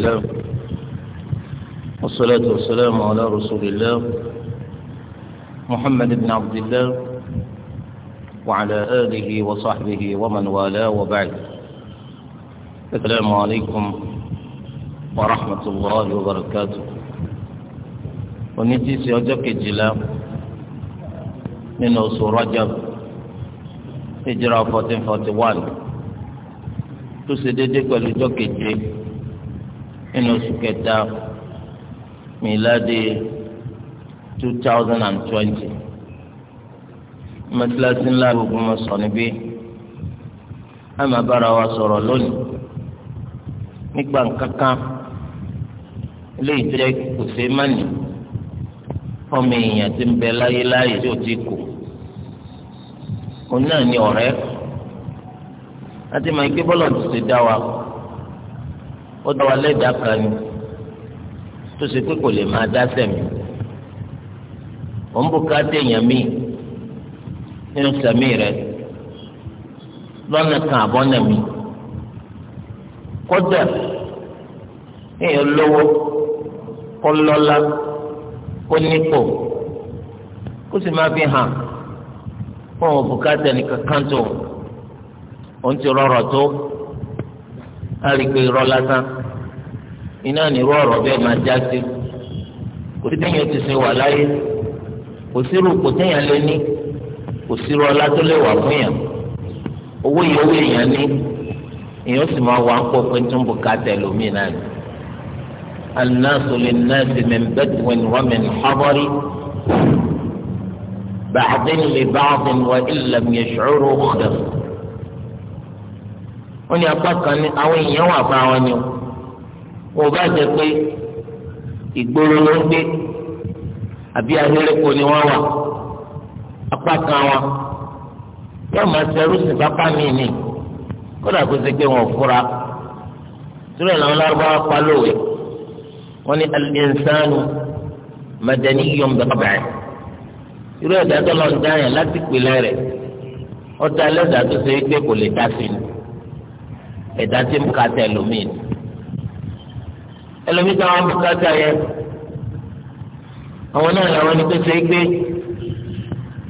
الله والصلاة والسلام على رسول الله محمد بن عبد الله وعلى آله وصحبه ومن والاه وبعد السلام عليكم ورحمة الله وبركاته ونتي سيوجك الجلام من أصول رجب هجرة 1441 tó ṣe déédéé pẹ̀lú nínú oṣù kẹta miladi two thousand and twenty mẹtíláṣí ńlá gbogbo mọ sọ níbí àmà bára wa sọ̀rọ̀ lónìí nígbà kankan eléyìí tó yẹ kò ṣe má nì ọmọ èèyàn ti ń bẹ láyé láyé tí ò ti kù òun náà ni ọ̀rẹ́ àti màá gbé bọ́lọ̀ tó ti dá wa kù ó dá wa lẹ́dàá kan ni tó ṣe pé kò lè máa dá sẹ̀mí òun bùkátà èèyàn míì nínú sẹ̀mí rẹ̀ lọ́nà kan àbọ̀nà mi kódà èèyàn lówó kó lọ́lá kó nípò kó sì máa fi hàn fún òun bùkátà ẹnìkan kan tó òun ti rọrọ̀ tó àrígbé irọ́ lásán iná nírú ọ̀rọ̀ bẹ́ẹ̀ máa já sí kò sí téèyàn ti sin wà láyé kò sírú kò téèyàn lé ní kò sírú ọlá tó wà fún yàn owó yìí owó èèyàn ní èèyàn sì máa wà ń pọ̀ pé tó ń bò ká tẹ̀ lómi náà ni. الناس للناس من بدو ومن حضر بعض لبعض وإن لم يشعروا خلق wọn ní apá kan ní àwọn èèyàn wà fún àwọn ni o ò bá jẹ pé ìgboro ló ń gbé àbí ahéreko ni wọn wà apá kan wọn yóò máa ṣẹrú sí pápá mi ni kódà kó ṣe pé wọn ò fura sílẹ̀ làwọn lárúbáwá pa lóòwe wọn ní al-insanu madaniyyun bẹ́ẹ̀ irú ẹ̀dá tó lọ ń dá yẹn láti pèlè rẹ̀ ọ̀dà lẹ́dàá tó ṣe é pé kò lè dá sí ni ẹ̀dá tí ń bùkátà ẹlòmíì ẹlòmíì tí àwọn bùkátà yẹ àwọn náà làwọn ẹni tó ṣe é gbé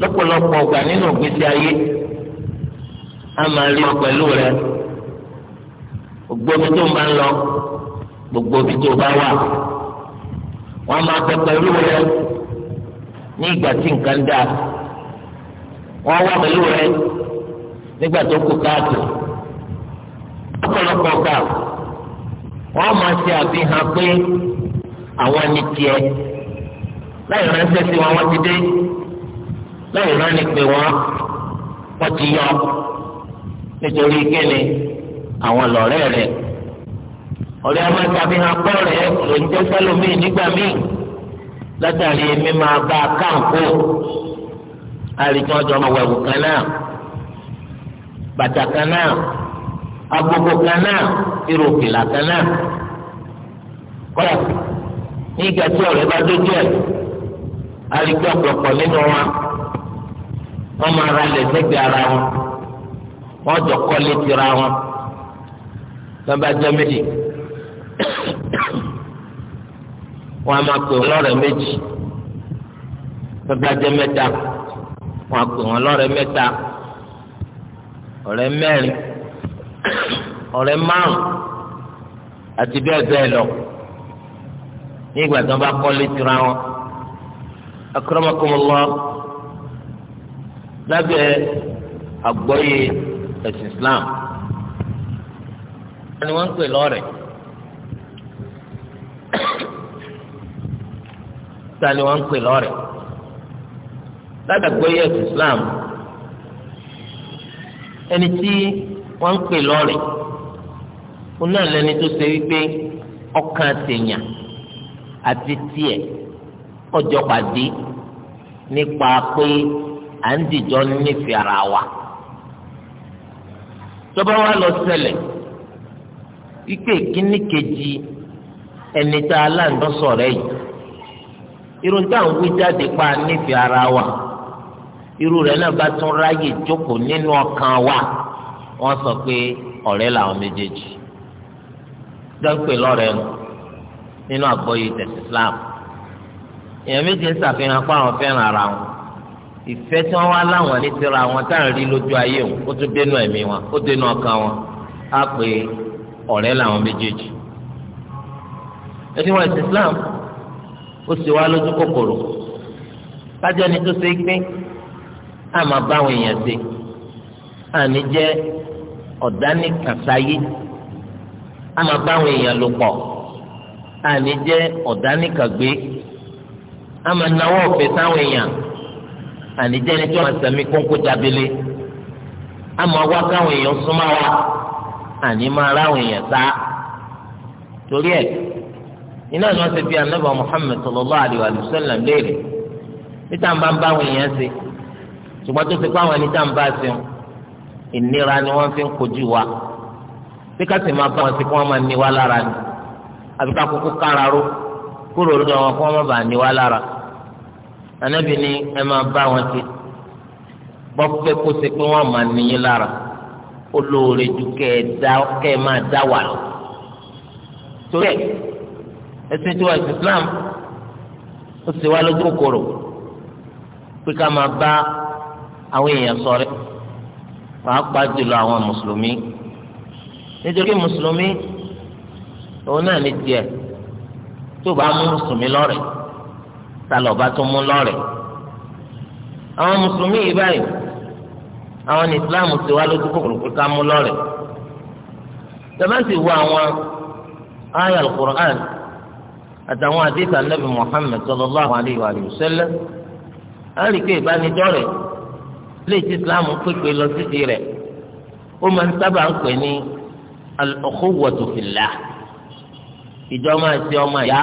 lọ́pọ̀lọpọ̀ ọgbà nínú ògbésí ayé a máa rí ọ pẹ̀lú rẹ gbogbo ibi tó ń bá ń lọ gbogbo ibi tó bá wà wọ́n máa bẹ pẹ̀lú rẹ ní ìgbà tí nǹkan dáa wọ́n wà pẹ̀lú rẹ nígbà tó kù káàtó ọ̀pọ̀lọpọ̀ gbà wọ́n máa ṣe àfihàn pé àwọn ni tiẹ̀ láì ránṣẹ́ sí wọn wọ́n ti dé láì ránni pé wọ́n wọ́n ti yọ nítorí kíni àwọn lọ́rẹ́ rẹ̀ ọ̀rẹ́ àwọn àfihàn pọ̀ rẹ̀ ló ń jẹ́ sẹ́lómìn nígbà míì látàrí mi máa bá a káàkó àríkànjọ́ ọmọ wẹ̀wù kan náà bàtà kan náà agogo kan náà irú òkèlà kan náà kọ́lá ní ìgbà tí ọ̀rẹ́ bá dójú ẹ̀ alikí ọ̀pọ̀lọpọ̀ nínú wa wọ́n máa ra lẹ̀ sẹ́gbẹ̀ ara wọn wọ́n jọ kọ́lé tira wọn lọ́ba jẹ́ méjì wọ́n á máa pè wọ́n lọ́rẹ̀ẹ́ méjì lọ́ba jẹ́ mẹ́ta wọ́n á pè wọ́n lọ́rẹ̀ẹ́ mẹ́ta ọ̀rẹ́ mẹ́rin. ọ̀rẹ́ márùn àti bẹ́ẹ̀ bẹ́ẹ̀ lọ ní ìgbà tí wọ́n bá kọ́lé tura wọn akramakumullah lábẹ́ àgbọ́yé ẹ̀sìn islam ni wọ́n ń pè lọ́rẹ̀ ta ni ń pè lọ́rẹ̀ lábẹ́ àgbọ́yé islam ẹni tí. wọ́n ń pè lọ́rẹ̀ ó náà lẹ́ni tó ṣe wípé ọkàn tèèyàn àti tiẹ̀ ọjọ́ pàdé nípa pé à ń dìjọ́ nífẹ̀ẹ́ ara wa wa lọ ṣẹlẹ̀ wípé kíní kejì ẹni tá a rẹ̀ yìí irun tá à ń pa nífẹ̀ẹ́ ara wa rẹ̀ náà bá tún ráyè nínú ọkàn wa. wọ́n sọ pé ọ̀rẹ́ làwọn méjèèjì dọ́pẹ́ lọ́rẹ́ mu nínú àgbọ́yé tẹ̀sí Islam èèyàn méjì ń ṣàfihàn pé àwọn fẹ́ràn ara wọn ìfẹ́ tí wọ́n wá láwọn ní ti ra wọn táà ń rí lójú ayé wọn ó tún dénú ẹ̀mí wọn ó dénú ọkàn wọn á pé ọ̀rẹ́ làwọn méjèèjì ẹtí wọn ẹ̀sìn Islam ó sì wá lójú kòkòrò kájọ ni tó ṣe é pé àmọ́ báwọn èèyàn ṣe àní jẹ́ ọ̀dání kàsáyé a máa bá àwọn èèyàn lò pọ̀ àní jẹ́ ọ̀dání kàgbé a máa náwó ọ̀fẹ́ sáwọn èèyàn àní jẹ́ ẹni tí wọ́n sẹ́mi kónkó jábélé a máa wá káwọn èèyàn súnmọ́ wa àní máa ráwọn èèyàn sá torí ẹ̀ iná ni wọ́n ti fi anábà Muhammad sallallahu alaihi wa sallam léèrè níta bá ń bá àwọn èèyàn ṣe ṣùgbọ́n tó ti pa àwọn ẹni tá ń bá ṣe ìnira ni wọ́n fi ń kojú wa bí ká sì máa bá wọn sí kí wọ́n máa ní wa lára ni àbí ká kúkú kára ró kúrò lọ́dọ̀ wọn kí wọ́n má bàa ní wa lára ànábì ni ẹ máa bá wọn sí bọ́ pé kó ṣe pé wọ́n máa ní yín lára ó ju kẹ́ ẹ máa dá wà lọ torí ẹ ẹsìn tí wọ́n ti Islam ó sì wá lójú kòkòrò pé ká máa bá àwọn èèyàn ṣọ̀rẹ́ pàápàá jùlọ àwọn mùsùlùmí nítorí mùsùlùmí òun náà ní tiẹ̀ tó bá mú mùsùlùmí lọ́rẹ̀ tá lọ bá tó mú lọ́rẹ̀ àwọn mùsùlùmí yìí báyìí àwọn ní islam ti wá lójú kòkòrò pé ká mú lọ́rẹ̀ tẹmẹsì wo àwọn ayé alukur'an àtàwọn àdìsí anabi muhammed sallallahu alayhi wa sallam àríkè ìbánidọ́rẹ̀ẹ́ léyìí tí islam pèpè lọ síbi rẹ̀ ó máa ń sábà ń pè ní al-ukhuwatu fillah ìjọ máa ṣe ọmọ ìyá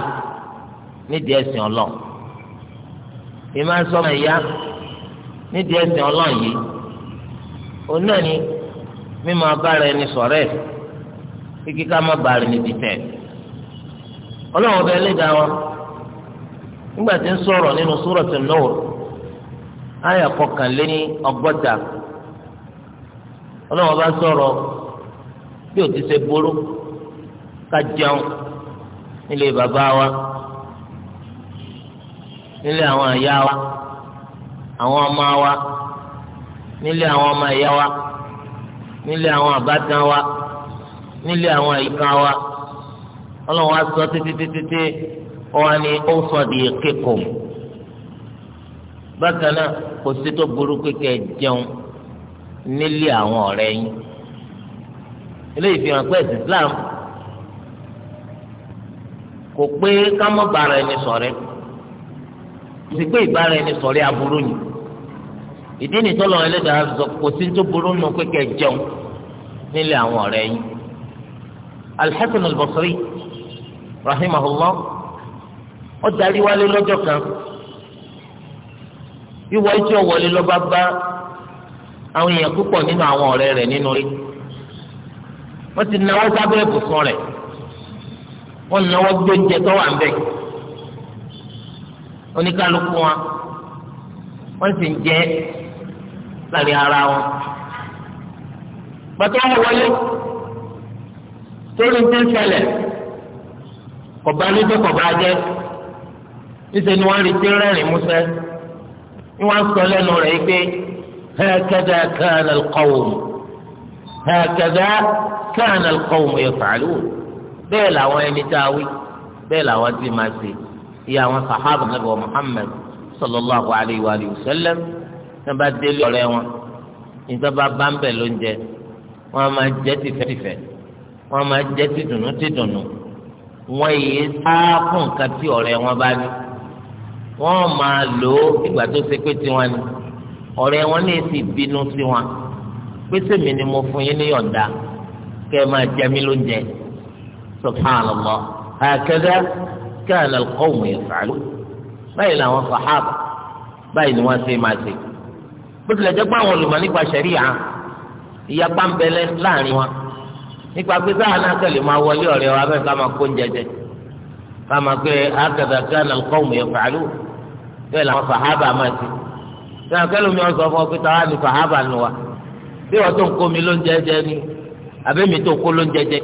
nídìí ẹ̀sìn ọlọ́run ìmọ̀ ẹ̀sìn ọmọ ìyá nídìí ẹ̀sìn ọlọ́run yìí òun náà ni mímọ abára ẹni sọ̀rẹ́ kíkí ká má bàa rìn níbi tẹ̀ ọlọ́run ọba ẹlẹ́dàá wọn nígbà tí ń sọ̀rọ̀ nínú Suratul Nur. àyà kọkànléní ọgọ́ta ọlọ́wọ́n bá sọ̀rọ̀ bí o ti ṣe burú ká jẹun nílé bàbá wa nílé àwọn àyà wa àwọn ọmọ wa nílé àwọn ọmọ àyà wa nílé àwọn àbátan wa nílé àwọn àyíká wa ọlọ́wọ́n á sọ títí títí ó sọ di kékòó. bákan náà kò sí tó burú pé kẹ́ ẹ jẹun nílé àwọn ọ̀rẹ́ yín eléyìí fi hàn pé ẹ̀sìn Islam kò pé ká mọ́ bára ẹni ṣọ̀rẹ́ kò sí pé ìbára ẹni ṣọ̀rẹ́ aburú ni ìdí nìtọ́ lọ́wọ́ ẹlẹ́dàá sọ kò sí tó burú nù pé jẹun nílé àwọn ọ̀rẹ́ yín al Al-Basri rahimahullah ó darí wálé lọ́jọ́ kan ìwọ etí ọ̀wọ́lé lọ́ba bá àwọn èèyàn púpọ̀ nínú àwọn ọ̀rẹ́ rẹ̀ nínú rí wọ́n ti náwó sábẹ́ ìbùsùn rẹ̀ wọ́n náwó gbé oúnjẹ tó wà ń bẹ̀ oníkálukú wọn wọ́n sì ń jẹ láàrin ara wọn gbàtọ́ wọn wọlé torí ti ń ṣẹlẹ̀ kọ̀bá lójú kọ̀bá jẹ́ níṣẹ́ ni wọ́n rí tí rẹ́rìn músẹ́ ni wọ́n sọ lẹ́nu rẹ̀ yìí pé hakada kana alqawm hakada kana alqawm yaf'alun bẹ́ẹ̀ làwọn ẹni tá a wí bẹ́ẹ̀ làwọn ti máa ṣe ìyá àwọn sàhábà nàbẹ̀ wa Muhammad sallallahu alayhi wa sallam ní bá délé ọ̀rẹ́ wọn nígbà bá bá ń bẹ̀ ló ń jẹ wọn a máa jẹ tìfẹ́tìfẹ́ wọn a máa jẹ tìdùnnú tìdùnnú wọn yìí sáà fún nǹkan tí ọ̀rẹ́ wọn bá ní wọ́n máa lò ó ìgbà tó ṣe pé tiwọn ni ọ̀rẹ́ wọn lè sì bínú tiwọn pé sèmi ni mo fún yín ní yọ̀ǹda kẹ́ ẹ máa jẹ mí lóúnjẹ subhanallah hakadha kana al-qawm yaf'alun báyìí làwọn sàhábà báyìí ni wọ́n ṣe máa ṣe bó tilẹ̀ jẹ́ pé àwọn olùmọ̀ nípa ṣẹ̀ríyà ìyapa ń bẹ láàrin wọn nípa pé sáà náà kẹ́lẹ́ máa wọlé ọ̀rẹ́ wa bẹ́ẹ̀ ká máa kó oúnjẹ jẹ ká máa pé hakadha kana al-qawm yaf'alun bẹ́ẹ̀ làwọn sàhábà máa ti ṣe àkẹ́lù mi ọ̀sán fún ọ pé táwa ni sàhábà nù wa bí wọ́n tó ń kó mi ló ń jẹ́jẹ́ ni àbẹ́mi tó kó ló ń jẹ́jẹ́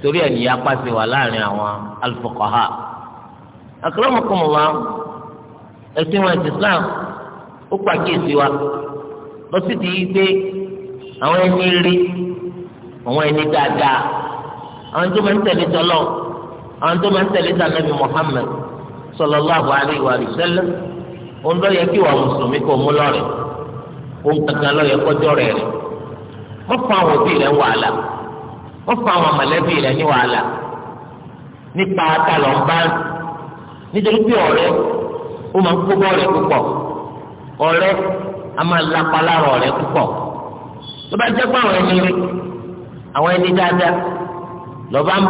torí ẹ̀ nìyá pàṣẹ wà láàrin àwọn alfuqaha akramakumullah ẹ̀sìn wọn ẹ̀sìn Islam ó pàkíyèsí wa lọ sí ti yí pé àwọn ẹni rí àwọn ẹni dáadáa àwọn tó máa ń tẹ̀lé tọ́lọ́ àwọn tó máa ń tẹ̀lé tànàbí Muhammad sallallahu alaihi wa sallam òun lọ yẹ kí wà mùsùlùmí kò mú lọrẹ òun kankan lọ yẹ kọjọ rẹ rẹ wọn fún àwọn òbí rẹ wàhálà wọn fún àwọn mọ̀lẹ́bí rẹ ní wàhálà nípa atalọ ń bá nítorí pé ọ̀rẹ́ ó máa ń kó bọọlẹ púpọ̀ ọ̀rẹ́ a máa ń lapa lára ọ̀rẹ́ púpọ̀ tó bá jẹ́ pé àwọn ẹni rí àwọn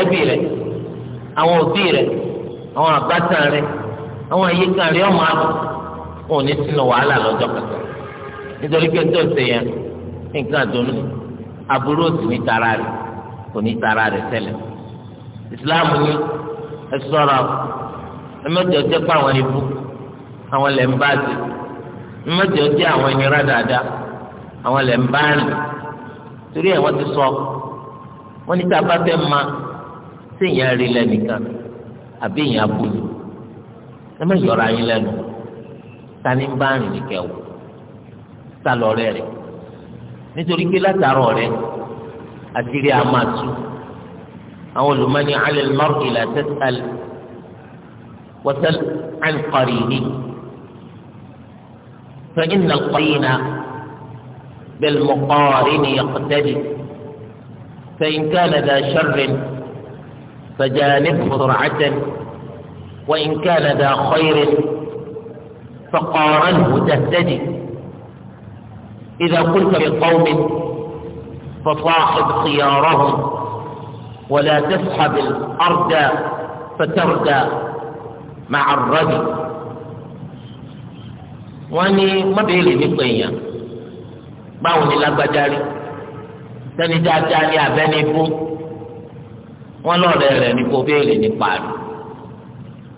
ẹni àwọn òbí rẹ̀ àwọn àbátan rẹ̀ àwọn àyíká rẹ̀ ọmọ àdùn wọn ò ní sínú wàhálà lọ́jọ́ kẹta nítorí pé tó ṣe yẹn nǹkan àdùnnú aburú òsì ní tara rẹ̀ kò ní tara rẹ̀ tẹ́lẹ̀ ìsìláàmù ni ẹ ṣọ́ra ẹ mẹ́jọ jẹ́ pé àwọn ibú àwọn lẹ̀ ń bá ti mẹ́jọ jẹ́ àwọn ẹni rá dáadáa àwọn lẹ̀ ń bá rìn torí ẹ̀ wọ́n ti sọ wọ́n ní tá a bá fẹ́ máa. téèyàn rí lẹ́nìkan àbí èèyàn abúlé ẹ má yọra yín lẹ́nu ta ni ń bá rìn ní kẹwò ta lọ́rẹ́ rẹ̀ nítorí pé látàárọ̀ rẹ̀ àtìrí àmàtú àwọn olùmọ́ni alẹ́ lọ́rùn ìlà tẹ́tàlẹ́ wọ́tẹ́l ànkọ́rì ni kewo ta lore re nitori pe lataaro re atiri tú awon olumoni ale lorun ila tetale wotel ankori ni فان القرين بالمقارن يقتدي فإن كان ذا شر فجانبه سرعة وإن كان ذا خير فقارنه تهتدي إذا قلت لقوم فصاحب خيارهم ولا تسحب الأرض فتردى مع الردي واني ما بيلي nipa باوني bawo sẹ́ni dáadáa ní ni wọn náà rẹ rẹ ní kó béèrè nípa rẹ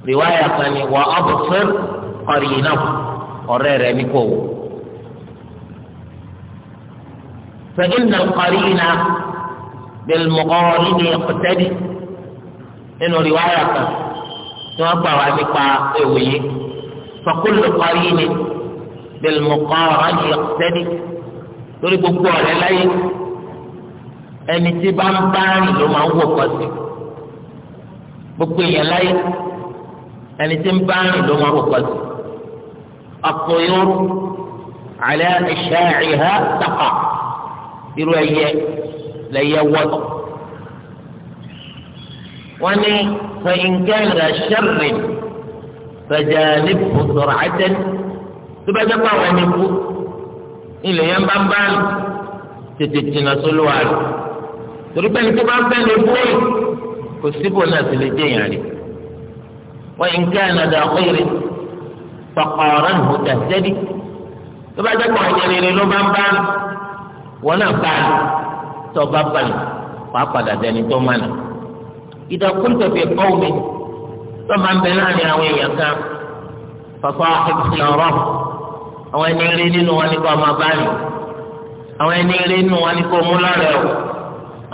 rìwáyà kan ni wà absir qarinahu ọ̀rẹ́ rẹ ní kó wò. fa inna al-qarina bil-muqarini iqtadi nínú rìwáyà kan tí wọ́n gbà wá nípa ewu yìí fa kullu qarini bil-muqarini iqtadi lórí gbogbo ọ̀rẹ́ láyé ẹni tí bá ń bá rìn ló máa ń wò kọ́ sí gbogbo èèyàn láyé ẹni tí ń bá rìn ló máa ń wò kọ́ sí ọ̀pọ̀yọ́ alẹ́ ẹ̀ṣẹ́ ìhà tàpá irú ẹyẹ lẹ́yẹ wọ́tọ̀ wọ́n ní fẹ̀yìnkẹ́rẹ́ ṣẹ́rìn fẹ̀jẹ̀lì bùtọ̀rọ̀ àjẹn tó bá jẹ́ pé ẹni kú ilẹ̀ yẹn bá ń bá rìn tètè tìǹà sólúwa rẹ̀ torí pé ní tó bá ń fẹ́ lè bú òyìn kò síbò náà ti lè dé yàn rí wọ́n yìí ń ká ànàdà ọ̀kọ́yèrè pàpàrọ̀ nù dàtẹ́dì tó bá jẹ́ pọ̀ ìyẹrẹ ló bá ń bá wọn náà bá a tó bá bá a wàá padà dẹni tó má nà ìdàkúntò fi kọ́ omi tó máa ń bẹ láàrin àwọn èèyàn kan pàpà ìfìlọ̀rọ̀ àwọn ẹni rí nínú wọn ni kò máa bá a nù àwọn ẹni rí nínú wọn ni kò mú lọ́rẹ̀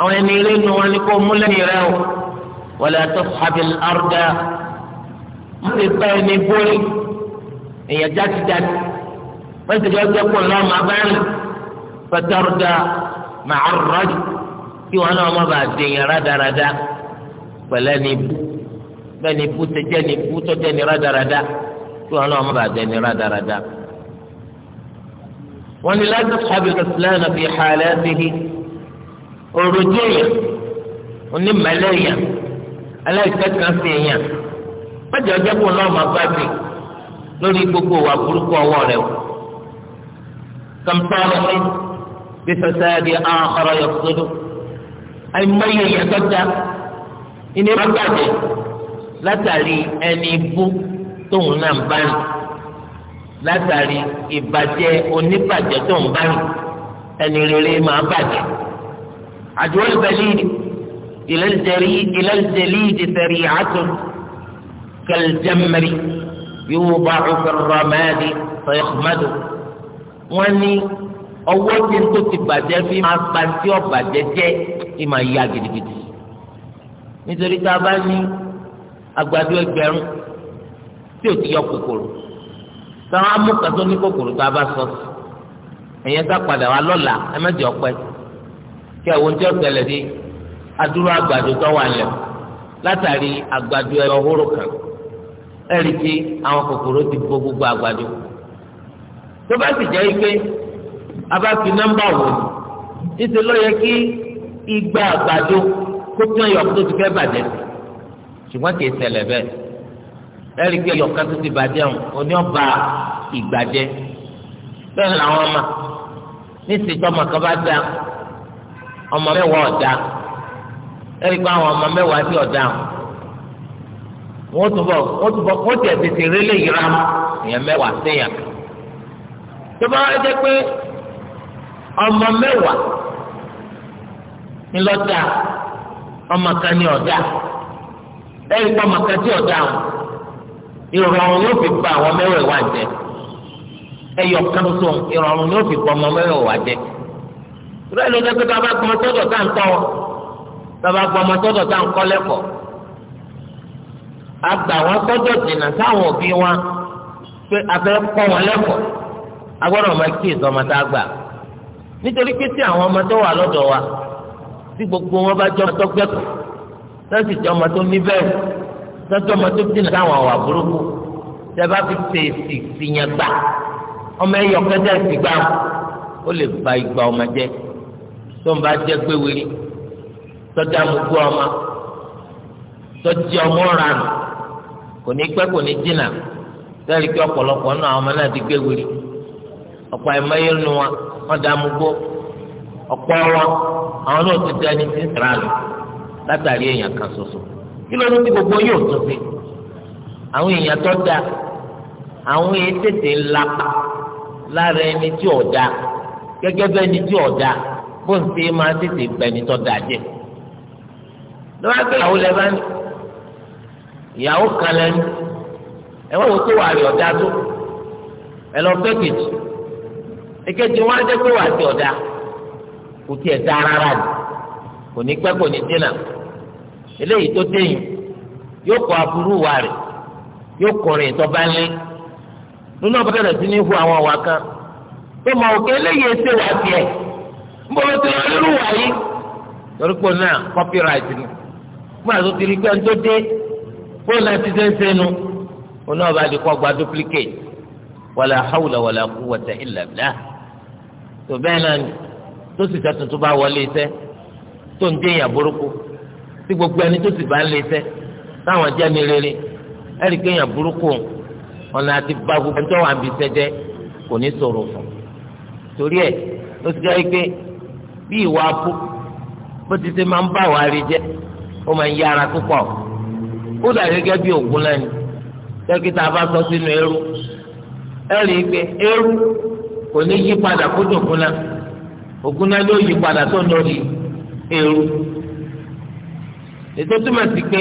àwọn ẹni eré nu wọn ni kò mú lẹ́yìn rẹ o wala tashabil arda mo lè bá ẹni gbórí èèyàn jáde-jáde wọ́n ti jẹ́ pọ̀ lọ́wọ́ máa bá rìn fatarda ma'a ar-rajul kí wọn náà má bàa dèèyàn rádaràda pẹ̀lẹ́ ni bú bẹ́ẹ̀ ni bú ti jẹ́ ni bú tó jẹ́ ni rádaràda kí wọn náà má bàa dèèyàn ni rádaràda. wọ́n ní la tashabil kaslana fi halatihi. òròjú èèyàn onímọ̀lẹ́ èèyàn aláìsẹ́kànṣe èèyàn mẹ́jọ jẹ́kù náà máa bá ti lórí gbogbo wa burúkú ọwọ́ rẹ̀ o. kàmpáàrọ̀ mi bí sọ́sáàdì àhọ́rọ̀ yọ sódò àìmọye èèyàn tọ́jà ìní bá bàjẹ́ látàrí ẹni bú tóun náà ń bá rìn látàrí ìbàjẹ́ oníbàjẹ́ tóun bá rìn ẹni rere máa bàjẹ́. عدوى البليد إلى الجليد إلى الجليد سريعة كالجمر يوضع في الرماد فيخمد واني ọwọ́ tí n tó ti bàjẹ́ fi máa gba tí ó bàjẹ́ jẹ́ kí máa ya gidigidi nítorí tá a bá ní àgbàdo ẹgbẹ̀rún tí ò ti yọ kòkòrò táwọn amúkàtó ní kòkòrò tá a bá sọ sí ẹ̀yẹ́ sá padà wá lọ́la ẹ má jẹ́ ọpẹ́ sí kí ẹ̀wọ̀n tí ó tẹ̀lẹ̀ dé adúrú àgbàdo tó wà lẹ̀ látàrí àgbàdo ẹ̀rọ hóró kan ẹ̀rí tí àwọn kòkòrò ti bó gbogbo àgbàdo tó bá sì jẹ́ pé a bá fi nọ́mbà wò níṣẹ́ ló yẹ kí igba àgbàdo kó tún ẹ̀yọ̀ tó ti fẹ́ bàjẹ́ ṣùgbọ́n kì í tẹ̀lẹ̀ bẹ́ẹ̀ ẹ̀rí pé ẹ̀yọ̀ kan tó ti bàjẹ́ òun oní ọba ìgbàjẹ́ bẹ́ẹ̀ làwọn ọmọ níṣẹ́ tọ́mọ kan bá dáa ọmọ mẹ́wàá ọ̀dà ẹ̀rí àwọn ọmọ mẹ́wàá sí ọ̀dà wọ́n túbọ̀ wọ́n túbọ̀ wọ́n tẹ̀ tètè rélé yìrá èèyàn mẹ́wàá ya. tó bá pé ọmọ mẹ́wàá ńlọ́dà ọmọ kan ní ọ̀dà ẹ̀rí pé ọmọ kan sí ọ̀dà ìrọ̀rùn yóò fi pa jẹ. ìrẹ́ ló jẹ́ pé tá a bá gbọmọ sọ́dọ̀ tá à ń tọ́ wọn tá a bá gbọmọ sọ́dọ̀ tá à ń kọ́ lẹ́kọ̀ọ́ a gbà wọn sọ́dọ̀ dènà sáwọn òbí wọn pé a kọ́ wọn lẹ́kọ̀ọ́ a máa kí èso ọmọ tá a gbà nítorí pé tí àwọn ọmọ tó wà lọ́dọ̀ wa tí gbogbo wọn bá jọ ọmọ tó gbẹ̀kọ̀ lọ́sì jọ ọmọ tó ní bẹ́ẹ̀ lọ́sì ọmọ tó dènà sáwọn àwà burúkú tẹ bá fi fèsì fìyàn gbà ọmọ ẹ̀yọ̀kẹ́ dẹ́ ìgbà ó lè ba ìgbà ọmọ jẹ́ tó ń bá jẹ́ pé wèrè ọma mú kú ọmọ tọ́jà ọmọ rànù kò ní pẹ́ kò ní jìnnà nwere kí ọ̀pọ̀lọpọ̀ náà ọmọ náà ti gbé ọ̀pọ̀ ẹ̀mọ́ yẹn nu wa wọ́n dá ọ̀pọ̀ àwọn náà ti dání látàrí èèyàn kan kí ló ní tí gbogbo bó ń ṣe máa tètè gbẹni tó dáa jẹ lọ́wọ́ pé ìyàwó lẹ́ bá ní ìyàwó kan lẹ́nu ẹ̀wọ́n wò tó wà rí ọ̀dà tó ẹ lọ fẹ́ kejì èkejì wọn á jẹ́ pé wà á ti ọ̀dà kò tiẹ̀ dá rárá ni kò ní pẹ́ kò ní dínà eléyìí tó déyìn yóò kọ aburú wa rẹ̀ yóò kọrin ìtọ́ba ńlẹ́ nínú ọ̀bẹ̀rẹ̀ sí ní hu àwọn àwa kan tó mọ òkè eléyìí ẹsẹ̀ wà tiẹ̀ bọ́lá ti rán lórí wàyí torí pé náà copyright ni fún àti òtí rìpẹ́ ń tó dé fóònù náà ti sẹ́nsẹ́ nu oní ọba di kọ́ gba duplicate wàlà hawla wàlà quwwata illa billah tó bẹ́ẹ̀ náà ni tó sì sẹ́ tuntun bá wọlé iṣẹ́ tó ń dé èèyàn burúkú tí gbogbo ẹni tó sì bá ń lé iṣẹ́ táwọn jẹ́ mi rere ẹ̀rí kéèyàn burúkú ọ̀nà àti bá gbogbo ẹni tó wà ń bi iṣẹ́ jẹ́ kò ní sọ̀rọ̀ fún torí ẹ̀ ló ti jẹ́ pé bí ìwà abú bó ti ṣe máa ń bá wa rí jẹ ó máa ń yára púpọ̀ ó dà gẹ́gẹ́ bí ògùn ni dókítà bá sọ sínú eru ẹ rí i pé eérú kò ní yí padà kó dògùn náà ògùn náà ló yí padà tó ń lórí ètò túmọ̀ sí pé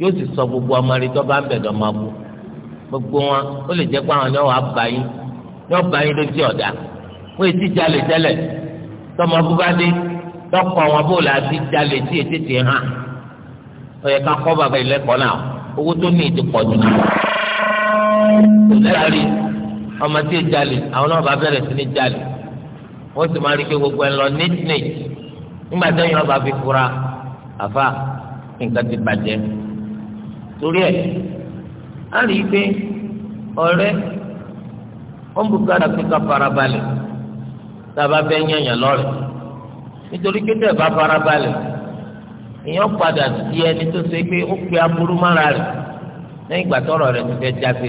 yóò sì sọ gbogbo ọmọdé tó bá ń bẹ̀ dọ̀mọ́ bu gbogbo wọn ó lè jẹ́ pé àwọn ni wọ́n á bá yín ni wọ́n bá yín lójú ọ̀dà wọ́n ti jalè tẹ́lẹ̀ tọmọ bu bá dé tọkọ̀ wọn bó la ti jalè tí ètè ti hàn ó yẹ ká kọ́ bàbá ìlẹ́kọ̀ọ́ náà owó tó ní ìdí pọ̀ jù náà kò lẹ́yàrí ọmọ tí ì jalè àwọn náà bá bẹ̀rẹ̀ sí ní jalè wọ́n sì máa rí pé gbogbo ẹ̀ lọ nít nít nígbà tí wọ́n bá fi fura àfa nǹkan ti bàjẹ́ torí ẹ̀ ọrịa rí i pé ọ̀rẹ́ ọ̀nbùkátà pé tàbá fẹ́ yànyàn lọ́rẹ̀ nítorí baa bá farabalẹ̀ èèyàn padà di ẹni tó ṣe pé ó pe aburú mára rẹ̀ lẹ́yìn ìgbà ti fẹ́ jáde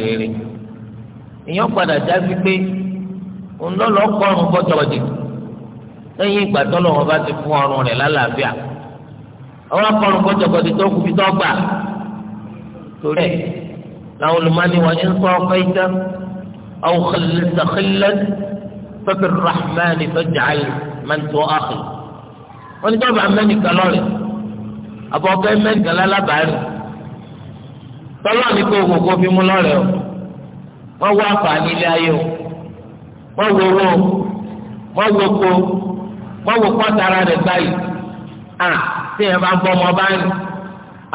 rere èèyàn torí ẹ̀ làwọn olùmọ́ni wọn ń sọ ọ́kọ́ ìta àwọn xilẹ̀ fẹ́fẹ́ rahman fẹ́jà ayé máa ń tó àkè wọ́n ní dábàá mẹ́nìkan lọ́rẹ̀ àbọ̀kẹ́ mẹ́nìkan lálábàárẹ̀ tọ́lọ́ ní kó gbogbo fi mú lọ́rẹ̀ o wọ́n wá àǹfààní ilé ayé o wọ́n wo owó wọ́n wo ko wọ́n wo kọ́tara rẹ̀ báyìí à tí yẹn bá ń bọ́ ọmọ báyìí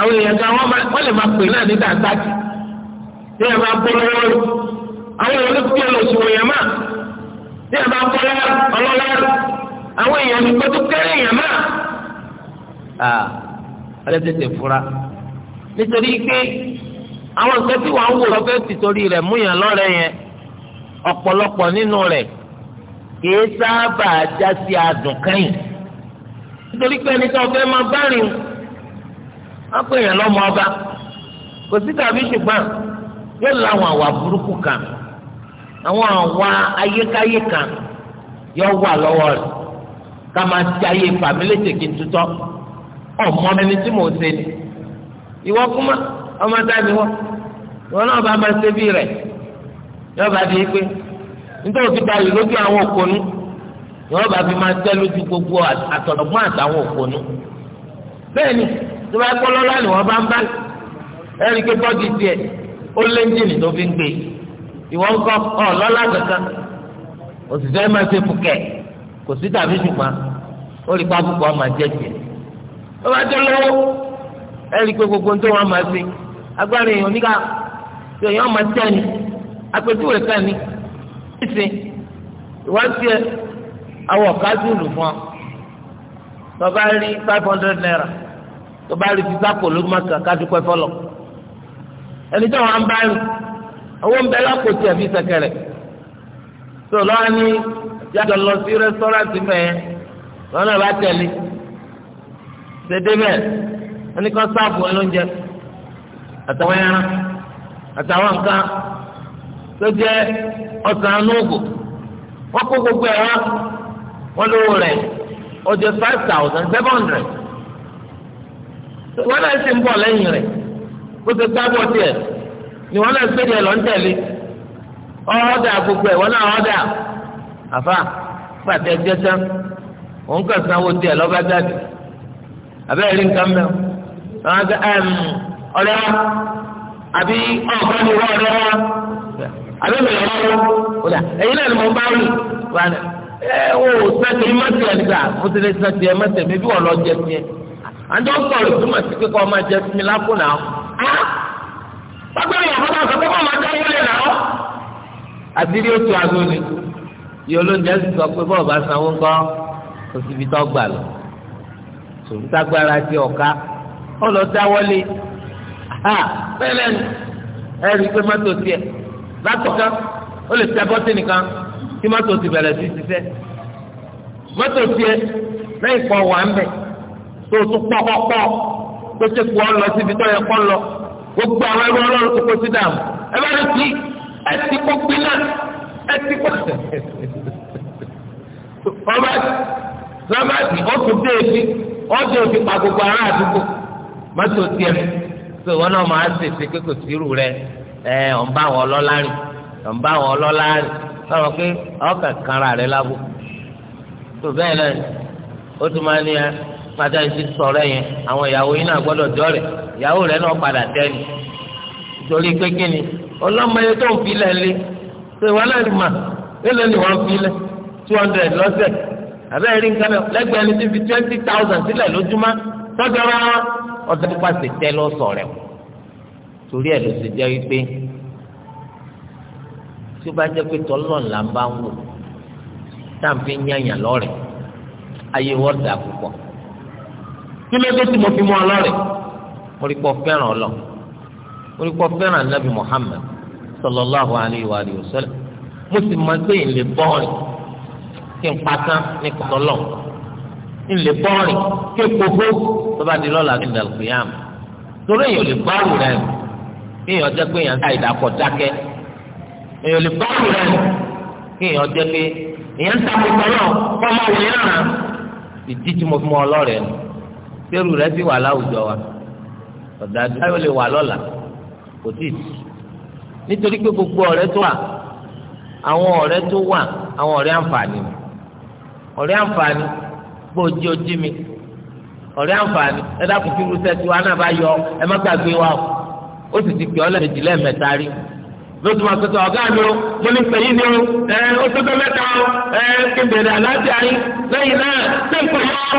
àwọn èèyàn kan wọ́n lè máa pè náà ní dàtàkì ní ẹ̀ máa bọ́ lọ́wọ́ àwọn èèyàn ló fi ọ̀nà òṣùwọ̀n èèyàn máa ní ẹ̀ máa bọ́ ọlọ́lọ́rù àwọn èèyàn ní gbọ́dọ̀ kẹ́rẹ́ èèyàn máa. ọlẹ́ tètè fura nítorí pé àwọn nǹkan tí wàá ń wò lọ́fẹ́ tìtorí rẹ̀ mú yàn lọ́rẹ́ yẹn ọ̀pọ̀lọpọ̀ nínú rẹ̀ kìí sábà já sí adùn kẹ́yìn nítorí pé ẹni tó fẹ́ máa bá rìn akpọ pè lọmọ ọba kò sí tàbí ṣùgbọ́n yóò láwọn àwà burúkú kan àwọn àwa ayékáyé kan yóò wà lọ́wọ́ rẹ̀ ká máa ti ayé fàmílẹ́tì kí n tutọ́ ọmọ ẹni tí mò ṣe ni ìwọ kúmọ ọmọ dání wọn ìwọ náà bá máa ṣe bí rẹ yóò bá di pé nítorí òfin ta yìí lójú àwọn òkònú tó bá kọ́ lọ́la ni wọ́n bá ń bá ẹ̀rí pé bọ́ọ̀dì tiẹ̀ ó lé ńjìnì tó fi ń gbé ìwọ ń kọ́ ọ lọ́la kankan òṣìṣẹ́ máa ṣe fúkẹ́ kò sí tàbí ṣùgbọ́n ó rí pápákọ̀ ọmọ jẹ́ tiẹ̀ tó bá tó lọ́wọ́ ẹ̀rí pé gbogbo tó wọn máa ṣe agbára èèyàn níka tí èèyàn máa tẹ́ ni àpèjúwe kan ní ìsìn ìwádìí ẹ àwọn ọ̀ká sí ìlú fún ọ tọ́ba rí five hundred naira tó bá rí fisapo ló má kà kádùkọ́ fọlọ ẹni tí wọn bá rìn owó ń bẹ lápòtì àbí sẹ̀kẹ̀rẹ̀ tó lọ́wọ́ ní yàtọ̀ lọ sí rẹ́sítọ́rántì mẹ́ẹ̀ wọn náà bá tẹ̀lé dédé bẹ́ẹ̀ wọn ní kọ́ sáàbù àtàwọn ẹran àtàwọn nǹkan tó jẹ́ ọ̀sán anúgò wọ́n kó gbogbo ẹ̀ wá wọ́n lówó rẹ̀ ó five thousand seven hundred. wọn náà sì ń bọ̀ lẹ́yìn rẹ̀ bó ti gbàgbọ́ tiẹ̀ ni wọn náà gbé tiẹ̀ lọ ń tẹ̀lé ọ̀ọ́dà gbogbo ẹ̀ wọn náà ọ̀ọ́dà àfa pàtẹ jẹ tán òun kàn sanwó tiẹ̀ lọ́ba jáde àbẹ́rẹ́ rí nǹkan mẹ́wọ́ àwọn akẹ́ ẹ̀m ọ̀rẹ́ wa àbí ọ̀rẹ́ wa àbí mẹ́lẹ̀ ẹ̀yin náà ni mo bá rí sẹ́kì mọ́tì ẹ̀ nígbà mo ti lè sẹ́kì ẹ̀ mọ́tì ẹ̀ mi bí wọ́n lọ jẹ tiẹ̀. àti ọgbà rẹ̀ túmọ̀ sí pé kọ́ máa jẹ sinmi lápò náà á gbàgbọ́n ìyàwó náà sọ pé kọ́ máa dáwọ́ lé náà àbírí oṣù àgbo ni yóò ló ń jẹ́ sọ pé bọ́ọ̀ bá sanwó ńkọ́ òsibí tó gbà lọ sòmítágbára ti ọ̀ka ọlọ dáwọ́lé bẹ́ẹ̀ lẹ́nu ẹ̀rí pé mọ́tò tiẹ̀ látọ̀ká ó lè tẹ bọ́tì nìkan tí mọ́tò ti bẹ̀rẹ̀ sí ṣiṣẹ́ mọ́tò tiẹ̀ lẹ́yìn pọ̀ wà ń bẹ̀. tó o tún pọ́pọ́pọ́ tó ṣe kú ọ lọ síbi tó yẹ kọ́ lọ gbogbo àwọn ẹrú ọlọ́run tó kó sí dàmú ẹ bá lè ti ẹ ti kó ẹ ti kó ọba dé ebi pa gbogbo ará àdúgbò wọn náà máa pé kò rẹ ẹ bá wọn rìn bá wọn rìn pé ọkàn rẹ lábò tó bẹ́ẹ̀ náà ó tún máa pátá yìí ti sọ̀rọ̀ yẹn àwọn ìyàwó yìí náà gbọ́dọ̀ dọ́rẹ̀ ìyàwó rẹ̀ náà padà dẹ́ni torí pé kí ni ọlọ́mọye tó ń filẹ̀ lé ṣe wọn náà mà nílẹ̀ ni wọ́n filẹ̀ two hundred lọ́sẹ̀ àbẹ́rẹ́ rí nǹkan lẹ́gbẹ̀ẹ́ ni ti fi twenty thousand sílẹ̀ lójúmọ́ tọ́jọ́ rárá ọ̀dọ́ nípa ṣe tẹ́ lọ́sọ̀ rẹ̀ torí ẹ̀ ló ṣe jẹ́ wípé tí ó bá jẹ́ pé tọ́lọ́n là ń bá ń wò táà ń fi yányàn lọ́rẹ̀ ayé wọ́ọ̀dà púpọ̀ kí ló dé tí mo fi mú ọ lọ́rẹ̀ mo rí pọ fẹ́ràn ọ lọ mo rí pọ fẹ́ràn nabi muhammed sallallahu alayhi wa alihi wa sallam mo sì máa gbé ìlè bọ́ọ̀rìn kí n pátá ní kọ́tọ́lọ́ ìlè bọ́ọ̀rìn kí n kókó tó bá di lọ́la ní dàlùkìyàm torí èèyàn lè bá wù rẹ̀ kí èèyàn jẹ́ pé èèyàn ká ìdàkọ̀ dákẹ́ èèyàn lè bá wù rẹ̀ kí èèyàn jẹ́ pé èèyàn ń ta kọ́tọ́lọ́ kọ́ máa wù yẹn ìdí tí mo fi mọ ọlọ́rẹ̀ nù. sẹ́rù rẹ̀ ti wà láwùjọ wa ọ̀dájú ayọ̀ lè wà lọ́la kò tí ì sí nítorí pé gbogbo ọ̀rẹ́ tó wà àwọn ọ̀rẹ́ tó wà àwọn ọ̀rẹ́ àǹfààní ọ̀rẹ́ àǹfààní bó mi wa o ó sì ti pè ọ́ lẹ́ẹ̀mejì rí ọ̀gá mi o mo ní ni o ó tó tó mẹ́ta o yín lẹ́yìn náà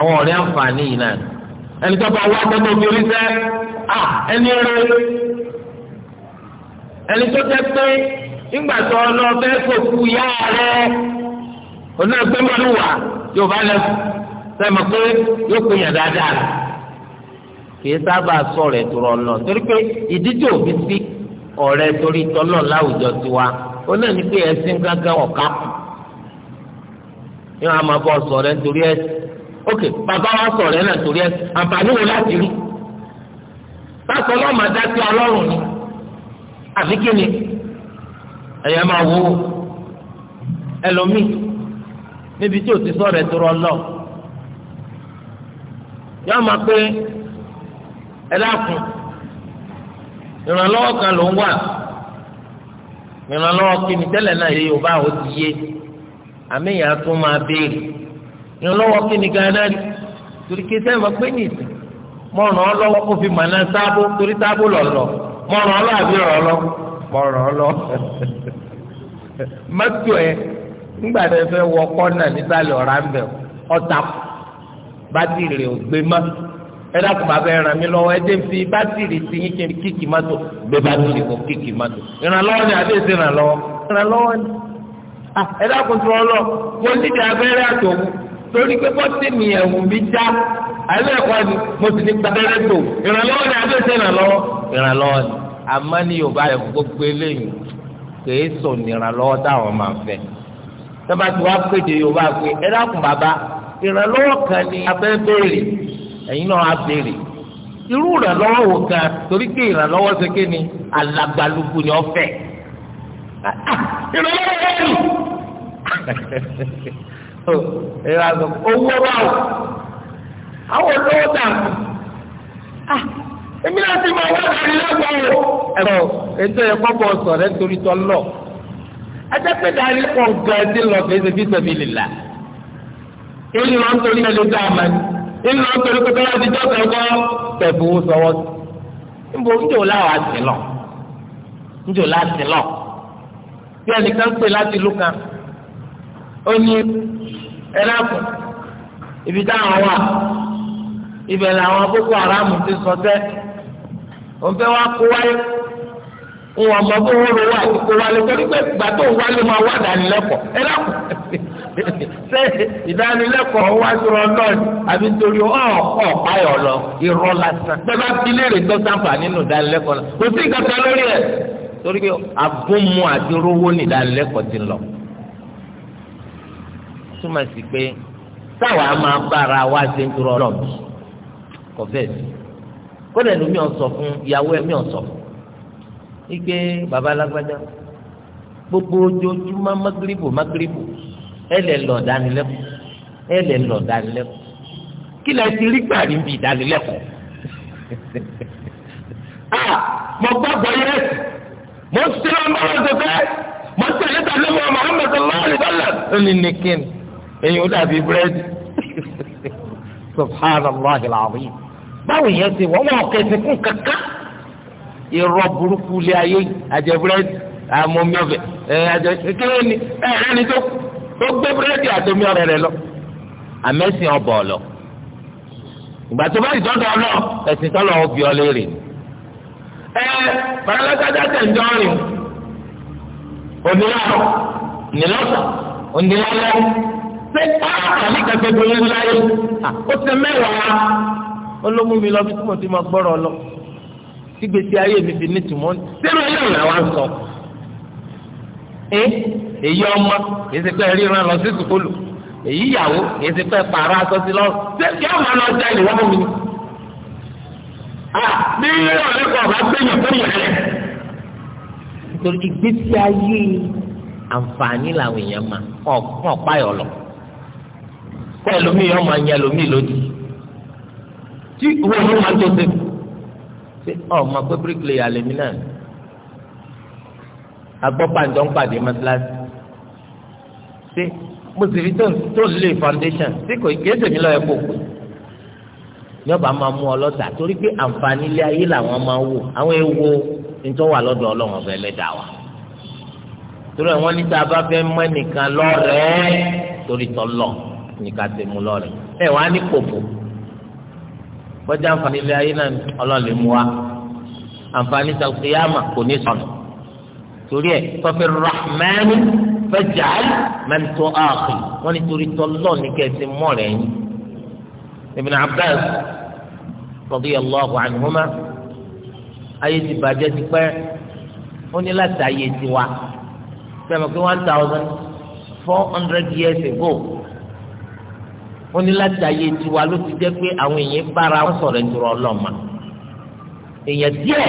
àwọn ọ̀rẹ́ àǹfààní yìí náà ẹni tó bá wá tọ́tọ́ fi orí sẹ́ à ẹni rẹ ẹni tó tẹ́ pé nígbà tó ọ lọ fẹ́ fòkú yá rẹ oná gbẹ́mọ̀lú wà yóò bá lẹ́kù sẹ́mi pé yóò kú yàn dáadáa kìí sábà sọ̀rọ̀ ẹ̀tọ́rọ̀ lọ torí pé ìdí tí òfin sí ọ̀rẹ́ torí tọ́lọ̀ láwùjọ tiwa ó náà ní pé ẹ̀sìn gángan ọ̀ká kù yóò á máa bọ̀ sọ̀rọ̀ nítorí ẹ̀sìn ok bàbá wa sọ̀rọ̀ ẹ̀ náà torí ẹ̀ àǹfààní wo láti rí bákan ọlọ́run ni àfi kí ni ẹ̀yà máa wò ó ẹlòmíì níbi tí o ti sọ̀rọ̀ ẹ̀ tọrọ lọ yóò máa pé ẹ dákun ìrànlọ́wọ́ kan ló ń wà ìrànlọ́wọ́ kí ni tẹ́lẹ̀ náà ti yé àmì ìrànlọ́wọ́ kí ni gan-an torí kí sẹ́yìn máa pé ní ìsìn kó fi màná sábó torí sábó lọ̀lọ̀ mọ̀ràn ọlọ́ àbí ọ̀rọ̀ lọ mọ̀ràn ọlọ́ mọ́tò ẹ̀ nígbà tó fẹ́ wọ efe nísàlẹ̀ ọ̀rá ń bẹ̀ ọ̀tà bátìrì ò gbé ẹ dákun bàbá ràn mí lọ́wọ́ ẹ dé fi bátìrì ti yín kiri kíkì mọ́tò gbé bátìrì kò kíkì mọ́tò ìrànlọ́wọ́ ni àbí èsì ìrànlọ́wọ́ ìrànlọ́wọ́ ni ah, ẹ tó torí pé bọ́tí mi ẹ̀wù mi já àbí ẹ̀kọ́ ni mo sì ní gbàdúrà tó ìrànlọ́wọ́ ni abẹ́sẹ̀ ìrànlọ́wọ́ ìrànlọ́wọ́ ni àmọ́ ní yorùbá rẹ̀ gbogbo eléyìí kèé sọ ìrànlọ́wọ́ táwọn máa fẹ́ sábà tí wàá péde yorùbá pé ẹ dákun bàbá ìrànlọ́wọ́ kan ni abẹ́ béèrè ẹ̀yin náà á béèrè irú ìrànlọ́wọ́ wo kan torí pé ìrànlọ́wọ́ ṣe ké ni alagbalùkù ni ọ̀fẹ́ ah, ah, ìrànlọ́wọ́ ìrà sọ owó o àwọn olówó tà á ah, èmi náà ti máa wá láàrin lọ́gbà o. ẹ̀rọ ètò ẹ̀kọ́ bọ̀ sọ̀rọ̀ nítorí tọ́ lọ. ajá pé dáhìí pọ̀ gan ẹtí lọ kì í ṣe bí sẹ́mi lè là. ìlú lọ nítorí ẹni tó àmà ní. ìlú lọ nítorí pé bẹ́ẹ̀ ti jọ́sọ̀ ẹ̀kọ́ tẹ̀bù sọ̀wọ́. níbo níjò láwà sí lọ. níjò láti lọ. bí ẹnìkan pè láti ìlú kan. ó ní ẹ dákun ibi táwọn wà ibẹ̀ làwọn boko haram ti ṣọ̀tẹ̀ òun fẹ́ wá kó wáyé òun ọmọ bó wọ́n wá kó wálé torí pé ìgbà tó wálé máa wá dánilẹ́kọ̀ọ́ ẹ dákun ṣé ìdánilẹ́kọ̀ọ́ wá sọ̀rọ̀ náà àbí torí ọ̀ ọ̀ páyọ̀ lọ irọ́ lásán bẹ́ẹ̀ bá fi léèrè tó sáǹfà nínú ìdánilẹ́kọ̀ọ́ náà kò sí ìkàkà lórí ẹ̀ torí pé abúmu àti rówó ní ìdánilẹ́kọ̀ọ́ ti lọ túmọ̀ sí pé táwa máa bára wa ṣe ń turọ ọlọ́ọ̀bì kò bẹ́ẹ̀ sí kódà ló mi ò sọ fún ìyàwó ẹ mi ò sọ fún ike baba alágbádá gbogbo ojoojúmọ́ magiribo magiribo ẹ lè lọ dánilẹ́kọ̀ọ́ ẹ lè lọ dánilẹ́kọ̀ọ́ kí lẹ ti rí gbà níbi ìdánilẹ́kọ̀ọ́ ah mo gbàgbọ́ yẹn mo ń sẹ́wọ́n mọ́ ọ́n tó fẹ́ mo ń sẹ́wọ́n tó fẹ́ mo ń sẹ́wọ́n tó fẹ́ mo ń sẹ́wọ́n tó fẹ́ mo ń sẹ́wọ́n tó fẹ́ ẹ̀yin ó dàbí búrẹ́dì subhanallah alazim báwo yẹn ti wọ́n wọ́n kẹsì fún kankan irọ́ burúkú lé ayé àjẹ búrẹ́dì àmọ́mí ọ̀fẹ́ ẹ̀ àjẹ kékeré ni ẹ̀ ẹni tó tó gbé búrẹ́dì àtọ́mí ọ̀rẹ́ rẹ lọ àmẹ́sìn ọ̀bọ̀ ọ̀lọ́ ìgbà tó bá ìtọ́jú ọlọ́ ẹ̀sìn tọ́lọ́ ọ̀bì ọ̀lẹ́rì ẹ pàrọ̀lọ́sájà tẹ̀jọ́ rìn onílọ́ onílọ́sà onílọ́lẹ́ pé àmì kẹfẹ́ bí wọ́n láyé ó ti mẹ́wàá olómú mi lọ bí tí mo ti máa gbọ́rọ̀ lọ tí gbèsè ayé mi fi ní tìmọ́ sẹ́nu ayé ọ̀la wa sọ. èyí ọmọ kì í ṣe pé ríran lọ sí sùkúlù èyí ìyàwó kì í ṣe pé pààrọ̀ aṣọ sí lọ́rùn ṣé kí ọmọ náà jẹ́ ìwọ́n mi ni. bí ọ̀rẹ́ kan bá gbẹ̀yìn fún ìyàlẹ̀. nítorí ìgbésí ayé àǹfààní làwọn èèyàn máa ọ̀pá ọ̀lọ́ kó ẹlòmíì ọmọ anyi ẹlòmíì lòdì tí wọn ní wọn tó sèkú ṣe ọmọ pé bíríkìlìyà lèmi náà agbọ́ pàǹjọ́ ń pàdé mọ́tíláṣí ṣe mo sì fi tó lè foundation tí kò kéésì mi lọ ẹ̀ kó kù ní ọba máa mú ọlọ́dà torí pé àǹfààní ilé ayé làwọn máa wò àwọn ewo nítorí wà lọ́dọ̀ ọlọ́run ọ̀fẹ́ lẹ́dàá wa torí àwọn níta bá fẹ́ mọ́ ẹnìkan lọ́rẹ̀ẹ́ torí tọ́lọ́ ní ká ti mú lọ́rẹ̀ ẹ wàá ní kòkò bọ́jà àǹfààní ilé ayé náà ọlọ́ọ̀lẹ̀ mú wa àǹfààní sàkúyàmà kò ní sọnù torí ẹ tọ́fì rahmani fẹjàl mẹtọ ààkì wọn ni torí tọ́lọ́ ní kẹsì mọ́rẹ̀ yín Ibn Abbas radiyallahu anhuma ayé ti bàjẹ́ ti pẹ́ ó ní láti ayé tiwa sẹ́mi pé one thousand four hundred years ago ó ní láti ayé tiwa ló ti jẹ́ pé àwọn èèyàn bára wọn sọ̀rọ̀ ìtura ọlọ́mà èèyàn díẹ̀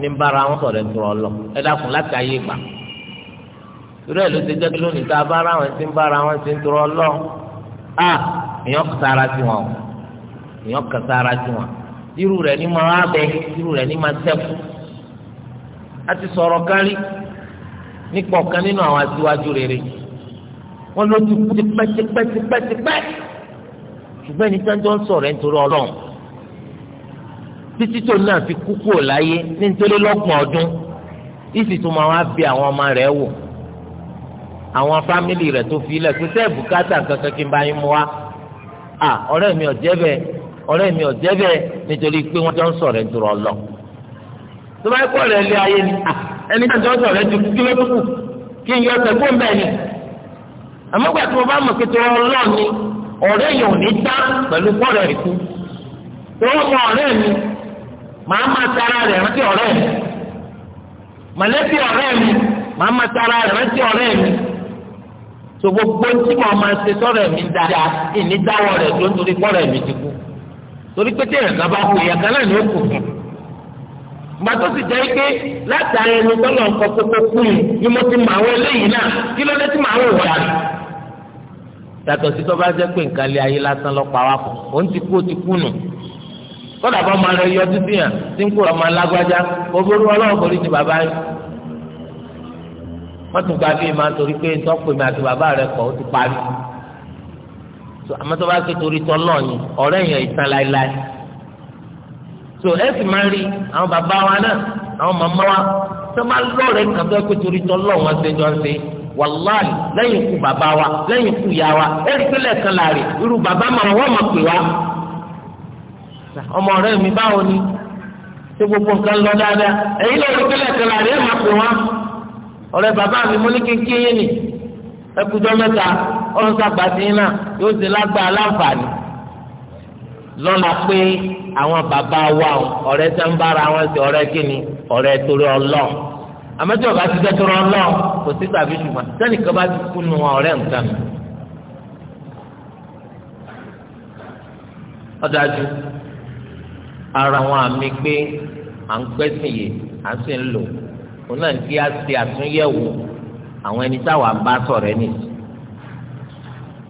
ní bára wọn sọ̀rọ̀ ìtura ọlọ́ ẹ dákun láti ayé gbà irú ẹ̀ ló ti jẹ́ pé lónìí tá a bára wọn sí ń bára wọn sí ń tura ọlọ́ à èèyàn kàtà ara sí wọn èèyàn kàtà ara sí wọn irú rẹ̀ ní máa bẹ irú rẹ̀ ní máa sẹ́kù a ti sọ̀rọ̀ kárí nípa ọ̀kan nínú àwọn aṣíwájú rere wọn ló ti kú tipẹ́tipẹ́tipẹ́tipẹ́ ṣùgbọ́n ẹni tán jọ ń sọ̀rọ̀ ẹni torí ọlọ́run títí tó náà fi kú kúrò láyé ní nítorí lọ́gbọ̀n ọdún ìsì tó máa wá bí àwọn ọmọ rẹ̀ wò àwọn fámìlì rẹ̀ tó fi ilẹ̀ pé sẹ́ẹ̀ bùkátà kankan kí n bá yín mú wa à ọ̀rẹ́ mi ò jẹ́ bẹ́ẹ̀ ọ̀rẹ́ mi ò jẹ́ bẹ́ẹ̀ nítorí pé wọ́n jọ ń sọ̀rọ̀ ẹni torí ọlọ́run tó bá kọ́ rẹ̀ lé ayé ni ẹni tó ń sọ̀rọ̀ rẹ̀ ju ọ̀rẹ́ yẹn ò ní dá pẹ̀lú kọ́rẹ́ rẹ̀ mọ ọ̀rẹ́ mi ma tara rẹ̀ rántí ọ̀rẹ́ mi mọ̀lẹ́bí ọ̀rẹ́ mi ma tara rẹ̀ rántí ọ̀rẹ́ mi tó gbogbo tí mo máa ṣe sọ̀rọ̀ mi dáadáa ìní dáwọ́ rẹ̀ tó ń torí kọ́rẹ́ mi ti kú torí pé tí bá kú ìyàgá náà ni ó kù fún sì jẹ́ pé látàrí ẹni nǹkan yàtọ̀ sí tọ́ba jẹ́ pé nǹkan lé ayé lásán lọ́pàá wa kù ó ń ti kú ó ti kú nù kódà bá ọmọ rẹ yọ títí yàn tí ń kú ọmọ alágbájá obìnrin ọlọ́run kò ní ti bàbá yìí wọ́n tún gba bíi máa torí pé ntọ́pẹ́ mi àti bàbá rẹ kọ̀ ó ti parí àmọ́ tọ́ba ké torí tọ́ náà ni ọ̀rẹ́ yẹn ìtàn láéláé so ẹ sì máa rí àwọn bàbá wa náà àwọn màmá wa tọ́ba lọ́ọ̀rẹ́ kàtọ́ pé torí tọ́ náà wọ́n ṣe jọ ṣe wàláì lẹ́yìn ikú bàbá wa lẹ́yìn ikú ìyá wa ẹ̀ríkílẹ̀ kan láàrin irú bàbá màmá wọ́n mọ̀ pè wa. ọmọ ọ̀rẹ́ mi báwo ni ṣé gbogbo nǹkan lọ dáadáa ẹ̀yin lọ́ọ́ ẹ̀ríkílẹ̀ kan láàrin ẹ̀ máa pè wá. ọ̀rẹ́ bàbá mi mo ní kékeré ni ẹkùjọ mẹ́ta náà yóò ṣe lágbàá láǹfààní. pé àwọn bàbá wa ọ̀rẹ́ wọn ọ̀rẹ́ kíni ọ̀rẹ́ torí kò sí tàbí ṣùgbọ́n sẹ́nìkan bá ti kú nu ọ̀rẹ́ nǹkan mi. ọ̀dájú ara wọn àmì pé à ń gbẹ́sìn yìí à ń sì ń lò òun náà kí á ṣe àtúnyẹ̀wò àwọn ẹni táwa ń bá sọ̀rọ̀ ní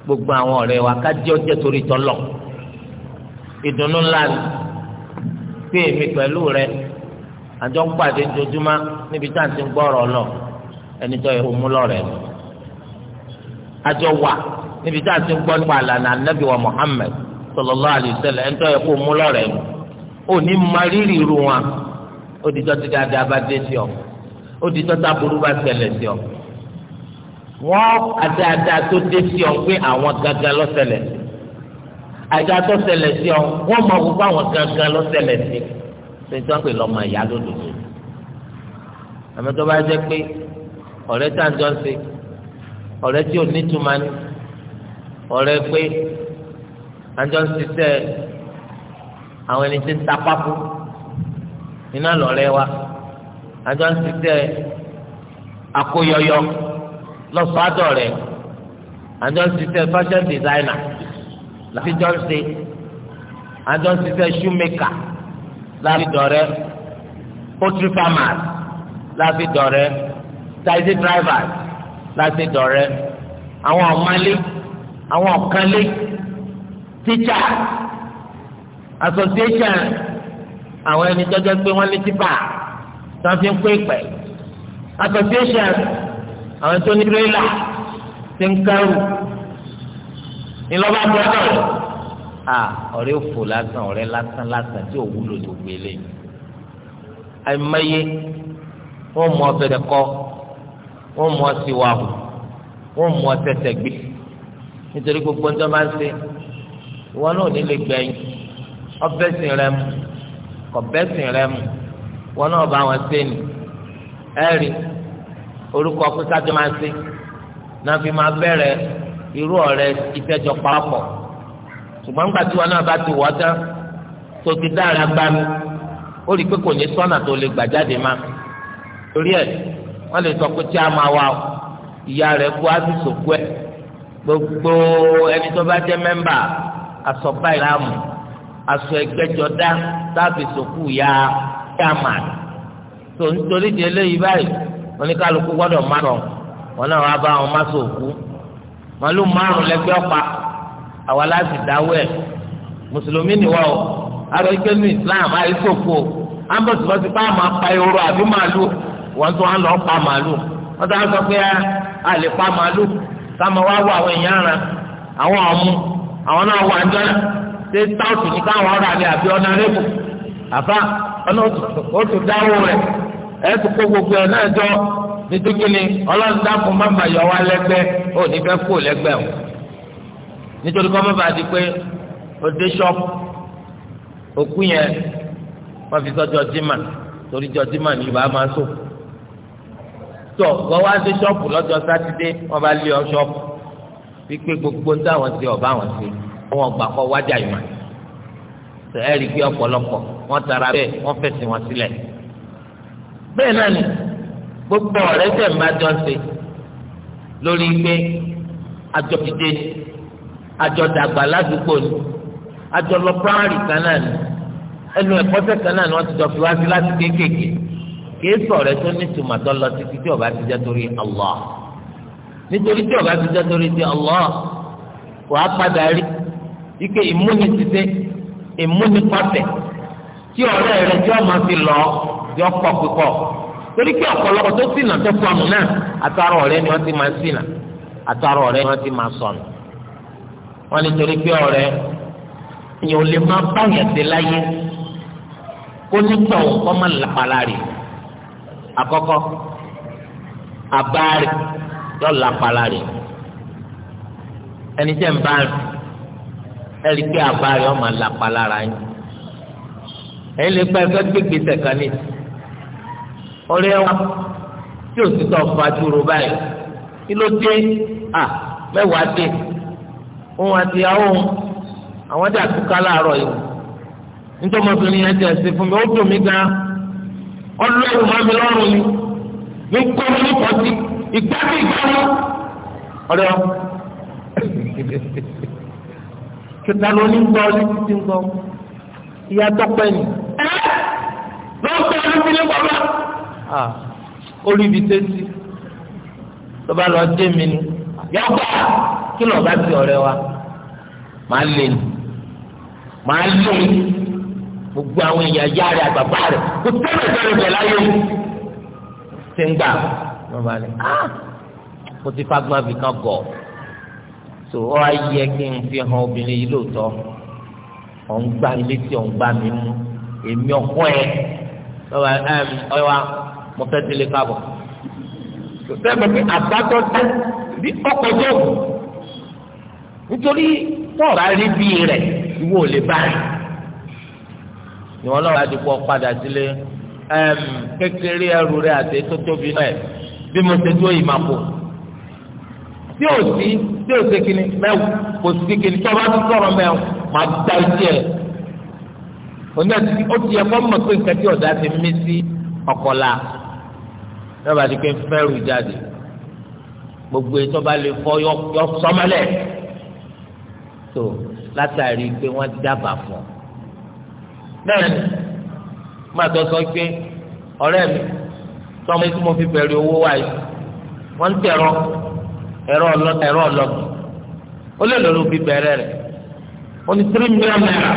gbogbo àwọn ọ̀rẹ́ wa ká jẹ́ ọjẹ́ torí tọ́lọ̀ ìdùnnú ńlá ni pé èmi pẹ̀lú rẹ àjọ ń pàdé ojoojúmọ́ níbi tá à ń ti gbọ́ ọ̀rọ̀ náà ẹni tó yẹ kó mú lọ́rẹ̀ ni àjọ wà níbi tá a ti ń gbọ́ nípa àlànà anábì wa Muhammad sallallahu alaihi wasallam ẹni tó yẹ kó mú lọ́rẹ̀ ni ò ní ma rírì irú wọn ó di tọ́tí dáadáa bá dé sí ọ ó di tọ́tí aburú bá ṣẹlẹ̀ sí ọ wọ́n àdáadáa tó dé sí pé àwọn gangan ló ṣẹlẹ̀ àdáa tó ṣẹlẹ̀ sí ọ wọ́n máa wọ gangan ló ṣẹlẹ̀ sí ṣe tí wọ́n pè lọ́mọ ìyá lódodo àmọ́ tó bá jẹ́ pé ọ̀rẹ́ tá à ń jọ ṣe ọ̀rẹ́ tí ò ní túmọ̀ ní ọ̀rẹ́ pé à ń jọ ń ṣiṣẹ́ àwọn ẹni tí ń ta pápú iná lọ̀rẹ́ wa à ń jọ ń ṣiṣẹ́ akóyọyọ lọ́sọ̀ádọ̀ rẹ̀ à ń jọ ń fashion designer láti jọ ń ṣe à ń jọ ń ṣiṣẹ́ shoemaker láti dọ̀rẹ́ poultry farmers láti dọ̀rẹ́ taxi drivers láti dọ̀rẹ́ àwọn ọ̀málé àwọn ọ̀kánlé tíjà association àwọn ẹni tọ́jọ́ pé wọ́n ní tipa tí wọ́n fi ń pé pẹ̀ association àwọn tó ní tírélà ti ń kẹ́rù ńlọ́ba gbọ́dọ̀ à ọ̀rẹ́ òfò lásán ọ̀rẹ́ lásán lásán tí ò wúlò tó gbélé àìmọye wọ́n mọ ọ̀fẹ́ rẹ̀ kọ́. wọ́n mú ọtí wa hù wọ́n gbé nítorí gbogbo ńdọ́ máa ń ṣe ìwọ náà ní lè gbẹ̀yìn sìn rẹ mu sìn rẹ mu wọn náà bá wọn ni orúkọ pípájọ́ máa ṣe náà fi máa bẹ̀rẹ̀ irú ọ̀rẹ́ ìtẹ́jọ́ papọ̀ ṣùgbọ́n nígbà tí wọn náà bá ti wọ́ tán tó ti dára ó rí i wọ́n lè sọ pé tí a máa wà o ìyá rẹ̀ kú á sì sòkú ẹ̀ gbogbo ẹni tó bá jẹ́ mẹ́mbà aṣọ báyìí láàmú aṣọ ẹgbẹ́jọdá táàbì sòkú ya chairman tó nítorí di eléyìí báyìí oníkálukú gbọ́dọ̀ má lọ wọn náà wá bá wọn má sòkú màálù márùn lẹ́gbẹ́ ọ̀pá àwa láti dáwọ́ ẹ̀ mùsùlùmí nìwọ o àrò ìgbẹ́nu Islam àìsòkú o ambos bọ́sí pa àmọ́ apá ehoro àbí màálù wọ́n tún á lọ pa màálù wọ́n tún sọ pé a lè pa màálù sáma wá wọ àwọn èèyàn ara àwọn ọmú àwọn náà wà ń jọ́nà ṣé táwùtù ní káwọn ọ̀rọ̀ àlẹ́ àbí ọ̀nà rẹ́pù àbá ọ̀nà òtún dáwọ́ rẹ̀ ẹ̀ tún kó gbogbo o nítorí kọ́ má di pé ṣọ́ọ̀pù òkú yẹn wọ́n fi dìímà torí dìímà ni máa tọ wọn wá sí ṣọ́ọ̀bù lọ́jọ́ sátidé wọn bá lé ọ ṣọ́ọ̀bù wípé gbogbo ń táwọn ṣe ọba àwọn ṣe wọn gbà kọ wájà ìmọ̀ ẹ rí i pé ọ̀pọ̀lọpọ̀ wọn tara bẹ́ẹ̀ wọn fẹ̀sìn wọn sílẹ̀ bẹ́ẹ̀ náà ni gbogbo ọ̀rẹ́ tẹ̀ ń bá jọ ṣe lórí pé àjọ dìde ni àjọ dàgbà ládùúgbò ni àjọ lọ primary kan náà ni ẹnu ẹ̀kọ́ṣẹ́ kan náà ni wọ́n ti jọ fi wá sí láti kéékèèké kìí sọ̀rọ̀ tó ní tòmátọ́ lọ títí tí ọba ti jẹ́ torí Allah nítorí tí ọba ti jẹ́ torí ti Allah wàá padà rí ike ìmúnisíse ìmúnipasẹ̀ tí ọ̀rẹ́ rẹ tí ọmọ fi lọ yọ pọ̀ pípọ̀ torí kí ọ̀pọ̀lọpọ̀ tó ṣìnà tó sọnù náà àtàrà ọ̀rẹ́ ni wọ́n ti máa ṣìnà àtàrà ọ̀rẹ́ ni wọ́n ti máa sọnù wọ́n ní torí pé ọ̀rẹ́ yẹn ò lè máa báyà dé láyé kó nípa òun àkọ́kọ́ abaari lọla palari ẹni tẹ́ ń baari ẹni pé abaari ọmọ la palara yín ẹni lè gba ẹfẹ gbégbé sẹkánì ọ̀rẹ́ wa tí o ti tọ fàdúró báyìí kí ló dé à mẹ́wàá dé òun àti àwọn àwọn dàtúkà láàárọ̀ yìí nítorí ọmọbìnrin yẹn ti ẹsẹ̀ fún mi ó dùn mí gan ọlọ́run máa mi lọ́rùn ni ní kọ́ ní pọ́tì ìgbà bí ìgbà wọn. ọ̀rẹ́ ọ kíta ló ní gbọ́ ní títí ń gbọ́ ìyá tọ́pẹ́ ni. lọ́sọ̀rọ̀ ló fi lé bàbá. orí ibi tẹ́sí tó bá lọ jẹ́ mi ni yọgbà kí lọ́ọ́ bá ti ọ̀rẹ́ wa máa lè ní lè gbogbo àwọn èèyàn ìyá rẹ̀ àgbàgbà rẹ̀ kò tẹ́lẹ̀ tẹ́lẹ̀ tẹ̀ láyé ti ń gbà wọ́n bá ní ah, mo ti fagbọn abì kan gọ̀ so ọ ayẹ kí n fi hàn obìnrin yìí lóòótọ́ ọ̀ ń gbá ilé tí ọ̀ ń gbá mi mú èmi ọ̀kọ́ ẹ ọ̀wá ọ̀wá mo fẹ́ délé káàbọ̀ sẹ́gbẹ̀ẹ́ pé àbátọ́ dá bí ọkọ̀ jọ̀ọ́ nítorí tọ́ọ̀rọ̀ àríbí rẹ̀ ìwọ ò lè bá ìwọ náà wàá dìpọ̀ padà sílé kékeré ẹrù rẹ àti tó tóbi náà bí mo ṣe tó ìmà kù tí o sí tí o ṣe kíni mẹ́wù kò sí kíni tí o bá ti sọ̀rọ̀ mẹ́wù má gba iṣẹ́ ẹ̀ oníyà tí o ti yẹ kó mọ̀ pé nǹkan tí ọ̀dà ti mí sí ọ̀kọ̀la lọ́ba ti pé fẹ́rù jáde gbogbo ètò ọba lè fọ yọ sọmọlẹ̀ tó látàrí pé wọ́n dábàá fún ọ náà ni máa tọ́ sọ pé ọ̀rẹ́ mi tọ́mọ tí mo fi bẹ̀rẹ̀ owó wáyé wọ́n ń tẹ̀rọ ẹ̀rọ ọlọ́gbìn ó lè lọ́ọ́ fi bẹ̀rẹ̀ rẹ̀ ó ní tírí mílíọ̀nù náírà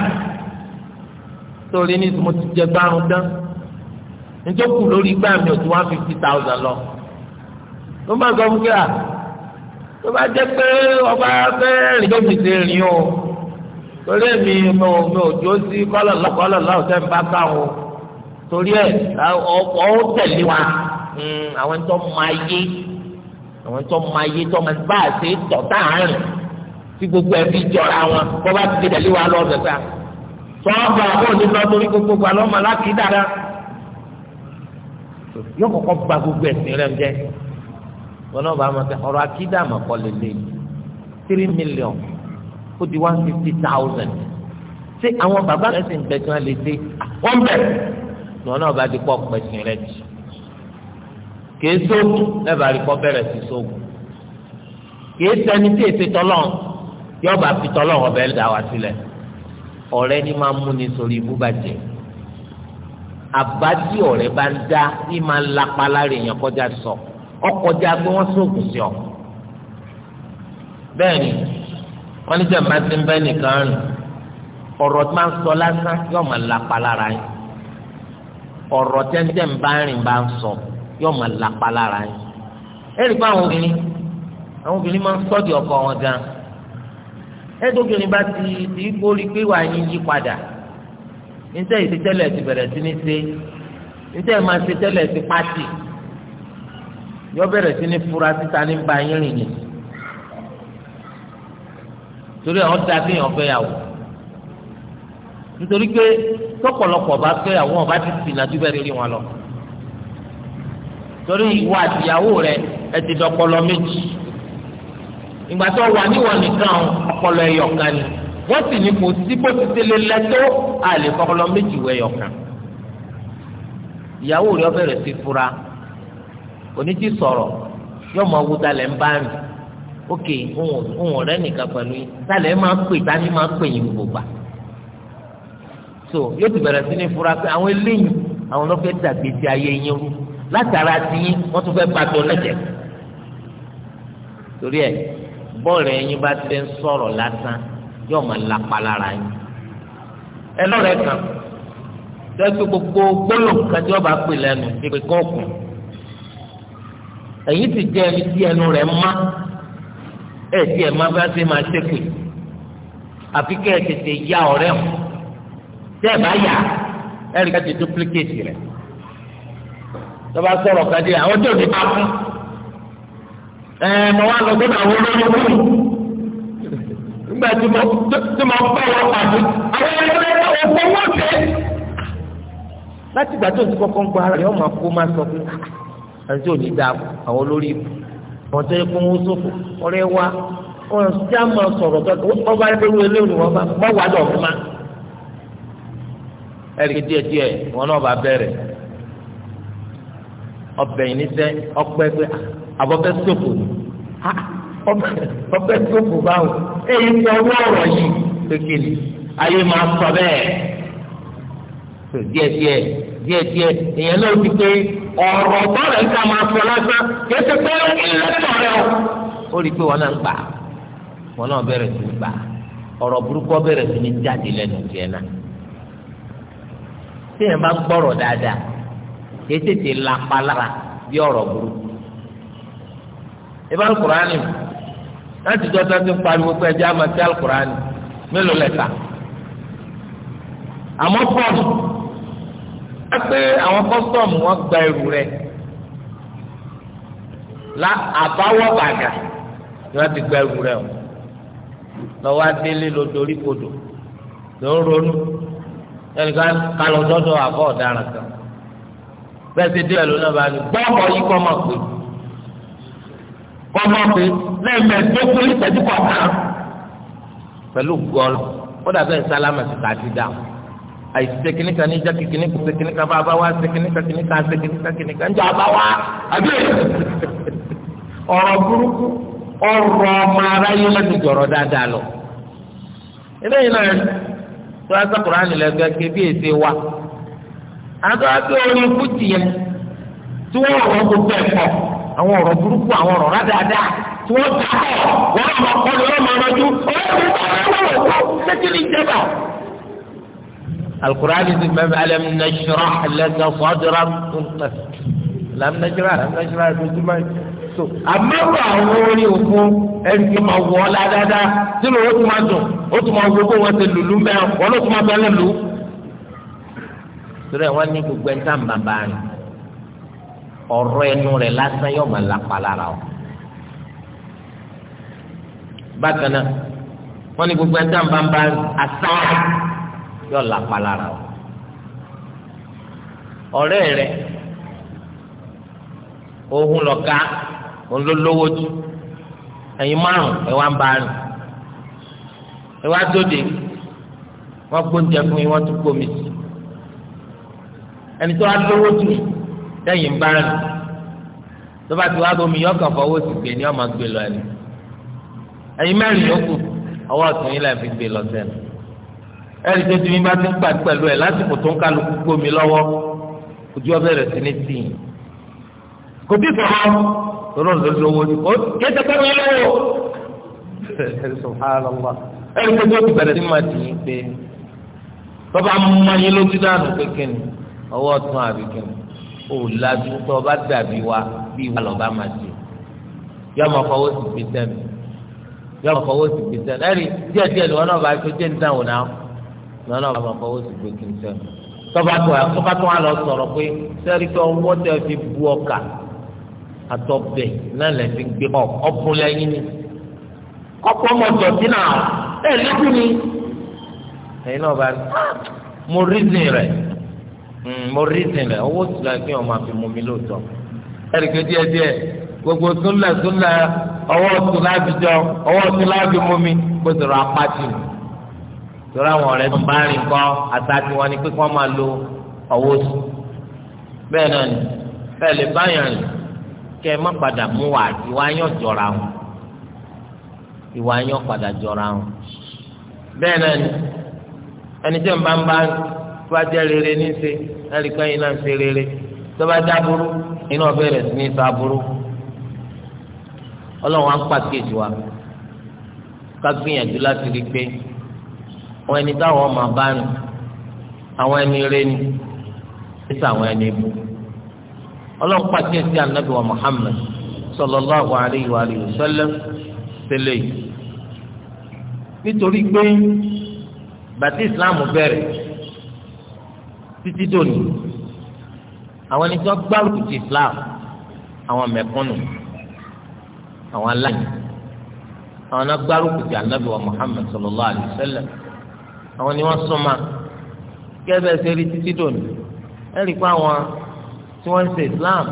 torí ní mo ti jẹ gbárùn dán nítorí lórí igbá mi ò one fifty thousand lọ ló máa sọ fún kí tó bá jẹ́ pé ọba fẹ́ẹ́ rìn lóbi ṣe rìn o torí èmi mi ò mi ò jó sí kọ́lọ̀lá kọ́lọ̀lá ọ̀sẹ̀ ń bá káwọn torí ẹ̀ ọkọ̀ ó tẹ̀lé wa hmm, àwọn tó máa yé àwọn tó máa yé tó máa bá a ṣe tọ̀ tá à ń rìn tí gbogbo ẹ̀ fi jọra wọn kó bá ti tẹ̀lé wa lọ́ọ̀dọ̀ ta sọ́ọ̀bù àbọ̀ ní lọ torí gbogbo gbà lọ́mọ láti dára yóò kọ́kọ́ ba gbogbo ẹ̀sìn rẹ̀ jẹ́ wọn náà bá a máa tẹ ọ̀rọ̀ akídà àmọ̀kọ́ lélẹ́yìn three million ó di one fifty thousand ṣé àwọn bàbá rẹ sì ń bẹ tí wọn lè dé wọn bẹ lọ náà bá di pọ pẹsìn rẹ jù kìí sóògùn lẹba àríkọ bẹ̀rẹ̀ sí sóògùn kìí sẹni tí èsì tọlọ yọba fi tọlọ ọbẹ dà wá sílẹ̀ ọ̀rẹ́ ni máa mú ni sórí ibú bàjẹ́ àbájí ọ̀rẹ́ bá ń dá ní máa ń lapa lára èèyàn kọjá sọ ọkọjá pé wọn sóògùn sí ọ bẹ́ẹ̀ni wọn ní jàmbá ti ń bẹ nìkan rìn ọ̀rọ̀ tí wọ́n sọ lásán yóò máa lapa lára yín ọ̀rọ̀ tẹ́ńtẹ́ ń bá rìn bá ń sọ yóò máa lapa lára yín ẹ̀rí pé àwọn obìnrin àwọn obìnrin máa ń sọ́ọ̀dì ọkọ wọn gan ẹ̀ẹ́dọ́gbìnrin bá ti ti gbórí pé wàá yín yí padà níta ìṣe tẹ́lẹ̀ ti bẹ̀rẹ̀ sí ní ṣe níta ìmọ̀ ṣe tẹ́lẹ̀ ti pàṣẹ yọ bẹ̀rẹ̀ sí ní torí àwọn da kéèyàn fẹ́ yàwó nítorí pé tọ̀pọ̀lọpọ̀ bá fẹ́ yàwó wọn bá ti sì náà dúbẹ lórí wọn lọ torí ìwà àtìyàwó rẹ ẹ ti dọpọlọ méjì ìgbà tó wà níwọ nìkan ọpọlọ ẹyọkan ni wọ́n sì ní kò sí bó ti tẹlẹ lẹtọ àlè fọpọlọ méjì wọ ẹyọkan ìyàwó rẹ ọbẹ̀rẹ̀ sí fura oníjì sọ̀rọ̀ yọmọ wúdalẹ̀ ń bá rìn ókè òun ọ̀rẹ́ nìkan pẹ̀lú yín sálẹ̀ máa pè tani máa pè yín gbogbo gbà so yóò ti bẹ̀rẹ̀ sí ní fura pé àwọn eléyìí àwọn ló fẹ́ dàgbé ti ayé yín rú látara ti yín wọ́n tún fẹ́ gbàtọ́ lẹ́jẹ̀ torí ẹ̀ bọ́ọ̀lù ẹ̀yin bá ti fẹ́ sọ̀rọ̀ lásán yóò máa lapa lára yín ẹ kan tẹ́gbẹ́ gbogbo gbólóhùn kan bá pè lẹ́nu ìpè kọ́ọ̀kùn ẹ̀yin ti jẹ́ ẹni tí ẹnu rẹ̀ má ẹ tí ẹ máa bá ṣe máa ṣépè àfi ya ọrẹ wọn tẹ́ ẹ bá yà ẹ rí duplicate rẹ̀ tọ́ba sọ̀rọ̀ kadì àwọn tó ti bá fún ẹ mọ wá lọ sọ́dọ̀ àwọn olóyún fún nígbà tí mo tí mo bá wọn pàdé àwọn ẹgbẹ́ ọ̀pọ̀ wọn láti tó ti kọ́kọ́ ń ara ọmọ akó sọ ah, wọn tó yẹ kó wọn sọfọ ọ̀rẹ́ wa wọn ti á máa sọ̀rọ̀ tó wọn bá yẹ wọn eléwọn wọn bá wọn wà lọ fún ma ẹrìkì díẹ̀ díẹ̀ wọn náà bá bẹ̀rẹ̀ ọbẹ yìí níṣẹ́ ọpẹ pé ah, àbọfẹ sọfọ ni ah, ọbẹ sọfọ báwo èyí ti ọwọ́ ọ̀rọ̀ yìí kékeré ayé máa sọ bẹ́ẹ̀ díẹ̀ díẹ̀ díẹ̀ díẹ̀ èèyàn náà ti pé. ọ̀rọ̀ bọ́ọ̀lù nǹkan máa sọ lásán kìí pé ẹlẹ́tọ̀ rẹ o. ó rí i wọn náà ń gbà wọn náà bẹ̀rẹ̀ sí í gbà ọ̀rọ̀ burúkú bẹ̀rẹ̀ sí ní jáde lẹ́nu tiẹ̀ náà. tí èèyàn bá gbọ́rọ̀ dáadáa kìí tètè bí ọ̀rọ̀ burúkú. láti ti ń pariwo pé àmọ́ sí mélòó pé àwọn kọ́sítọ́ọ̀mù wọn gba ẹrù rẹ̀ la àbáwọ̀ bàgà ni wọ́n ti gba ẹrù rẹ̀ o lọ́wọ́ adélé ló dorí kodò ló ń ronú ẹnìkan kalọ̀ dọ́dọ̀ àbọ̀ ọ̀daràn kan bẹ́ẹ̀ ti dé ẹ̀ lónà bá ní gbọ́ọ̀bọ̀ yìí kọ́ máa pè kọ́ máa pè lẹ́ẹ̀mẹ́ẹ̀dógún ìtẹ́jú kọ̀ọ̀kan pẹ̀lú gọ́ọ̀lù kódà bẹ́ẹ̀ sálámà ti kà á ti dáhùn àìsíṣe kìnnìkan ní ìjà kìnnìkan kò ṣe kìnnìkan bá a bá wá ṣe kìnnìkan kìnnìkan ṣe kìnnìkan kìnnìkan ń jọ àbá wá àbí ọ̀rọ̀ burúkú ọ̀rọ̀ ọmọ aráyé lẹ́nu jọ̀rọ̀ dáadáa lọ. eléyìí náà tó a sọ̀kùnrin àná lẹ́gbẹ́ ké bí èsè wa. àtọ́jú orin kùtì yẹn tí wọ́n rọ̀ gbogbo ẹ̀ pọ̀ àwọn ọ̀rọ̀ burúkú àwọn ọ̀rọ̀ rádáadáa tí wọ́n ta ọ̀ wọ́n mọ̀ ọ́ lọ́mọ ọmọdún ọ̀rọ̀ burúkú ọ̀rọ̀ burúkú alukurani ti mẹ́mi alam nashrah laka sadrak alam nashrah alam nashrah lójúmọ́ so àmọ́ àwọn orí òkun ẹni tí ma wọ́ ọ́ dáadáa tí lóò tún ma dùn ó tún ma wo bó wọn ti lùlù mẹ́ wọn ló tún ma bẹ́ẹ̀ lù. sọ́dọ̀ wọn ní gbogbo ẹni tá à ń bàbá rẹ̀ ọ̀rọ̀ ẹnu rẹ̀ lásán yóò máa lápá lára o. bákan náà wọn ní gbogbo ẹni tá à ń bàbá rẹ̀ àtàwọn yóò lápá lára o ọ̀rẹ́ rẹ ohun lọ̀gá òun ló lówó jù ẹ̀yin márùn ẹ̀ wá ń bá rìn ẹ̀ wá dóde wọ́n gbóúnjẹ fún yín wọ́n tún gbómi sí ẹni tó wá lówó jù lẹ́yìn ń bá rìn tó bá ti wá bomi yọ kàn fọwọ́ sí pé ni ọmọ gbé lọ ẹni ẹ̀yin mẹ́rin yòókù ọwọ́ ọ̀tún yín lẹ́ẹ̀ gbé lọ sẹ́nu ẹni tó ti mi bá ti ń gbà pẹ̀lú ẹ̀ lásìkò tó ń kálukú gbómi lọ́wọ́ ojú ọbẹ̀ rẹ̀ sí ní tìǹ kò bí sọ̀rọ̀ lọ́rọ̀ lórí owó ni kò kéde pẹ́ mi lọ́wọ́ subhanallah ẹni tó tó ti bẹ̀rẹ̀ sí máa tìǹ pé bàbá mọ́nyé lójú dànù pé kíni ọwọ́ tún àbí kíni ò lajú tó ọba dàbí wa bí wà lọ́ba máa tì yọmọ fọwọ́ sì gbé sẹ́mi yọmọ fọwọ́ sì gbé sẹ́mi ẹ̀rí díẹ̀díẹ̀ ni wọn náà bá tó jẹ́ ní dáhùn náà. lọ́nà bàbá fọwọ́ sí pé kí n sẹ́nu tọ́ba tó wà lọ sọ̀rọ̀ pé ọwọ́ tẹ fi bu ọkà àtọ̀bẹ̀ náà lẹ́ fi gbé lẹ́yìn ni náà ẹ̀ lẹ́kùn ni ẹ̀yin náà bá rí ah, mo rízìn rẹ̀ hmm, mo rízìn rẹ̀ owó sì la fi hàn máa fi gbogbo súnlẹ̀ súnlẹ̀ ọwọ́ torí àwọn ọ̀rẹ́ tó ń bá rìn kọ́ àtàtì wọn ni pé kí wọ́n máa lo ọwọ́ sí bẹ́ẹ̀ náà ni bẹ́ẹ̀ lè báyàn rìn kẹ́ ẹ má padà mú wà ìwà yẹn jọra wọn ìwà yẹn padà jọra wọn bẹ́ẹ̀ náà ni ẹni tí ń bá ń bá tó bá rere ní ṣe ẹ̀rí kan yìí náà ń ṣe rere tó bá dá burú inú sí ní sa burú á ń pàkíyèsí wa ká gbìyànjú láti rí pé àwọn ẹni táwọn ọmọ bá nù àwọn ẹni rẹ ni ẹsẹ àwọn ẹni bù ọlọ́run pàṣẹ sí anabi wa Muhammad sallallahu alayhi wa alihi wa tẹ́lẹ̀ nítorí pé bàtí islam bẹ̀rẹ̀ títí dòní àwọn ẹni tó gbárùkù ti islam àwọn mẹ̀kúnnù àwọn aláìní àwọn náà ti anabi wa Muhammad sallallahu alayhi àwọn ni wọ́n súnmọ́ kẹ́bẹ̀ ṣe rí títí dòní ẹ rí i pé àwọn tí wọ́n ṣe Islam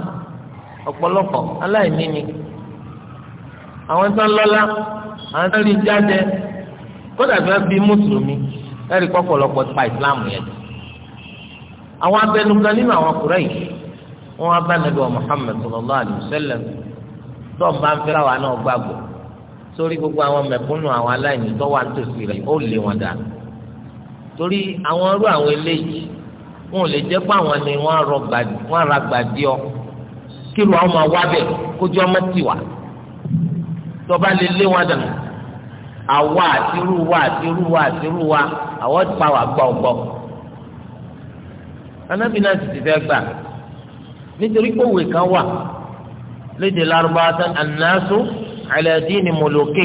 ọ̀pọ̀lọpọ̀ aláìní ni àwọn tó ń lọ́lá àwọn tó ń rí jáde kódà bí wọ́n bí mùsùlùmí ẹ rí i pé ọ̀pọ̀lọpọ̀ pa Islam yẹn àwọn abẹnugan nínú àwọn kúrẹ́ yìí wọ́n wá bá nàbẹ̀ wa Muhammad sallallahu alayhi wa sallam tó ń bá ń fẹ́ra wa náà gbàgbọ́ sórí gbogbo àwọn mẹ̀kúnnù àwọn aláìní tó wà ń tòsí rẹ̀ ó lé wọn dànù torí àwọn irú àwọn eléyìí wọn ò lè jẹ́ pé àwọn ni wọ́n ra gbàdí ọ kí ló àwọn máa wá bẹ̀ kójú ọmọ tì wá tọba lè lé wọn dànù àwa àtirú wa àtirú wa àtirú wa àwọn pa wà gbọ̀ngbọ̀ anábì náà sì ti fẹ́ gbà nítorí òwe kan wà lédè lárúbáwá tán ànásù àlẹ́dínì mọ̀lọ́kè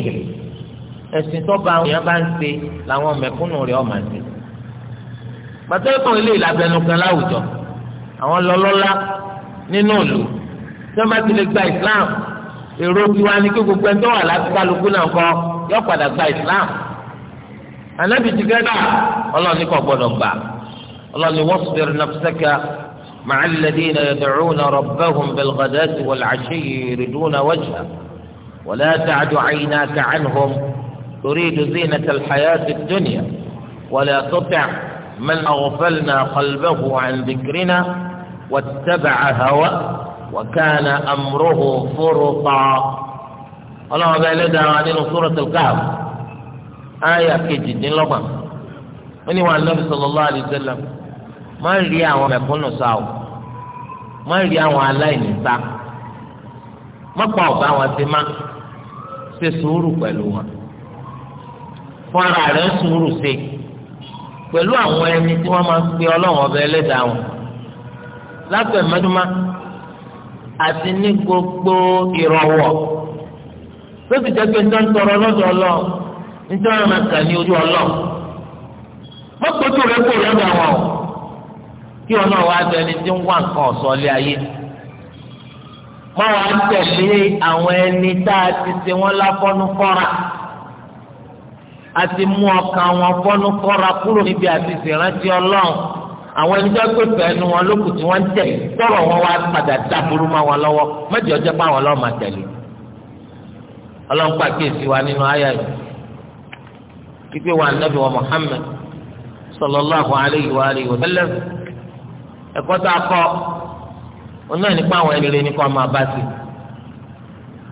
ẹ̀sìn tọ́ba àwọn èèyàn bá ń ṣe làwọn mẹ̀kúnnù rẹ̀ ọ̀ máa pàtó ìkàn ilé ìlàbẹnu kan láwùjọ àwọn lọlọlá nínú ìlú tí wọn bá ti lè gba islam èrò tiwa ni kí gbogbo ẹni tó wà láti kálukú náà kọ yọ padà gba islam anabi ti gẹ́gà ọlọ́ọ̀ni kò gbọdọ̀ gbà ọlọ́ọ̀ni wasbir nafsaka ma'a alladhina yad'una rabbahum bilghadati wal 'ashiyyi yuriduna wajha wa la ta'du 'aynaka 'anhum turidu zinata al من أغفلنا قلبه عن ذكرنا واتبع هوى وكان أمره فرطا الله بلد عن سورة الكهف آية كجد لما من هو النبي صلى الله عليه وسلم ما ريا وما يكون ساو ما ريا وعلى ينسى؟ ما قوة وسماء سسور pẹ̀lú wọn fọ́nrán rẹ̀ pẹ̀lú àwọn ẹni tí wọ́n máa ń pe ọlọ́run ọba ẹlẹ́dàá wọn lápẹ̀ mẹ́dúmá àti ní gbogbo ìrọ̀wọ́ tó ti jẹ́ pé ń tán tọrọ lọ́dọ̀ ọlọ́run ń tán ọ̀nà kà ní ojú ọlọ́run mọ́kòtò rẹ̀ kò lọ́dọ̀ àwọn o kí ọ̀nà wa bẹ ẹni tí ń wá nǹkan ọ̀sọ́ lé ayé mọ́ wàá tẹ̀lé àwọn ẹni tá a ti ṣe wọ́n láfọ́nú fọ́ra àti mú ọkàn wọn fọ́nú fọ́ra kúrò níbi àti ìrántí ọlọ́run àwọn ẹni tó gbé fẹ́ẹ́nu wọn lókù tí wọ́n ń tẹ̀ tọrọ wọn wá padà dáburú mọ́ wọn lọ́wọ́ mẹ́jọ jẹ́ pé àwọn ọlọ́run máa tẹ̀lé ọlọ́run pàkíyèsí wa nínú àyà yìí pípé wa nàbì wa Muhammad sallallahu alayhi wa alayhi wa sallam ẹ̀kọ́ tá a kọ́ ọ náà nípa àwọn ẹni rẹ ní kó máa sí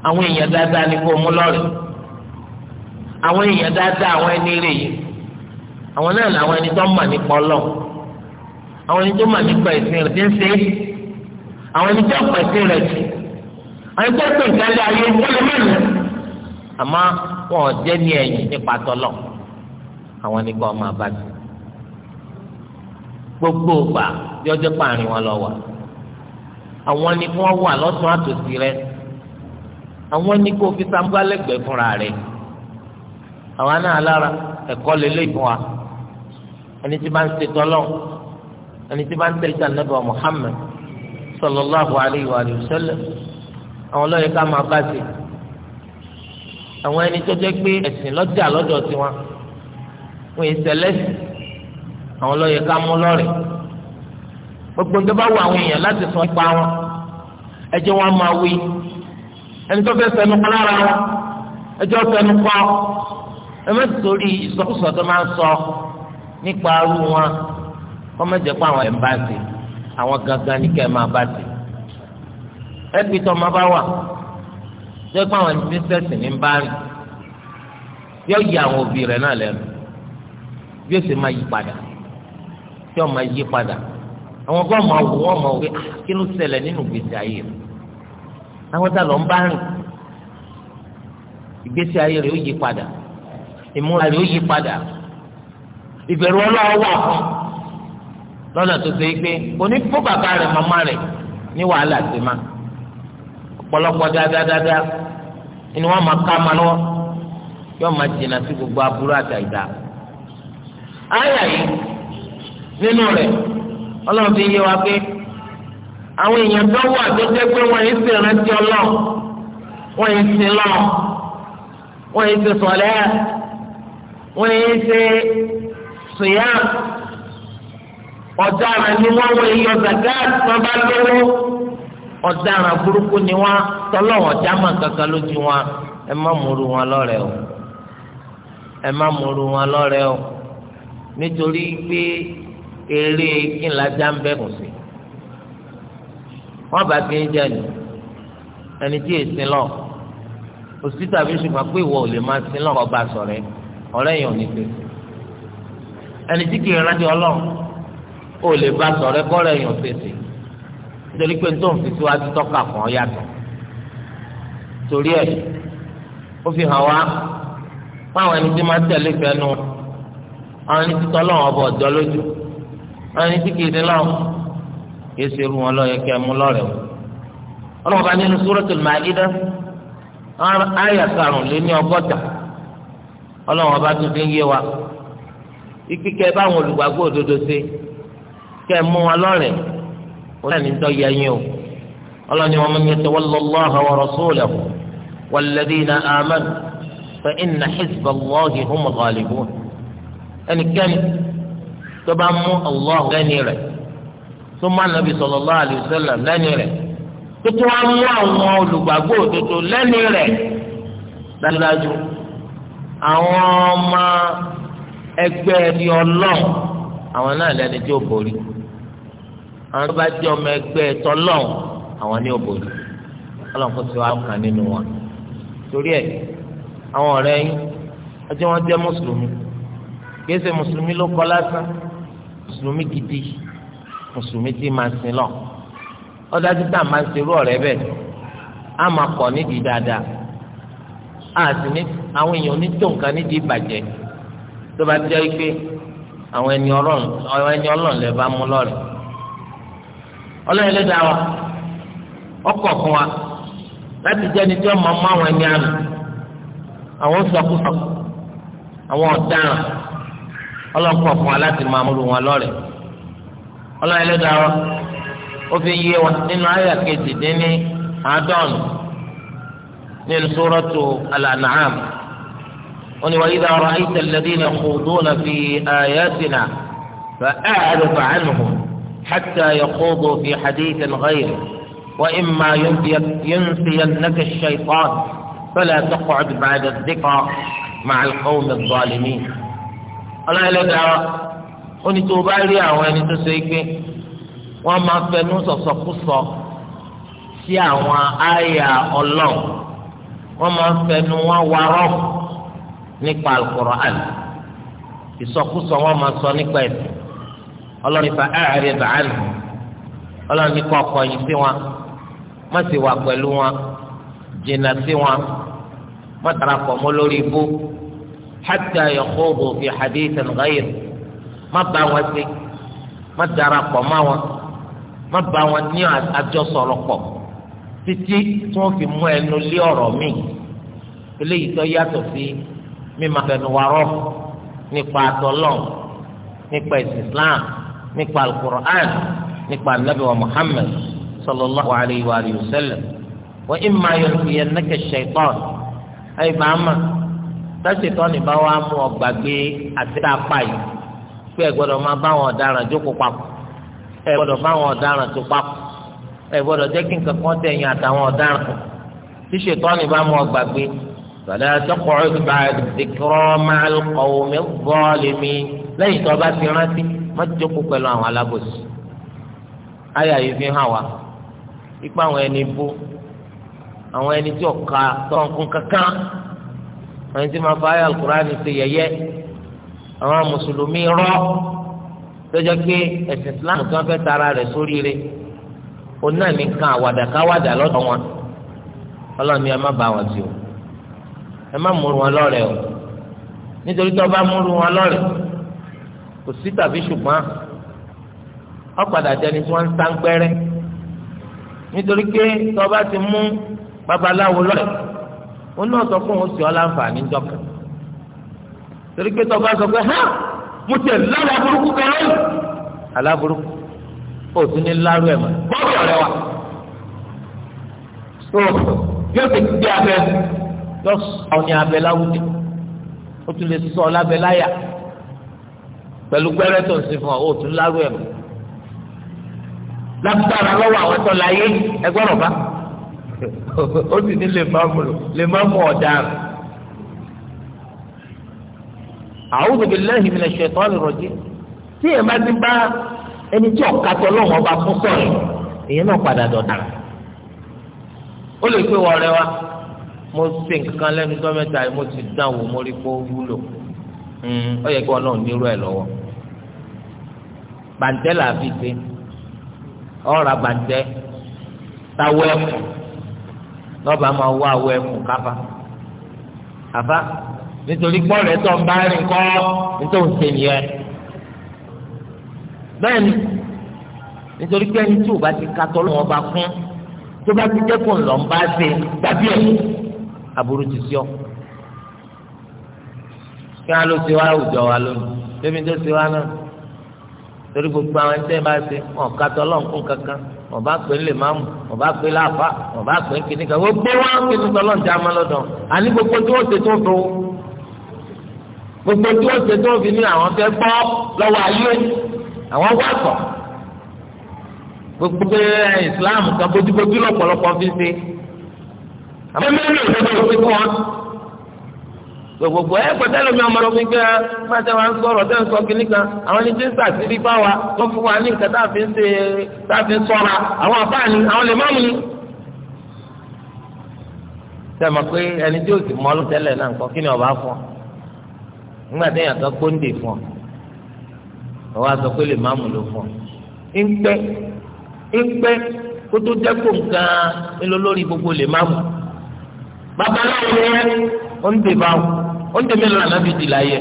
àwọn èèyàn dáadáa ní kó mú lọ́rẹ̀ẹ́ àwọn èèyàn dáadáa àwọn ẹni rè yìí àwọn náà làwọn ẹni tó mà nípa ọlọ́ọ̀ àwọn ẹni tó mà nípa ìsìn rẹ̀ ti ń ṣe é àwọn ẹni tó pẹ̀ sí rẹ̀ jù àwọn ẹni tó pè ń kálí ayé ó lè má nù. wọn ò jẹ́ ní ẹ̀yìn nípa tọ́lọ̀ àwọn ẹni kọ́ ọmọ abájú gbogbo gbà yọjọ́ pààrin wọn lọ wà àwọn ni wọ́n wà lọ́sùn àtòsí rẹ̀ àwọn ni kò fi sambálẹ̀gbẹ̀ fúnra rẹ̀ àwa náà lára ẹ̀kọ́ lélẹ́ ìfún wa ẹni tí bá ń ṣe tọ́lọ́ ẹni tí bá ń tẹ̀lé sànẹ́bà Muhammad sallallahu alayhi wa sallam àwọn lọ́yẹ̀ ká máa bá ṣe àwọn ẹni tó jẹ́ pé ẹ̀sìn lọ́jà lọ́dọ̀ tiwọn wọn yìí sẹlẹ́sì àwọn lọ́yẹ̀ ká mú lọ́rẹ̀ gbogbo ń tó wọ àwọn èèyàn láti sọ ipa wọn ẹ wọn máa wí ẹni tó fẹ́ sẹnu kọ́ lára wọn ẹ sẹnu kọ́ ẹ má torí ìsọkúsọ tó máa ń sọ nípa arú wọn kọ́ má jẹ́ pé àwọn ẹ̀ ń bá ti àwọn gangan ní kẹ́ ẹ máa bá ti ẹ pé tọ́ ma bá wà jẹ́ pé àwọn ẹni sẹ́sìn ní bá rìn yóò yí àwọn òbí rẹ̀ náà lẹ́nu bí ó sì máa yí padà tí ó máa yí padà àwọn gbọ́ máa wò wọ́n máa wò ah, kí ló ṣẹlẹ̀ nínú ìgbésí ayé rẹ̀ àwọn tá ń bá rìn ìgbésí ayé rẹ̀ ó yí padà. ìmúra rẹ̀ ó padà ìbẹ̀rù ọlọ́wọ́ wà fún lọ́nà tó ṣe pé òní fún bàbá rẹ̀ màmá rẹ̀ ma ọ̀pọ̀lọpọ̀ dáadáa ni wọ́n máa ká ma lọ́wọ́ yóò máa jìnnà sí gbogbo aburú àtàyídá. àyà yìí nínú rẹ̀ ọlọ́run ti yé wa pé àwọn èèyàn tó wà tó jẹ́ pé wọ́n yìí sì rántí wọ́n yìí sì wọ́n yìí sì wọ́n yé ṣe ṣìyà ọ̀daràn ni wọ́n wọ iye zakat tó bá lówó ọ̀daràn burúkú ni wọ́n tọ́lọ́wọ̀n jámà kankan lójú wọn ẹ má múru wọn lọ́rẹ̀ o ẹ má múru wọn lọ́rẹ̀ o nítorí pé eré kínlájà ń bẹ kùn sí bá ti ń jẹ ní ẹni tí èsì lọ òsì tàbí ṣùgbọ́n pé ìwọ ò lè máa sin lọ́kọ̀ bá sọ̀rọ̀ yìí ọ̀rẹ́ yẹn ò ní pè ẹni tí kì í rántí ọlọ́run ó lè bá sọ̀rọ̀ ẹ̀kọ́ rẹ̀ yẹn ò pèsè nítorí pé nítorí fi síwájú tọ́ka kan yàtọ̀ torí ẹ̀ ó fi hàn wá fáwọn ẹni tí máa tẹ̀lé fẹ́nu àwọn ẹni tí tọ́lọ́run ọba ọ̀dọ́ lójú àwọn ẹni tí kì í nílọ́run kì í ṣe irú wọn lọ́yẹ kẹ́ mú lọ́rẹ̀ o ọlọ́run bá nínú Suratul Ma'idah ayà karùn lé ní ọgọ́ta ọlọ́run ọba tún fi ń yé wa ipi kẹ báwọn olùgbàgbọ́ òdodo ṣe kẹ mú wa lọ́rẹ̀ wọn náà ní tọ́ yẹ yín o ọlọ́run ni wọn máa ń yẹ tawalla Allaha wa rasulahu walladhina amanu fa inna hizballahi humul ghalibun ẹnikẹ́ni tó bá mú Allah lẹ́ni rẹ̀ tó má nàbì sallallahu alaihi wasallam lẹ́ni rẹ̀ tó tó wá mú àwọn olùgbàgbọ́ òdodo lẹ́ni rẹ̀ dájúdájú àwọn ọmọ ẹgbẹ́ ẹni ọlọ́run àwọn náà lẹni tí ó borí àwọn tó bá jẹ́ ọmọ ẹgbẹ́ tọ́lọ́run àwọn ní ó borí ọlọ́run kò sí wa kàn nínú wọn torí ẹ̀ àwọn ọ̀rẹ́ yín ọjọ́ wọn jẹ́ mùsùlùmí kìí ṣe mùsùlùmí ló kọ́ lásán mùsùlùmí gidi mùsùlùmí tí máa sin lọ ọ̀dájú tá a máa ń ṣerú ọ̀rẹ́ bẹ́ẹ̀ á máa kọ̀ nídìí dáadáa. a ní àwọn èèyàn onítò nǹkan nídìí ìbàjẹ́ tó bá jẹ́ ike, àwọn ẹni ọlọ́run àwọn ẹni ọlọ́run lè bá mú lọ́rẹ̀ ọlọ́run lè dá wa fún wa láti jẹ́ ẹni tí wọ́n máa mú àwọn ẹni àná àwọn sọkúsọ àwọn fún wa láti máa mú wọn lè ó fi yé wa nínú ayé àkejì dín ní من سورة الأنعام وإذا رأيت الذين يخوضون في آياتنا فأعرض عنهم حتى يخوضوا في حديث غيره وإما ينسينك الشيطان فلا تقعد بعد الذكرى مع القوم الظالمين الله يلدع ونتوبى لي وإني تسيكي وما فنوس صفصة سيا وآية الله wọ́n máa ń fẹnu wọn warọ́ nípa al-Qur'an ìsọkúsọ wọ́n máa sọ nípa ẹ̀sìn ọlọ́run fa ẹ̀rẹ́ bàánù ọlọ́run ní kọ́ kọ̀yìn sí wọn má sì wà pẹ̀lú wọn jìnnà sí wọn má tara pọ̀ mọ́ lórí ibú hatta yakhudu fi hadithin ghayr má bá wọn sí má tara pọ̀ mọ́ wọn má bá wọn ní àjọsọ̀rọ̀ pọ̀ títí tí wọ́n fi mú ẹnu lé ọ̀rọ̀ mi eléyìí tó yàtọ̀ sí mímà fẹnuwarọ́ nípa àtọ́lọ́ nípa ìsìslám nípa alukur'an nípa anabi wa muhammed sallallahu alayhi wa sallam wa imma yunfiyannaka shaitan ayi maama tásìtọ́ ni bá wàá mú ọgbàgbé àtẹ́tà páyì pé ẹ gbọ́dọ̀ máa bá wọn ọ̀daràn jókòó papọ̀ ẹ gbọ́dọ̀ bá wọn ọ̀daràn tó papọ̀ ẹ gbọ́dọ̀ jẹ́ kí nǹkan kan tẹ̀yìn àtàwọn ọ̀daràn tí ṣètọ́ni bá mú ọ gbàgbé fala taq'ud ba'da dhikra ma'al qawmi adh-dhalimin lẹ́yìn tó bá ti rántí má jókòó pẹ̀lú àwọn alábòsí. ayé àyè fi hàn wá ipa àwọn ẹni bó àwọn ẹni tí ọ̀ka tọ̀nkún kankan àwọn ẹni tí máa fa ayé alukurani ṣe yẹ̀yẹ́ àwọn mùsùlùmí rọ́ tó pé ẹ̀sìn Islam kan fẹ́ tara rẹ̀ sóríire. So òun náà ní kan àwàdàkáwàdà lọ́dọ̀ wọn ọlọ́ni ẹ má bá wọn sí o ẹ má múru wọn lọ́rẹ̀ o nítorí tó bá múru wọn lọ́rẹ̀ kò sí tàbí ṣùgbọ́n ọ̀padà jẹni tí wọ́n ń sá ń pẹ́rẹ́ nítorí pé tó bá ti mú babaláwo lọ́rẹ̀ òun náà sọ fún òun sì ọ́ láǹfààní jọ̀kọ̀ torí pé tó bá sọ pé hàn mo tẹ̀ lọ́rẹ̀ aburúkú kan lọ́yìn aláburúkú o tún ní lárú ẹ̀ mọ́ bọ́ọ̀lù ọ̀rẹ́ wa so yóò ti gbé abẹ yóò sọ ní abẹ láwùjọ o tún lè sọ lábẹ láyà pẹ̀lú gbẹ́rẹ́ tó ń sin fún ọ o tún lárú ẹ̀ mọ́ lágbára lọ́wọ́ àwọn tó láyé ẹgbẹ́ rọ̀ bá ó sì ní lè má mú lè má mú ọ̀daràn. a'udhu billahi minash shaitani rajim tí èèyàn bá ti bá ẹni tí ọ̀ka tọ́ lọ́wọ́ ọba fún sọ̀rọ̀ èyí náà padà dọ̀dà ó lè pé wọ́n rẹ wa mo ṣe nǹkan lẹ́nu tó mẹ́ta yìí mo ti dán wò mo rí pé ó wúlò hmm, ó yẹ kí wọn náà nírú ẹ̀ lọ́wọ́ bàǹtẹ́ là á fi ṣe ọ̀rà bàǹtẹ́ táwọ́ ẹ̀kú lọ́ba máa wá àwọ̀ ẹ̀kú káfa àfa nítorí pọ́ọ̀rẹ́ tó ń bá rìn kọ́ nítorí ṣe nìyẹn bẹ́ẹ̀ ni nítorí pé ẹni tí ò bá ti ka tọ́lọ́ wọn bá kún tó bá ti dẹ́kun lọ ń bá ṣe gbàbí ẹ̀ aburú ti sọ. kí wọn ló ṣe wá àwùjọ wa lónìí tóbi tó ṣe wá náà torí gbogbo àwọn ẹni tẹ́ ẹ bá ṣe wọn ka tọ́lọ́ ń kún kankan wọn bá pè é lè máa mú wọn bá pè é láàfà wọn bá pè é kíní kan wọn gbé wọn kí tuntun lọ́n já máa lọ́dọ̀ àní gbogbo tí wọ́n ṣe tó do gbogbo tí wọ́n ṣe tó fi ní àwọn fẹ́ gbọ́ lọ́wọ́ ayé àwọn wá sọ gbogbo eh, islam kan bójúbójú lọ́pọ̀lọpọ̀ fi ṣe àmọ́ mẹ́rin ló ń bọ̀ sí fún wọn gbogbo ẹ pẹtẹ lomi ọmọ lomi gbẹ mọtẹ wa ń sọ̀rọ̀ tẹ ń sọ kínní kan àwọn bá wa wọn fún wa ní nǹkan tá a fi ń ṣe tá a fi ń àwọn àwọn lè ọba fún ọ nígbà tí ọwọ àti ọpẹ lè má mú lò fún ọ ńpẹ ńpẹ kótó dẹkùn gan ńlọ lórí gbogbo lè má mú babaláwo yẹ ó ń dè báwò ó ń dè mélòó ànábì dì láyé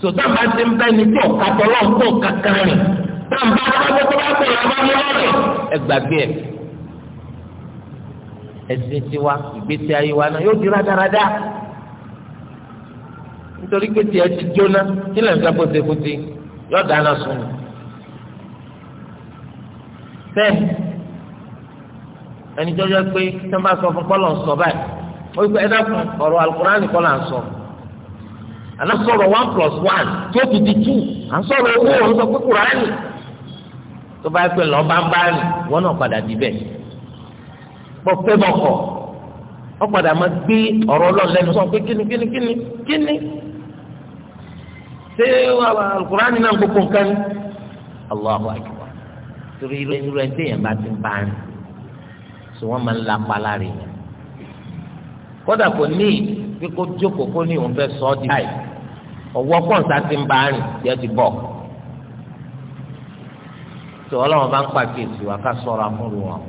sòtá bá ti ń bẹ ní tí ọ̀ka tọ́lọ́ ń tó kankan rìn tá n bá bá tó bá tó yàrá ní ọ̀rẹ́ ẹ gbàgbé ẹ ẹsìn tiwa ìgbésí ayé wa náà yóò di rádaràda nítorí pé tiẹ̀ ti jóná kí lè ń sábò ṣèkúti yóò dáná sùn. bẹ́ẹ̀ ẹni tó yẹ pé tí wọ́n bá sọ fún kọ́lọ̀ ń sọ báyìí wọ́n gbé ẹ̀dá fún ọ̀rọ̀ alukurani kọ́lọ̀ ń sọ. àná sọ̀rọ̀ one plus one tó fi di two à ń sọ̀rọ̀ owó òun sọ pé kurani tó bá pè lọ́ bá ń bá rìn wọ́n náà padà dibẹ̀. bọ́ pé bọ́kọ̀ ọ padà máa gbé ọ̀rọ̀ ọlọ́ọ̀lẹ́nu sọ pé kíni kíni kíni kíni ṣé alukurani náà gbogbo nǹkan ni Allahu akbar torí irú irú ẹ téèyàn bá ti bá ń sọ wọn máa ń la palára yẹn kódà kò ní bí kò jókòó kó ní òun fẹ́ sọ ọ di báyìí ọwọ́ pọnsa ti ń bá ń rìn yẹ ti bọ tó Ọlọ́run bá ń pàkíyèsí wa ká ṣọ́ra fún wọn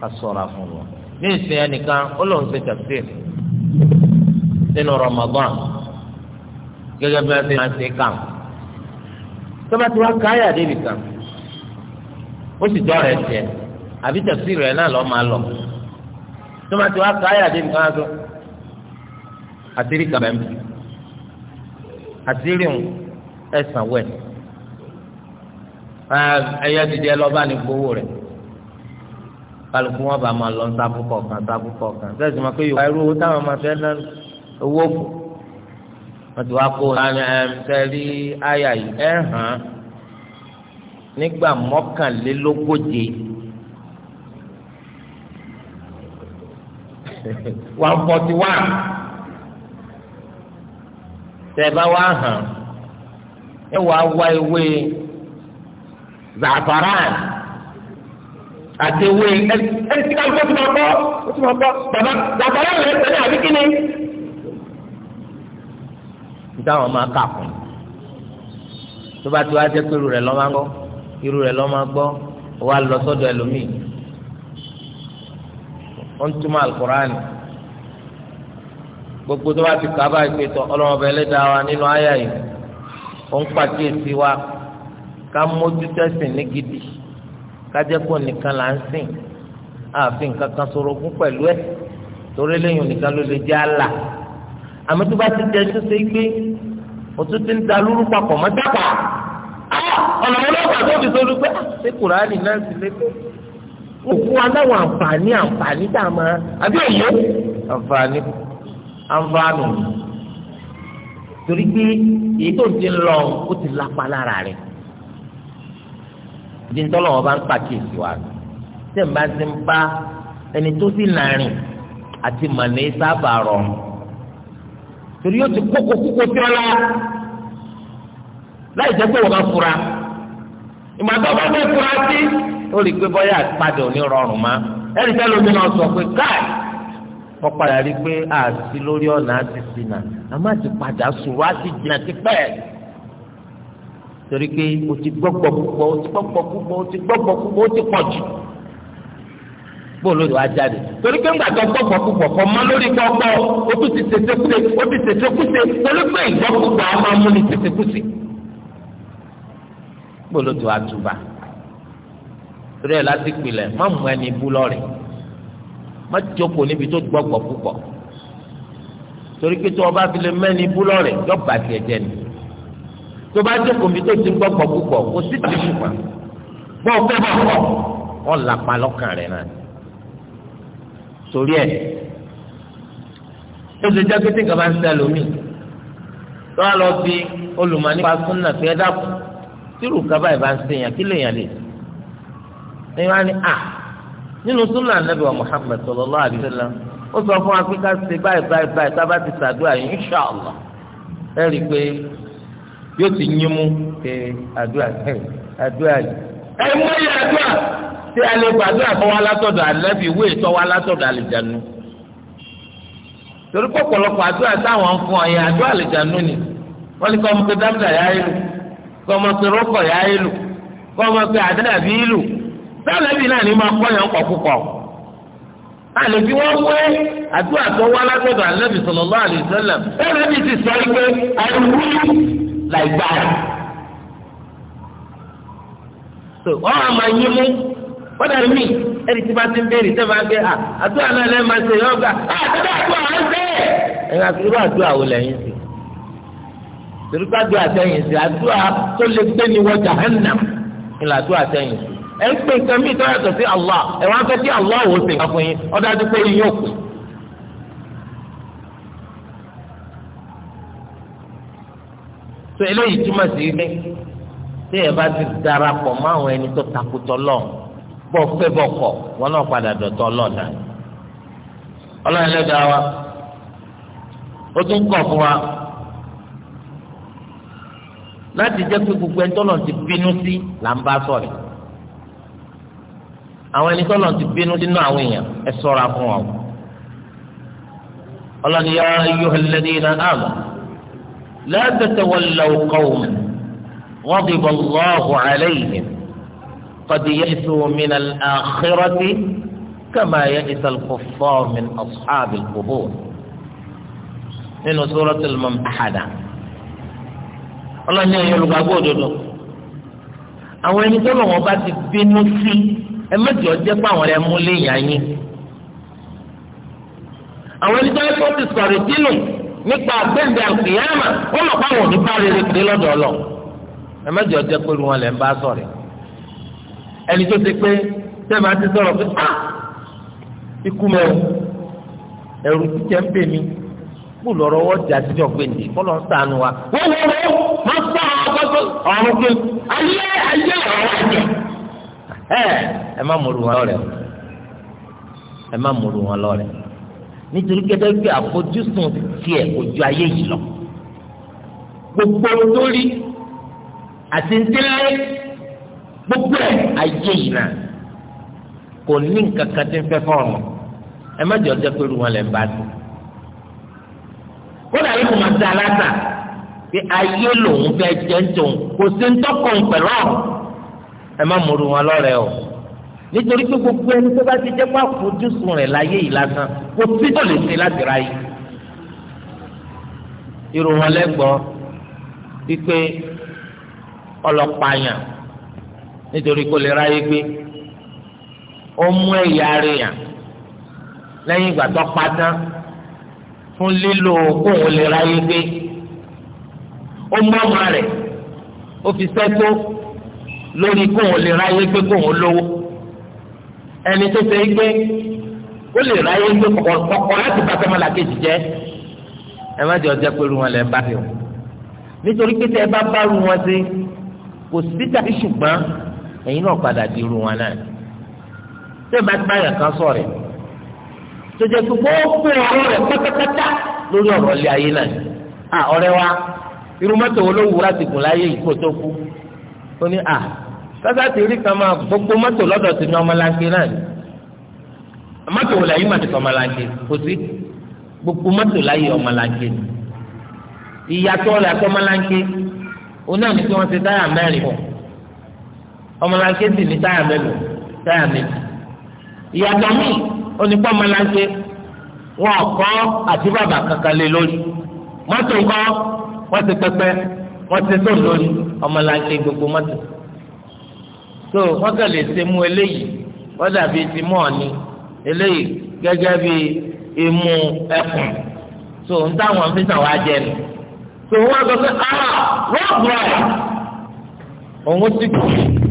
ká ṣọ́ra fún wọn ní ìsìn ẹnìkan ó lóun ṣe tẹsí nínú Ramadan gẹ́gẹ́ bí wọ́n ti máa ń ṣe kàn tó bá ti wá káyà débi kan ó sì dọ́ rẹ̀ tiẹ̀ àbí tẹ̀sí rẹ̀ náà lọ́ọ́ máa lọ tó bá ti wá káyà débi kan tó àtìrí kan bẹ́ẹ̀ àtìrí ń ẹ̀sán wẹ̀ ẹ̀yà dìde ẹ lọ́ọ́ bá ní gbowó rẹ̀ kálukú wọn bá máa lọ ń sáfù kọ̀ọ̀kan sáfù kọ̀ọ̀kan sẹ́sìn máa pé yorùbá irú owó táwọn máa fẹ́ náà owó kù wọ́n ti wá kó sẹ́rí àyà yìí ẹ̀ hàn nígbà mọ́kànlélógóje one forty one tẹ̀ bá wá hàn ẹ wàá wá ewé zafaran àti ewé ẹni tí ká ló tó ti máa bọ́ tó ti máa bọ́ bàbá zafaran rẹ̀ tẹ̀lé àbí kíni táwọn máa kà fún tó bá ti wá jẹ́ pé irú rẹ̀ lọ́ máa gbọ́ irú rẹ̀ lọ́ máa gbọ́ wà lọ sọ́dọ̀ ẹlòmíì ó ń túmọ̀ alukur'ani gbogbo tó bá ti kà bá ìpè tọ ọlọ́mọbẹ ẹlẹ́dàá wa nínú àyà yìí ó ń pàkíyèsí wa ká mójú tẹ́sìn ní gidi ká jẹ́ kó nìkan là ń sìn ààfin kankan sorogún pẹ̀lú ẹ̀ torí lẹ́yìn nìkan ló lè jẹ́ àlà àmọ́ tó bá ti jẹ́ tó gbé òtún ti ń da lúrú papọ̀ mọ́ dábà ah, ọ̀nà ọlọ́pàá tó fi sọ́dún pé ah, ṣé kùránì náà sì lépe òkú aláwọ̀ àǹfààní àǹfààní dà máa àbí òye àǹfààní àǹfààní torí pé èyí tó ti ń lọ ó ti lápá lára rẹ̀ ìdí ńtọ́lọ́ wọn bá ń pàkíyèsí wa tẹ̀ ń bá ti ń bá ẹni tó sì nàárín àti màní sábà rọrùn torí yóò ti kókó kókó tí ọlá láì jẹ́ pé wọ́n bá fura ìmọ̀ àti ọba fẹ́ fura sí ó rí i pé bọ́yá àpadà òní rọrùn má ẹnì kan lómi náà sọ pé káì mo padà rí i pé àti lórí ọ̀nà àti sinà a má ti padà sùúrù àti jìnnà ti pẹ́ torí pé o ti gbọ́gbọ́ púpọ̀ o ti gbọ́gbọ́ púpọ̀ o ti gbọ́gbọ́ púpọ̀ o ti pọ̀ jù bóòlù ìwà jáde torí pé ńgbà tó gbọ́ gbọ́kúgbọ̀ kọ́ mọ́ lórí gbọ́gbọ́ ó tún ti tètèkúse ó ti tètèkúse torí pé ìgbọ́kúgbọ̀ á máa mú ni tètèkúse bóòlù ìwà túbà torí ẹ̀ láti pilẹ̀ má mú ẹni bú lọ́rì má jókòó níbi tó gbọ́ gbọ́kúgbọ̀ torí pé tó o bá fi lè mẹ́ni bú lọ́rì yọ bàtì ẹ̀jẹ̀ ni tó bá jókòó níbi tó ti gbọ́ gbọ́kúgbọ̀ kò sí tìṣùpà bọ́ọ̀ fẹ́ bá wọ́n lápá lọ́kàn rẹ̀ náà torí ẹ̀ ó ṣe jẹ́ pé tí ń ṣe lómi tó lọ pé ẹ tìrù tí rúkà bá ń ṣe kí lèèyàn lè ṣe wá ní à nínú súnà wa sọ fún wa pé ká ṣe báyìí báyìí báyìí tá a bá ti ṣàdúrà yìí insha ẹ rí i pé yóò ti yín mú ṣe àdúrà àdúrà tí a lè gbàdúrà tó wá látọ̀dọ̀ ànábì ìwé tó wá látọ̀dọ̀ àlìjánu torí pọ̀pọ̀lọpọ̀ àdúrà táwọn ń fún ọ yẹn àdúrà àlìjánu ni wọ́n ní kọ́ ọmọ pé yá ìlú kọ́ ọmọ pé rọ́kọ̀ yá ìlú kọ́ ọmọ pé àdàbí ìlú náà ni máa kọ́yàn kọ̀kúkọ̀ àlejò wọn wé àdúrà tó wá látọ̀dọ̀ ànábì sallallahu kọ́dà mí ẹni tí bá ti ń béèrè tẹ́ máa gbé à àdúrà náà lẹ́ẹ̀ máa ṣe yọ̀ọ́ gbà àdúrà àdúrà ń ṣe. ẹ̀yin àdúrà àdúrà wò lẹ́yìn sí torí àdúrà sẹ́yìn sí àdúrà tó lè gbé ni àdúrà sẹ́yìn sí. ẹ ń pè nǹkan mí sí Allah ẹ wá fẹ́ kí Allah wò sí nǹkan fún yín ọ̀dájú pé yín yóò kù. tó eléyìí túmọ̀ sí bá bọ́ fẹ́ bọ́ wọn náà padà dọ̀tọ̀ ọlọ́ọ̀dà ọlọ́run wa ó tún kọ̀ fún wa láti jẹ́ pé gbogbo ẹni tọ́lọ̀ ti bínú sí là ń bá sọ̀rọ̀ àwọn ẹni tọ́lọ̀ ti bínú sínú àwọn èèyàn ẹ sọ́ra fún wọn. ọlọ́ni yá ayyuhal ladhina amanu la tatawallaw qawman قد يئسوا من الآخرة كما يئس الكفار من أصحاب القبور من سورة الممتحنة ọlọ́ni ẹ̀yin olùgbàgbọ́ òdodo àwọn ẹni tó lọ́wọ́ bá ti bínú sí ẹ méjì ọjọ́ pé àwọn ẹmu léèyàn yín àwọn ẹni tó lọ́wọ́ ti sọ̀rọ̀ dínú nípa àgbẹ̀ǹdẹ̀ àkùyàmà wọ́n mọ̀ pé àwọn òní bá rere pé lọ́dọ̀ ọlọ́ ẹ méjì ọjọ́ pé wọn lẹ́ ń bá sọ̀rọ̀ ẹni tó ti pé sẹ́mi àti sọ̀rọ̀ pé ah ikú mẹ́wọ́ ẹ̀rù títẹ̀ ń pè mí kó lọ́rọ́ wọ́n di àtijọ́ gbèǹdé kọ́lọ́ ń sànù wa. wọ́n wọ́n wọ́n má sọ àgbàgbọ́ ọ̀run pé ayé ayé ọ̀rọ̀ àjẹ́. ẹ ẹ má múru wọn lọ́rẹ̀ ẹ má múru wọn lọ́rẹ̀ nítorí gẹ́gẹ́ bí àfojúsùn tiẹ̀ kò ju ayé yìí lọ. gbogbo lórí àti ntẹ́lẹ́ gbogbo ẹ̀ ayé yìí náà kò ní nǹkan kan tí ń fẹ́ fọ́ọ̀mù ẹ má jọ jẹ́ pé irú wọn lè bá dùn. kódà yìí kò máa da aláta pé ayé lòun fẹ́ jẹ́ ń tòun kò sí ń tọ́kọ̀ ń pẹ̀lú ọ̀rọ̀ ẹ má mú irú wọn lọ́rẹ̀ẹ́ o nítorí pé gbogbo ẹni tó bá ti jẹ́ pé àfojúsùn rẹ̀ láyé yìí lásán kò sí tó lè ṣe láti ra irú wọn lẹ́gbọ́n wípé ọlọ́pàá yàn nítorí kó lè ráyé gbé ó mú ẹ̀yà rẹ̀ yàn lẹ́yìn ìgbà tó pa tán fún lílo kóun lè ráyé gbé ó mú ọmọ rẹ̀ ó fi sẹ́tó lórí kóun lè ráyé gbé kóun lówó ẹni tó ṣe é gbé ó lè ráyé gbé kọ̀kọ̀ láti bá sọ́mọ́lá kejì jẹ́ ẹ má jẹ́ ọjọ́ pé wọn lẹ́ bá fi hàn nítorí pé tẹ́ ẹ bá bá irú wọn sí kò sí tàbí ṣùgbọ́n ẹ̀yin náà padà di irú wọn náà tẹ́ bá báyà kan sọ̀rọ̀ tó jẹ́ pé gbogbo ọ̀rọ̀ rẹ̀ pátápátá lórí ọ̀rọ̀ ilé ayé náà à ọ̀rẹ́ wa irú mọ́tò wo ló wù láti gùn láyé ìkó tó kú ó ní à sábà tí rí kan máa gbogbo mọ́tò lọ́dọ̀ ti ní ọmọlanke náà mọ́tò wò láyé màtí ọmọlanke kò sí gbogbo mọ́tò láyé ọmọlanke ìyàtọ̀ rẹ̀ àtọmọlanke ó náà ní kí wọ́n ti dáyà mẹ́rin fún un ọmọlanke sì ní táyà mélòó táyà méjì ìyàtọ̀ míì onípọ̀ ọmọlanke wọn kọ́ àti bàbà kankan lé lórí mọ́tò ńkọ́ wọ́n ti pẹ́pẹ́ wọ́n ti tó lórí ọmọlanke gbogbo mọ́tò tó wọ́n kàn lè ṣe mú eléyìí wọ́n dàbí ti mọ́ ọ̀ni eléyìí gẹ́gẹ́ bí imú ẹkùn tó ń táwọn fi wá jẹ nù tó wọ́n sọ pé ah rọ́ọ̀bù rẹ̀ òun ti kù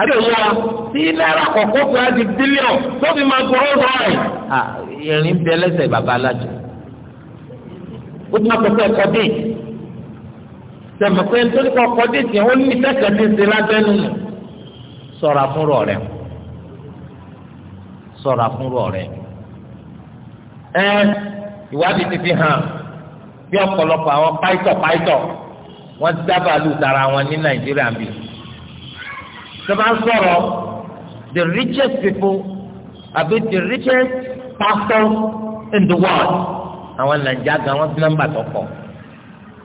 àbí òyìnbó tí náírà kọ̀ọ̀kọ́ fún ẹ di bílíọ̀n tó fi máa gbọ́ ọ́dọ̀ rẹ̀. ìrìn bẹ lẹ́sẹ̀ bàbá alájọ ó tún akọ̀tọ̀ ẹ̀kọ́ dé tẹ̀mọ̀pẹ́ nítorí kọ́ ọkọ̀ dé tiẹ̀ ó ní ìtẹ́kẹ̀ẹ́ ti ń ṣe lábẹ́nu nù sọ̀rọ̀ àfúnrọ̀ rẹ̀ sọ̀rọ̀ àfúnrọ̀ rẹ̀ ẹ ìwádìí ti fi hàn bí ọ̀pọ̀lọpọ̀ àwọn páìtọ̀ páìtọ̀ wọ́n dábàá lù tara wọn ní Nàìjíríà bíi tọ́ba ń sọ̀rọ̀ the richest people àbí the richest pastor in the world àwọn nàìjíríà gan wọn ti nọ́mbà tó pọ̀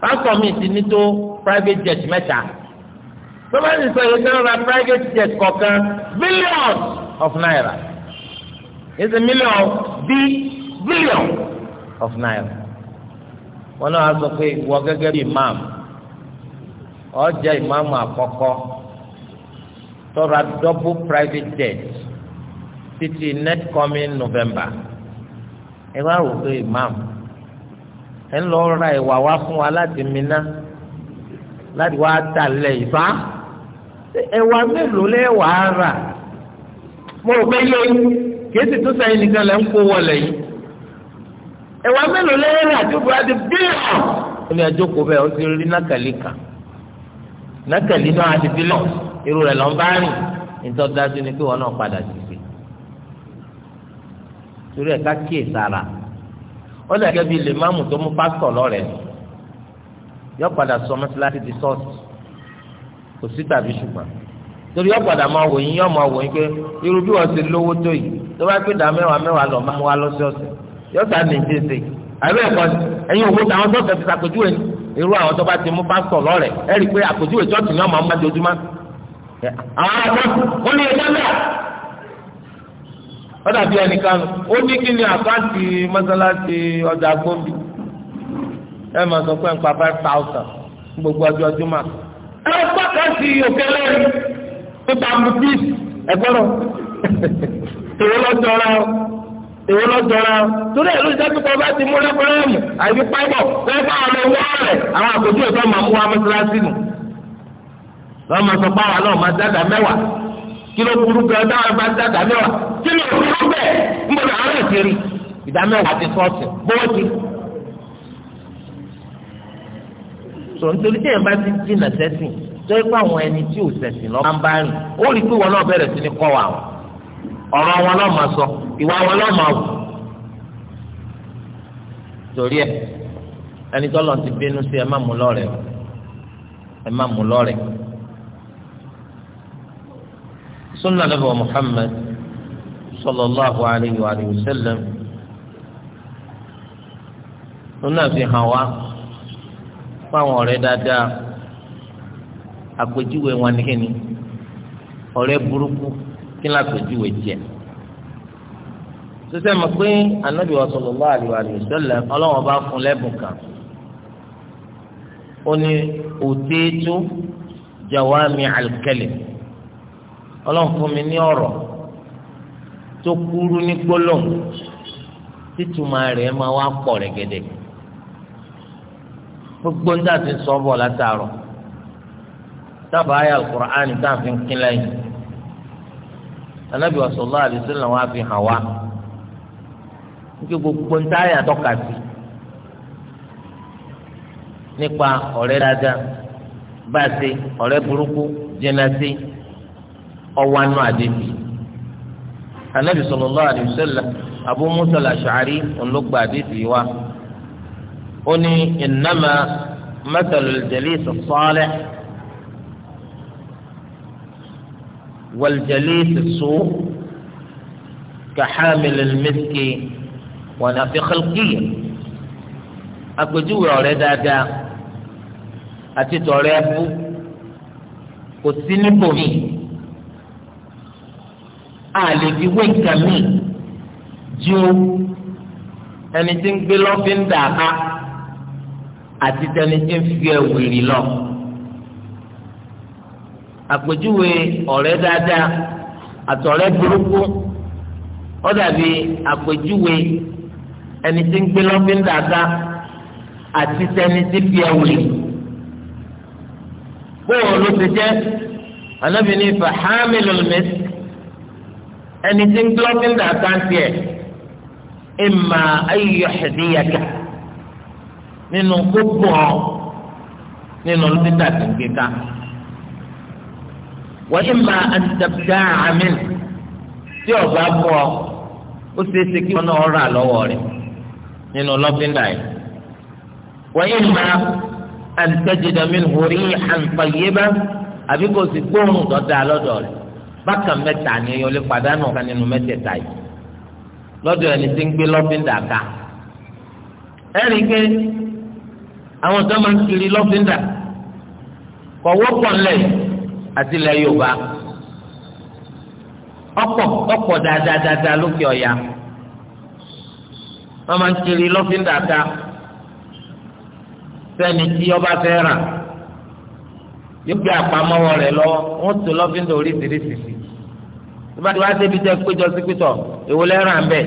pastor mi ti ní tó private jet mẹ́ta tọ́ba ń sọ yìí sọ́nà private jet kọ̀ọ̀kan billions of naira it's a million b billion of naira wọn náà sọ pé ìwọ gẹ́gẹ́ bí imam ọ jẹ́ imam àkọ́kọ́ tó ra double private jet títí next coming November ẹ wá rò pé imam ẹ ń lọ ra ìwà wá fún wa láti Mina láti wá dalẹ̀ ìfá ẹwà mélòó lẹ́wà á rà mo rò pé yé kéésì tó sẹ́yìn nìkan lẹ́ ń kó wọlé yìí ẹwà mélòó lẹ́wà tó bá di bílíọ̀n ó ní ẹjọ́ kó bẹ́ẹ̀ ó ti rí nákàlí kan nákàlí náà á di bílíọ̀n irú rẹ̀ lọ́n bá rìn nítorí dájú ni pé wọn náà padà dìde torí ẹ̀ ká kíyè sára ó lè gẹ́gẹ́ bí lè máàmù tó mú pásítọ̀ lọ́rẹ̀ yọ padà sọ mọ́sálásí di sọ́ọ̀sì kò sí tàbí ṣùgbọ́n torí yọ padà máa wò yín yọ máa wò yín pé irú bí wọ́n ti lówó tó yìí tó bá pé dá mẹ́wàá mẹ́wàá lọ máa wá lọ́sọ̀ọ̀sẹ̀ yọ sá ní ìdíje àbẹ́ ẹ̀kọ́ ẹ̀yin òwò táwọn sọ́ọ̀sẹ̀ ti sàpèjúwe irú àwọn tó bá ti mú pásítọ̀ lọ́rẹ̀ ẹ̀ rí i pé àpèjúwe chọ́ọ̀tì náà máa ń bá dojúmọ́ àwọn àgbọn wọn ní ẹja náà wọ́n dàbí ẹnìkan ó ní kí ni àkáǹtì mọ́sálásí ọjà ẹ máa sọ pé ń pa five thousand gbogbo ọjọ́ júmọ́ ẹ pàkàtì òkè lẹ́yìn nípa mùtíìsì ẹgbọ́rọ̀ èwo lọ́jọ́ra èwo lọ́jọ́ra torí ẹ̀rọ bá ti mú lẹ́kọ̀ọ́ lẹ́mù àyè àwọn ọmọ àwọn àkójú ẹ̀fọ́ máa mú wa mọ́sálásí nù. wọn máa sọ báwa náà máa dáadáa mẹ́wàá kí ló burú gan dáwọn máa dáadáa mẹ́wàá kí ló burú bẹ́ẹ̀ ń bọ̀ láwọn èsì rí ìdá mẹ́wàá ti sọ́ọ̀sì bówó ti. sọ nítorí tí èèyàn bá ti jìnnà sẹ́sìn tó ẹ pé àwọn ẹni tí ò sẹ̀sìn lọ́ máa ń bá rìn ó rí i pé wọn náà bẹ̀rẹ̀ sí ní kọ́ wa ọ̀rọ̀ wọn náà máa sọ ìwà wọn náà máa wù torí ẹ ẹni tọ́lọ́ ti bínú sí ẹ má mú lọ́rẹ̀ sunna nabi محمد صلى الله عليه وآله وسلم. sunna في هوا wá fáwọn دا dáadáa àpèjúwe wọn ni kíni ọ̀rẹ́ burúkú kí ni àpèjúwe jẹ sísẹ́ mọ̀ pé anabi wa sallallahu alayhi wa sallam ọlọ́wọ́n bá fún lẹ́bùn kan ó ní òtítú jawami alkalim. ọlọ́run fún mi ní ọ̀rọ̀ tó kúrú ní gbólóhùn títúmọ̀ rẹ̀ máa wá pọ̀ rẹ̀gẹ̀dẹ̀ gbogbo sọ bọ̀ látàárọ̀ dábàá ayé alukur'ani tá a fi ń kín lẹ́yìn anabi sallallahu alaihi wasallam wa fi hàn wá nígbà gbogbo nígbà ayé àtọ́ka sí nípa ọ̀rẹ́ dáadáa bá a ọwọ́nú àdébì anabi sallallahu alayhi wa sallam abu musa al-ash'ari ọlọgba àdébì wa ó ní innama mathalul jalis as-salih wal كحامل المسك su ka hamil al-miski wa nafikh al-qiyya àpèjúwe a lè fi wé nǹkan míì ju ẹni tí ń gbé lọ́fíńdà ká àti tẹni tí ń fi ẹ̀wìrì lọ. àpèjúwe ọ̀rẹ́ dáadáa àtọ̀rẹ́ burúkú ó dàbí àpèjúwe ẹni tí ń gbé lọ́fíńdà ká àti tẹni tí fi ẹ̀wìrì. bóòlù ti jẹ́ anábìíní fàhámìlì mẹ́sì. ẹni tí ń blọ́kìn dà káńtì ẹ̀ ìmà ayọ̀ ẹ̀díyàkà nínú gbogbo ọ nínú lítà tó ń gbé ká wọ́n ìmà àtàbíyà àmìn tí ọba bọ̀ ó ṣeé ṣe kí náà rà lọ́wọ́ rẹ̀ nínú yìí àbí kò bákan mẹ́ta ni èèyàn lè pàdánù ọ̀kan nínú mẹ́tẹ̀ẹ̀ta yìí lọ́dọ̀ ẹni tí ń gbé lọ́fíńdà ká ẹ̀rí pé àwọn tó máa ń kiri lọ́fíńdà kọ̀ wọ́pọ̀ ńlẹ̀ àti ilẹ̀ Yorùbá ọ̀pọ̀ ọ̀pọ̀ dáadáa lókè ọ̀yà wọ́n máa ń kiri lọ́fíńdà ká sẹ́ni tí ọba fẹ́ rà yóò gbé àpamọ́wọ́ rẹ̀ lọ wọ́n tún lọ́fíńdà oríṣiríṣi sí tó bá ti wá débi tẹ́ péjọ sí pítọ̀ èwo lẹ́ràn ń bẹ̀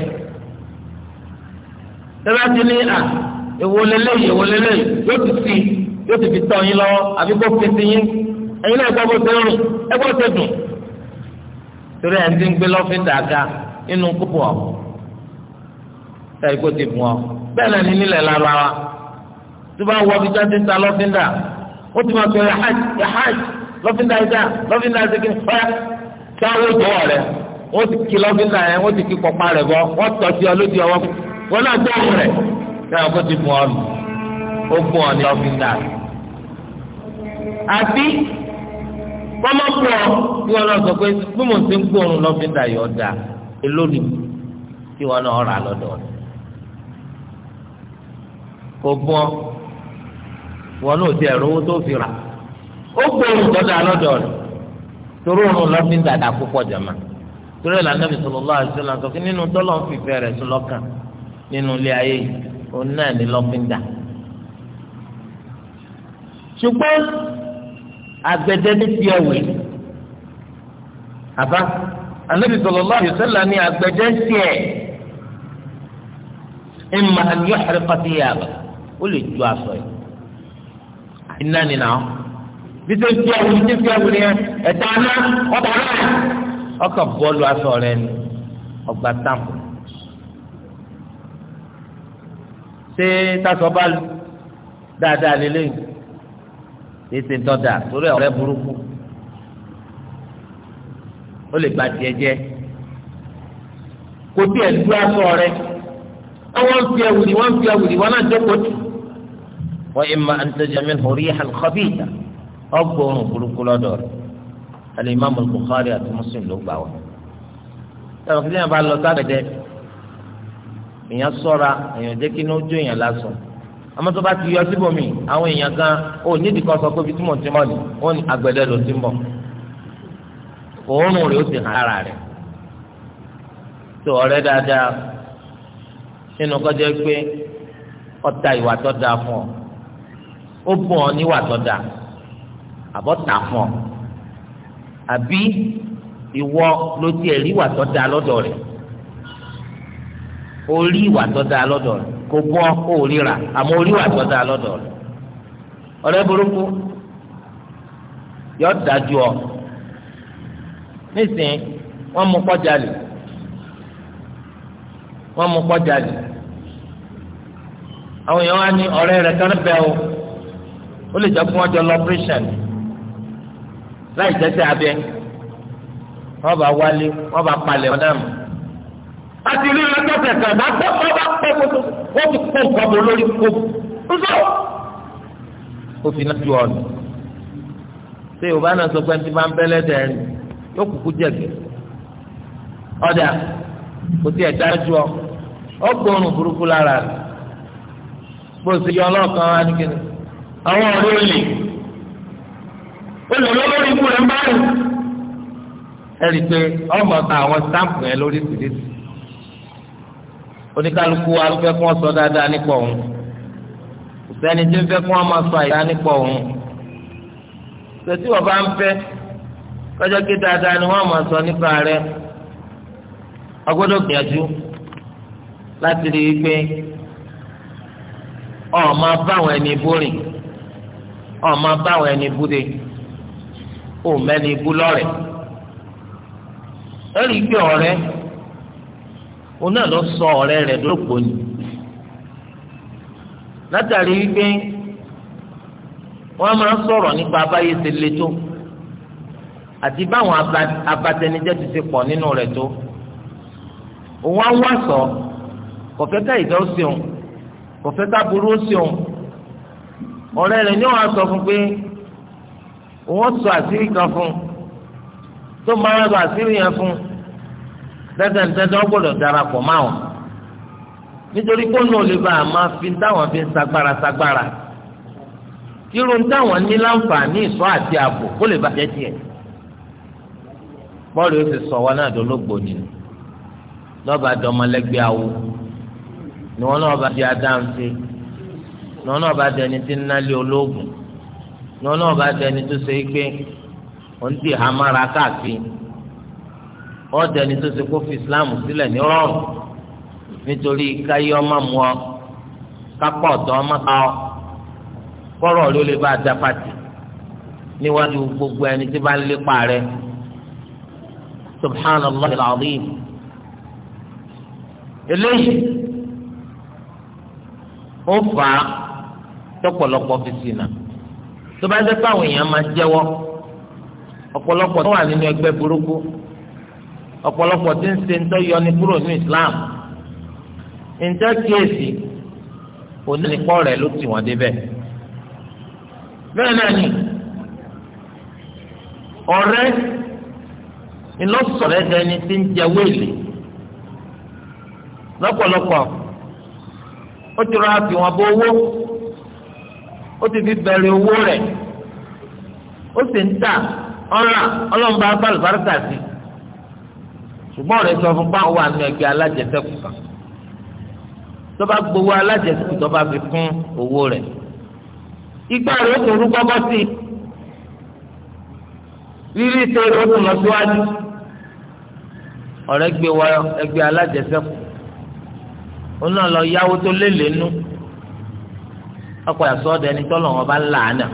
tẹ́lá ti ní à èwo lélẹ́yìí èwo lélẹ́yìí yóò ti sí yóò ti fi tọ́ yín lọ́wọ́ àbí kó fi sí yín ẹ̀yin náà gbọ́ bó ti rìn ẹ gbọ́ ti dùn torí ẹ̀ ń ti ń gbé lọ́fíńdà ga nínú kúpù ọ̀ tẹ́ ikú ti bù ọ bẹ́ẹ̀ náà ní nílẹ̀ lára wa tó bá wọ ó ti máa sọ ya hajj ya hajj lọ́fíńdà ẹ̀dá lọ́fíńdà ẹ̀dá kí ni fẹ́ sáwó jọ̀wọ́ rẹ̀ wọ́n ti kí yẹn ti kí rẹ̀ bọ́ wọ́n tọ́ sí ọ lójú ọwọ́ wọn náà tó rẹ̀ ti fún ọ ó fún ọ ní àbí wọn náà sọ pé bí mo ti ń wọn náà rà lọ́dọ̀ wọn náà ti ẹ̀rọ owó tó fi rà ó gbóòórùn tó dáa lọ́dọ̀ rẹ̀ torí òun lọ fi ń dàda púpọ̀ jàmá torí ẹ̀la nàbì sallallahu alaihi wasallam sọ fún nínú tọ́lọ̀ ń fìfẹ́ rẹ̀ sí lọ́kàn nínú ilé ayé yìí òun náà ní lọ́fíńdà ṣùgbọ́n agbẹ̀dẹ ní ti ẹ̀wẹ̀ àbá anabi sallallahu alaihi wasallam ní agbẹ̀dẹ ń tiẹ̀ imma an yuhriqa thiyaba ó lè ju aṣọ yìí iná nìyà ó bí tó ń fi ẹwù ní fi ẹwù nìyẹn ẹ̀dá náà ọ̀dà náà ọkọ̀ bọ́ọ̀lù aṣọ rẹ ni ọgbà táàmù. ṣé tásọ bá lu dáadáa lélẹ́yìn ètè ńtọ́jà torí ọ̀rẹ́ burúkú ó lè ba tiẹ̀ jẹ́ kò tí ẹ̀ lu aṣọ rẹ wọ́n fi ẹwù ni wọ́n fi ẹwù ni wọ́n náà jókòó tù wa imma an tajida minhu rihan khabitha ọgbọrun burúkú lọ́dọ̀ rẹ̀ alimami bukhari àti muslim ló gbà wá. táwọn fi lẹ́yìn bá lọ sábẹ̀dẹ èèyàn sọ́ra èèyàn jẹ́ kí ní ojú èèyàn lásán àmọ́ tó bá ti yọ síbòmí àwọn èèyàn gan ò nídìí kan sọ pé ibi tí mò ń ti mọ̀ ni ó ní agbẹ̀dẹ ló ti mọ̀ òórùn rẹ̀ ó ti hàn ara rẹ̀ tó ọ̀rẹ́ dáadáa nínú kọjá pé ọta ìwà tó dáa fún ọ ó bọ̀ ọ́ níwà tọ́da àbọ̀ tà fún ọ àbí ìwọ ló tiẹ̀ rí ìwà lọ́dọ̀ rẹ̀ o ìwà tọ́da lọ́dọ̀ rẹ̀ kò bọ́ kò ríra àmọ́ o ìwà lọ́dọ̀ rẹ̀ ọ̀rẹ́ burúkú yọ dájú ọ nísìnyí wọ́n mú kọjá wọ́n mú àwọn èèyàn wá ní ó lè jẹ́ fún ọjọ́ lọ́pẹ́rẹ́sàn láì jẹ́sẹ̀ abẹ wọ́n bá wálé wọ́n bá palẹ̀ wọn dànù. àti ilé lọ́jọ́ kẹ̀kẹ́ bá tẹ́ wọ́n bá pẹ́ kótó wọ́n ti kó nǹkan bò lórí kó nsọ́. ó fi náà ju ọ̀nà ṣé yorùbá náà sọ pé ti máa ń bẹ́lẹ́ dẹ̀rín yóò kúkú jẹ̀gẹ̀ ọ̀dà kò tiẹ̀ dájú ọ ọgbọ̀n burúkú lára rẹ̀ gbọ́dọ̀ sí yọ ọlọ́ọ̀kan wá ní kíni. àwọn ọ̀rẹ́ olè olè ikú rẹ̀ ń bá rìn ẹ̀rí pé ọmọ ta àwọn sáǹpù yẹn lórí ìdílé oníkálukú wa ló fẹ́ dáadáa nípa òun ìsẹ́ni tí ń fẹ́ kí wọ́n sọ àyíká nípa òun sọtí ọba ń fẹ́ dáadáa ni wọ́n sọ nípa rẹ̀ ọgbọ́dọ̀ gbìyànjú láti rí i pé máa bá àwọn ọmọ báwọn ẹni búde ó mẹ́ni bú lọ́rẹ̀ ẹ̀rí gbé ọ̀rẹ́ òun náà lọ sọ ọ̀rẹ́ rẹ̀ lóko ni látàrí wípé wọ́n máa ń sọ̀rọ̀ nípa abáyé ṣe le tó àti báwọn abatẹnijẹ́ ti ṣe pọ̀ nínú rẹ̀ tó òun á wá sọ kọ̀fẹ́ ká ìdá ó ṣeun kọ̀fẹ́ ká burú ó ṣeun ọ̀rẹ́ rẹ̀ ní wàá sọ fún pé wọ́n sọ àṣírí kan fún tó máa lọ àṣírí yẹn fún dandandandan ó gbọ́dọ̀ darapọ̀ máa wọn nítorí kó nù lè ba àmọ́ fi táwọn fi ń sagbára sagbára irun táwọn ní láǹfààní ìṣọ́ àti ààbò kó lè bàjẹ́ tiẹ̀ bọ́ọ̀lù yóò ti sọ wọn náà dológbò nínú lọ́ba dọmọlẹ́gbẹ́ awo ni wọn náà bá di adáhùn sí lọ́wọ́ náà bá dẹni tí ń nálé olóògùn lọ́wọ́ na bá dẹni tó ṣe pé ó ń di hamara káàkiri ó tó fi Islam sílẹ̀ ní rọrùn nítorí káyé ọmọ mu ọ kápá ọ̀tọ̀ ọmọ ká ọ kọ́rọ̀ ló lè bá pati níwájú gbogbo ẹni tí bá ń lépa eléyìí tọpọlọpọ fi sí náà tó bá dé fáwọn èèyàn máa jẹ́wọ́ ọ̀pọ̀lọpọ̀ tó wà nínú ẹgbẹ́ burúkú ọ̀pọ̀lọpọ̀ tí ń ṣe ń tọ́ yọni kúrò ní Islam ǹjẹ́ kíyèsí onílẹ̀kọ́ rẹ̀ ló tì wọ́n débẹ̀ bẹ́ẹ̀ náà ni ọ̀rẹ́ ìlọsọ̀rẹ́ dẹni tí ń jẹ wéèlì lọ́pọ̀lọpọ̀ ó ti fi wọn bọ owó ó ti fi bẹ̀rẹ̀ owó rẹ̀ ó sì ń tà ọ̀rà ọlọ́mọba abálùbáríkà sí ṣùgbọ́n rẹ̀ sọ fún báwo wà nù ẹgbẹ́ alájẹsẹ́kù kan tó bá gbowó alájẹsẹ́kù tó bá fi kún owó rẹ̀ igbá rẹ̀ ó tún rú gbọ́gbọ́ sí rírí ṣe rẹ̀ ó tún lọ síwájú ọ̀rẹ́ gbé wọ ẹgbẹ́ alájẹsẹ́kù ó náà lọ yáwó tó lélẹ̀ nù ọkọ̀yà sọ́ọ̀dọ̀ ẹni tọ́lọ̀ wọn bá làánà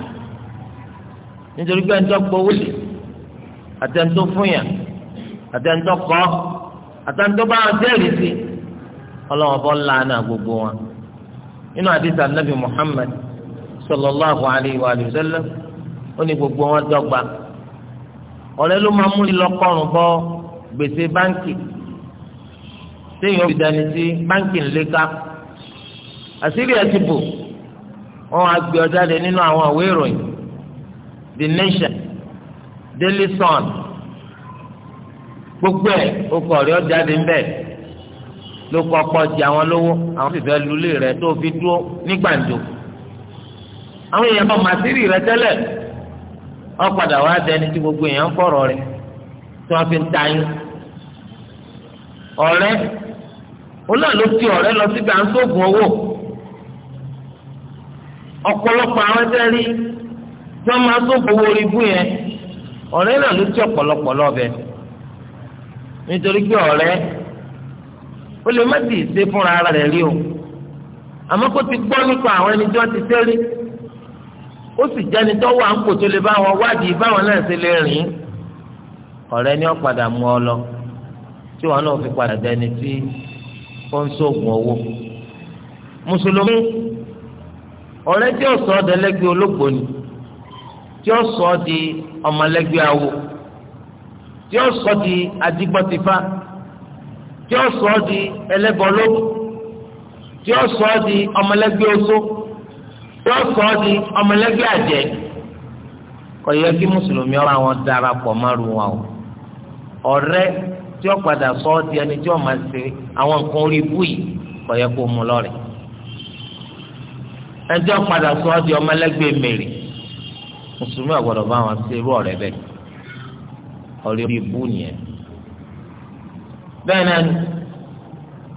nítorí pé ẹnitọ́ gbowó sí àtẹnudọ́ fúnyà àtẹnudọ́ kọ́ àtẹnudọ́ bá wọn jẹ́rìí sí ọlọ́wọ́n bọ́ làánà gbogbo wọn nínú àdìsá nàbì Muhammad sallallahu alayhi wa sallam ó ní gbogbo wọn dọ́gba ọ̀rẹ́ ló máa mú ìlọkọrùn bọ́ gbèsè báńkì téèyàn fi dání sí báńkì ńlẹ́ka àṣírí ẹ̀ ti bò wọ́n wá gbé ọ jáde nínú àwọn ìwé ìròyìn the nation daily sun gbogbo ẹ̀ ó kọ ọ̀rẹ́ ọ jáde ń bẹ̀ ló kọ ọkọ jẹ àwọn lówó àwọn sì fẹ́ lulẹ̀ rẹ tó fi dúró ní gbàǹjo àwọn èèyàn bá màsírì rẹ tẹ́lẹ̀ ọ padà wá dẹni tí gbogbo èèyàn ń kọ̀rọ̀ rẹ tí wọ́n fi ń ta yín ọ̀rẹ́ ó náà ló ti ọ̀rẹ́ lọ síbi à ń sóògùn owó. ọ̀pọ̀lọpọ̀ àwọn ẹ̀dẹ́rì tí wọ́n máa tó gbowó orí bú yẹn ọ̀rẹ́ náà ló tí ọ̀pọ̀lọpọ̀ lọ́bẹ̀ nítorí pé ọ̀rẹ́ ó lè má ti ṣe fúnra ara rẹ̀ rí o àmọ́ kó ti gbọ́ nípa àwọn ẹni tí wọ́n ti tẹ́rí ó sì jẹ́ni tó wà ń kò tó lè bá wọn wádìí báwọn náà ṣe lè rìn ọ̀rẹ́ ni ó padà mú ọ lọ tí wọn náà fi padà dẹni tí ó ń ṣoògùn owó mùsùlùmí ọ̀rẹ́ tí ó sọ ọ́ dẹlẹ́gbẹ́ ológbò ni tí ó sọ ọ́ di ọmọlẹ́gbẹ́ awo tí ó sọ ọ́ di adigbọ́tifá tí ó sọ ọ́ di ẹlẹ́bọ̀lógún tí ó sọ ọ́ di ọmọlẹ́gbẹ́ oṣó tí ó sọ ọ́ di ọmọlẹ́gbẹ́ àjẹ́ kò yẹ kí mùsùlùmí ọ̀rọ̀ àwọn darapọ̀ márùn wa o ọ̀rẹ́ tí ó padà sọ ọ́ di ẹni tí ó máa ṣe àwọn nǹkan orí ibú yìí kò kó mú lọ́rẹ̀ẹ́ ẹjọ́ padà sọ ọ́ di ọmọlẹ́gbẹ́ mèrè mùsùlùmí àgbọ̀dọ̀ bá wọn ṣe irú ọ̀rẹ́ bẹ́ẹ̀ ọ̀rẹ́ orí ibú nìyẹn bẹ́ẹ̀ náà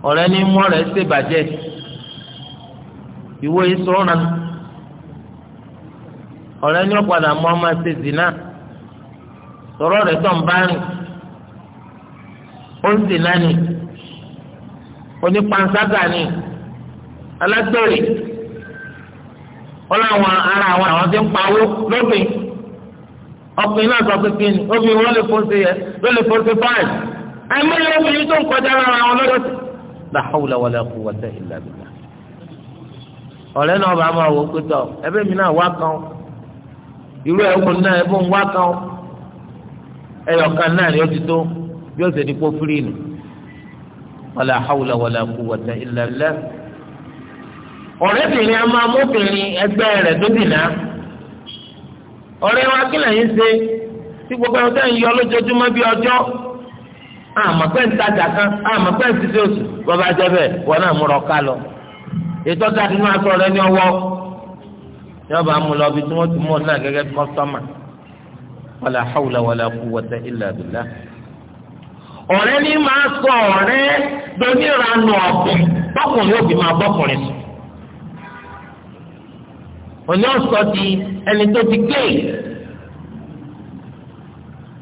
ọ̀rẹ́ ní mú ọ̀rẹ́ ṣèbàjẹ́ ìwé ìṣọ́ra ọ̀rẹ́ ní ọ̀padà mú ọmọ ṣe zina sọ̀rọ̀ rẹ̀ tó ń bá rìn ó ń zina ni onípanṣágà ni alágbèrè wọn làwọn ara àwọn àwọn ti ń pawó lóbìn ọkùnrin náà sọ pé kí ni obìnrin wọn lè fọ́nṣe yẹ ló lè fọ́nṣe fáìn àìmọye obìnrin tó ń kọjá lára àwọn lọ́dọ̀ sí. la hawla wala quwwata ọ̀rẹ́ náà bá máa wò ó ẹbí mi náà wá kan irú ẹ̀wọ̀n náà ẹ̀bùn wá kan ẹ̀yọ̀kan náà ni ó ti tó bí ó ṣe ní kó fírì nù. wala hawla wala quwwata illa billah. ọ̀rẹ́bìnrin a máa mọ́bìnrin ẹgbẹ́ rẹ̀ tó dìnnà ọ̀rẹ́ wa kí lẹ́yìn ṣe tí gbogbo ẹ̀rọ tẹ́ yọ lójoojúmọ́ bí ọjọ́ àmọ́ pẹ́ kan àmọ́ wọn náà múra ọ̀ká lọ ètò ọ̀tá tí wọ́n aṣọ rẹ ọwọ́ mú lọ bí tí wọ́n ọ náà gẹ́gẹ́ bí kọ́sọ́mà wàlà hàwùlà wàlà ọ̀rẹ́ máa sọ ọ̀rẹ́ bọ́kùnrin òní ọ̀sọ́ di ẹni tó ti gé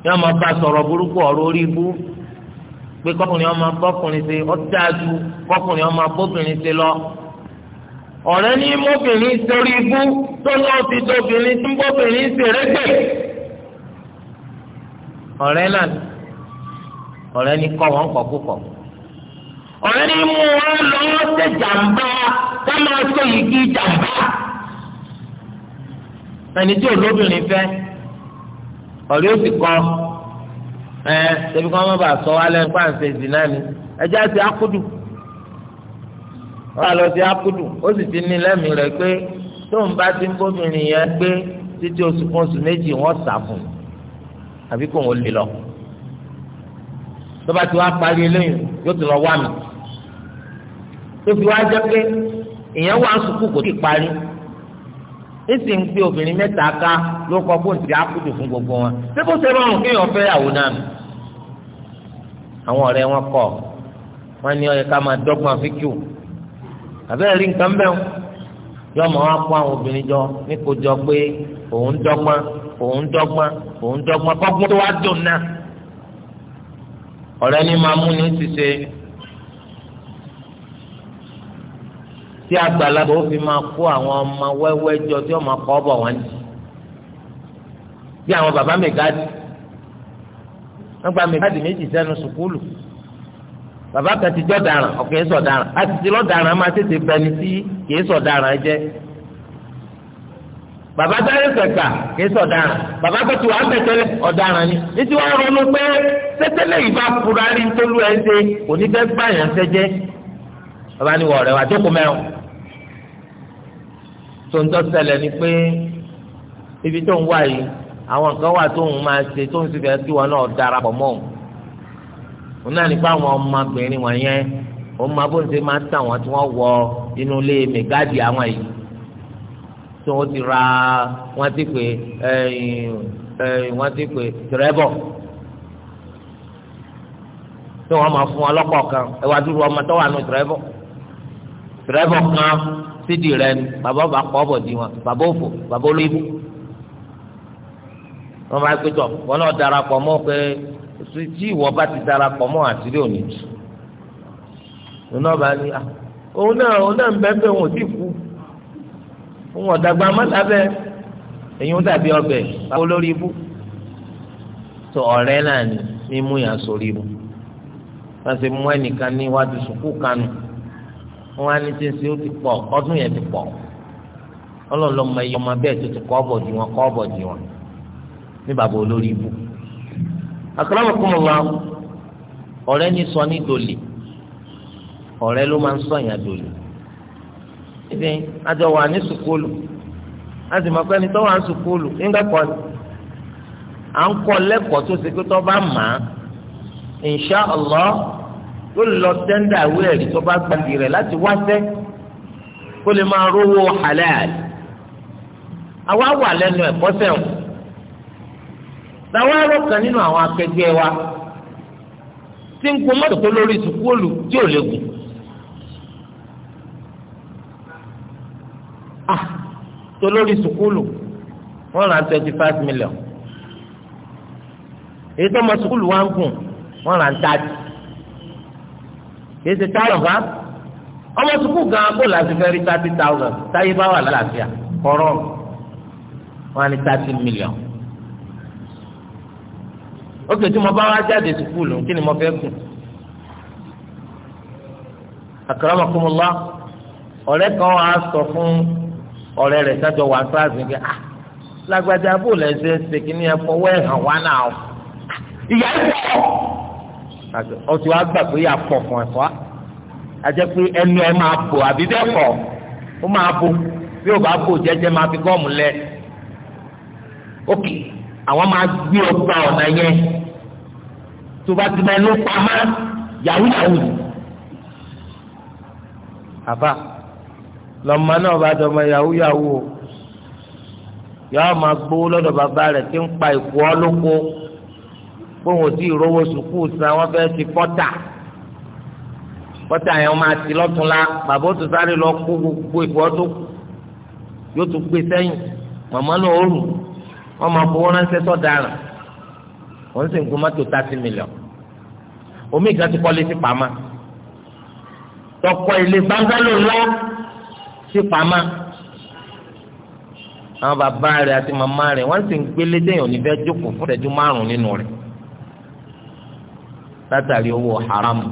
yóò máa bá sọ̀rọ̀ burúkú ọ̀rọ̀ orí ibú pé kọkùnrin ọmọ bọ́kùnrin ṣe ó dáadu kọkùnrin ọmọ bóbìnrin ṣe lọ ọ̀rẹ́ ní mọ́bìnrin sórí ibú tó lọ́ ti tóbìnrin tí bóbìnrin ṣe rẹ́gbẹ̀ ọ̀rẹ́ náà ọ̀rẹ́ ní kọ́ wọn kọ̀ púpọ̀ ọ̀rẹ́ ní mú wọn lọ́wọ́ ṣe jàǹbá ká máa ṣe yìí kí ẹni tí olóbìnrin fẹ́ ọ̀rẹ́ ó sì kọ́ ẹ ṣẹbi kí wọ́n má bàa sọ alẹ́ nípa àǹfẹ̀ zina ni ẹjẹ́ àti akudu wọ́n á lọ sí akudu ó sì ti ní lẹ́mìí rẹ̀ pé tóun bá ti ń bóbìnrin yẹn gbé títí oṣù kan oṣù méjì wọ́n sà fún un àbí kò wọ́n lè lọ tó bá ti wá parí eléyìí yóò ti lọ wá mi tó fi wá jẹ́ pé ìyẹn wá sùkúù kò tí ì parí. e sì ń gbé obìnrin mẹ́ta ká ló kọ́ bó ń ti fún gbogbo wọn ṣé bó ṣe rọrùn kéèyàn fẹ́ yàwó àwọn ọ̀rẹ́ wọn kọ̀ wọ́n ní ó máa dọ́gbọ́n fíkìú àbẹ́rẹ́ rí nǹkan bẹ́ẹ̀ yọ ọmọ wa kó àwọn obìnrin jọ ní kó jọ pé òun dọ́gbọ́n òun dọ́gbọ́n òun dọ́gbọ́n kọ́gbọ́n tí àgbàlagbà ó fi máa kó àwọn ọmọ wẹ́wẹ́ jọ tí wọ́n máa kọ́ bọ̀ wọ́n ní. bí àwọn bàbá mẹ́gáàdì wọ́n gba mẹ́gáàdì méjì sẹ́nu sùkúlù bàbá kan ti jọ́ daràn ọ̀kẹ́ sọ̀ daràn àti ti lọ́ daràn máa tètè bẹni tí kìí sọ̀ daràn jẹ́ bàbá táyé sẹ̀ka kìí sọ̀ daràn bàbá tó ti wà á bẹ̀tẹ̀lẹ̀ ọ̀daràn ni títí wọ́n ronú pé tẹ́tẹ́lẹ̀ yìí bá rí nítorí ẹ̀ ń ṣe kò ní fẹ́ gbàyàn ṣẹ́jẹ́ bàbá ni wọ́n rẹ̀ wá jókòó mẹ́rin tó ń tọ́sẹ̀lẹ̀ ni pé ibi tó ń wá yìí àwọn kan wà tó ń máa ṣe tó ń sì fẹ́ kí wọn náà darapọ̀ mọ́ òun náà nípa àwọn ọmọbìnrin wọn yẹn òun máa bó ń ṣe máa tà wọn tí wọ́n wọ inú ilé mẹ́gáàdì àwọn yìí tó wọ́n ti ra wọ́n ti pè wọ́n ti pè tìrẹ́bọ̀ tó wọ́n máa fún ọlọ́pọ̀ kan ẹ̀wà dúró ọmọ tó wà nù tìrẹ́bọ̀ tìrẹ́bọ̀ kan sídìí rẹ ni bàbá ọba kọ́ ọ̀bọ̀ di wọn bàbá òfò bàbá olóyìnbó wọn máa pé tọ wọn náà darapọ̀ mọ́ pé tí ìwọ bá ti darapọ̀ mọ́ àtìrí òní jù òun náà bá ní à òun náà òun náà ń bẹ́ pé òun ò tí kú òun ọ̀dàgbà mọ́tàbẹ́ ẹ̀yin ó dàbí ọbẹ̀ báwo lórí tó ọ̀rẹ́ náà ni mímú yàn sórí ibú wọ́n ti mú ẹnìkan níwájú sùkúù kanu wọn á ní tí ń ṣe ó ti pọ̀ ọdún yẹn ti pọ̀ ọlọ́ọ̀lọ́ mọ iye ọmọ bẹ́ẹ̀ tó ti kọ́ ọ̀bọ̀ di wọn kọ́ ọ̀bọ̀ di wọn ní bàbá olórí ibù. akramakumullah ọ̀rẹ́ ní sọ ní dòlè ọ̀rẹ́ ló máa ń sọ yẹn dòlè. ibi àjọ wà ní sùkúlù a sì mọ̀ pé ẹni tó wà ní sùkúlù nígbà kan à ń kọ́ lẹ́kọ̀ọ́ tó ṣe pé tó bá mà á insha Allah ó lọ tẹ́ndà ìwé ẹ̀rí tó bá gbàgbé rẹ̀ láti wáṣẹ́ kó lè máa rówó halal àwa wà lẹ́nu ẹ̀kọ́ sẹ́wọ̀n làwọn arọ kan nínú àwọn akẹgbẹ́ wa tí ń gun mọ́tò tó lórí sùkúlù tí ò lè gùn. Ah, tó lórí sùkúlù wọ́n rà twenty five million èyí tó mọ sùkúlù wá ń gùn wọ́n rà ń tàjì. kìí ṣe táwọn bá ọmọ sukùl gan kó láti fẹ́ rí thirty thousand táyé bá wà lálàáfíà kọ́rọ́ wọn ní thirty million ó kè tí mo bá wá jáde sukùl kí ni mo fẹ́ kù akramakumullah ọ̀rẹ́ kan wàá sọ fún ọ̀rẹ́ rẹ̀ sájọ wà sáàsì ní ah lágbájá bò lẹ́sẹ̀ ṣe kí ni ẹ fọwọ́ ẹ̀ hàn wá ọtí wa gbà pé yà pọ̀ fún ẹ̀fọ́ ajẹ́ pé ẹnu ẹ máa bò àbí bẹ́ẹ̀ kọ́ ó máa bò bí ó bá bò jẹ́jẹ́ máa fi gọ́ọ̀mù lẹ ókè àwọn máa gbé ọgbà ọ̀nà yẹn tó bá ti mẹ́nu pamọ́ yahoo yahoo àbá lọ́mọ náà bá dọ̀mọ yahoo yahoo yọ ọ máa gbowó lọ́dọ̀ bàbá rẹ̀ tí ń pa ìkú ọ lóko bóun ò tí ì rówó sùkúù san wọ́n fẹ́ẹ́ ti pọ́tà pọ́tà yẹn máa ti lọ́túnla bàbá ó tún sáré lọ kó gbogbo ìfọ́ tó yóò tún gbé sẹ́yìn màmá náà ó rù wọ́n máa fowó ránṣẹ́ sọ́daràn wọ́n sì ń gun mọ́tò thirty million omi ìgbà ti kọ́lé sí pamá tọkọ ilé bangalo lọ sí pamá àwọn bàbá rẹ̀ àti màmá rẹ̀ wọ́n sì ń gbélé déyàn níbẹ̀ jókòó fún ìṣẹ́jú márùn nínú rẹ̀ látàrí owó haramu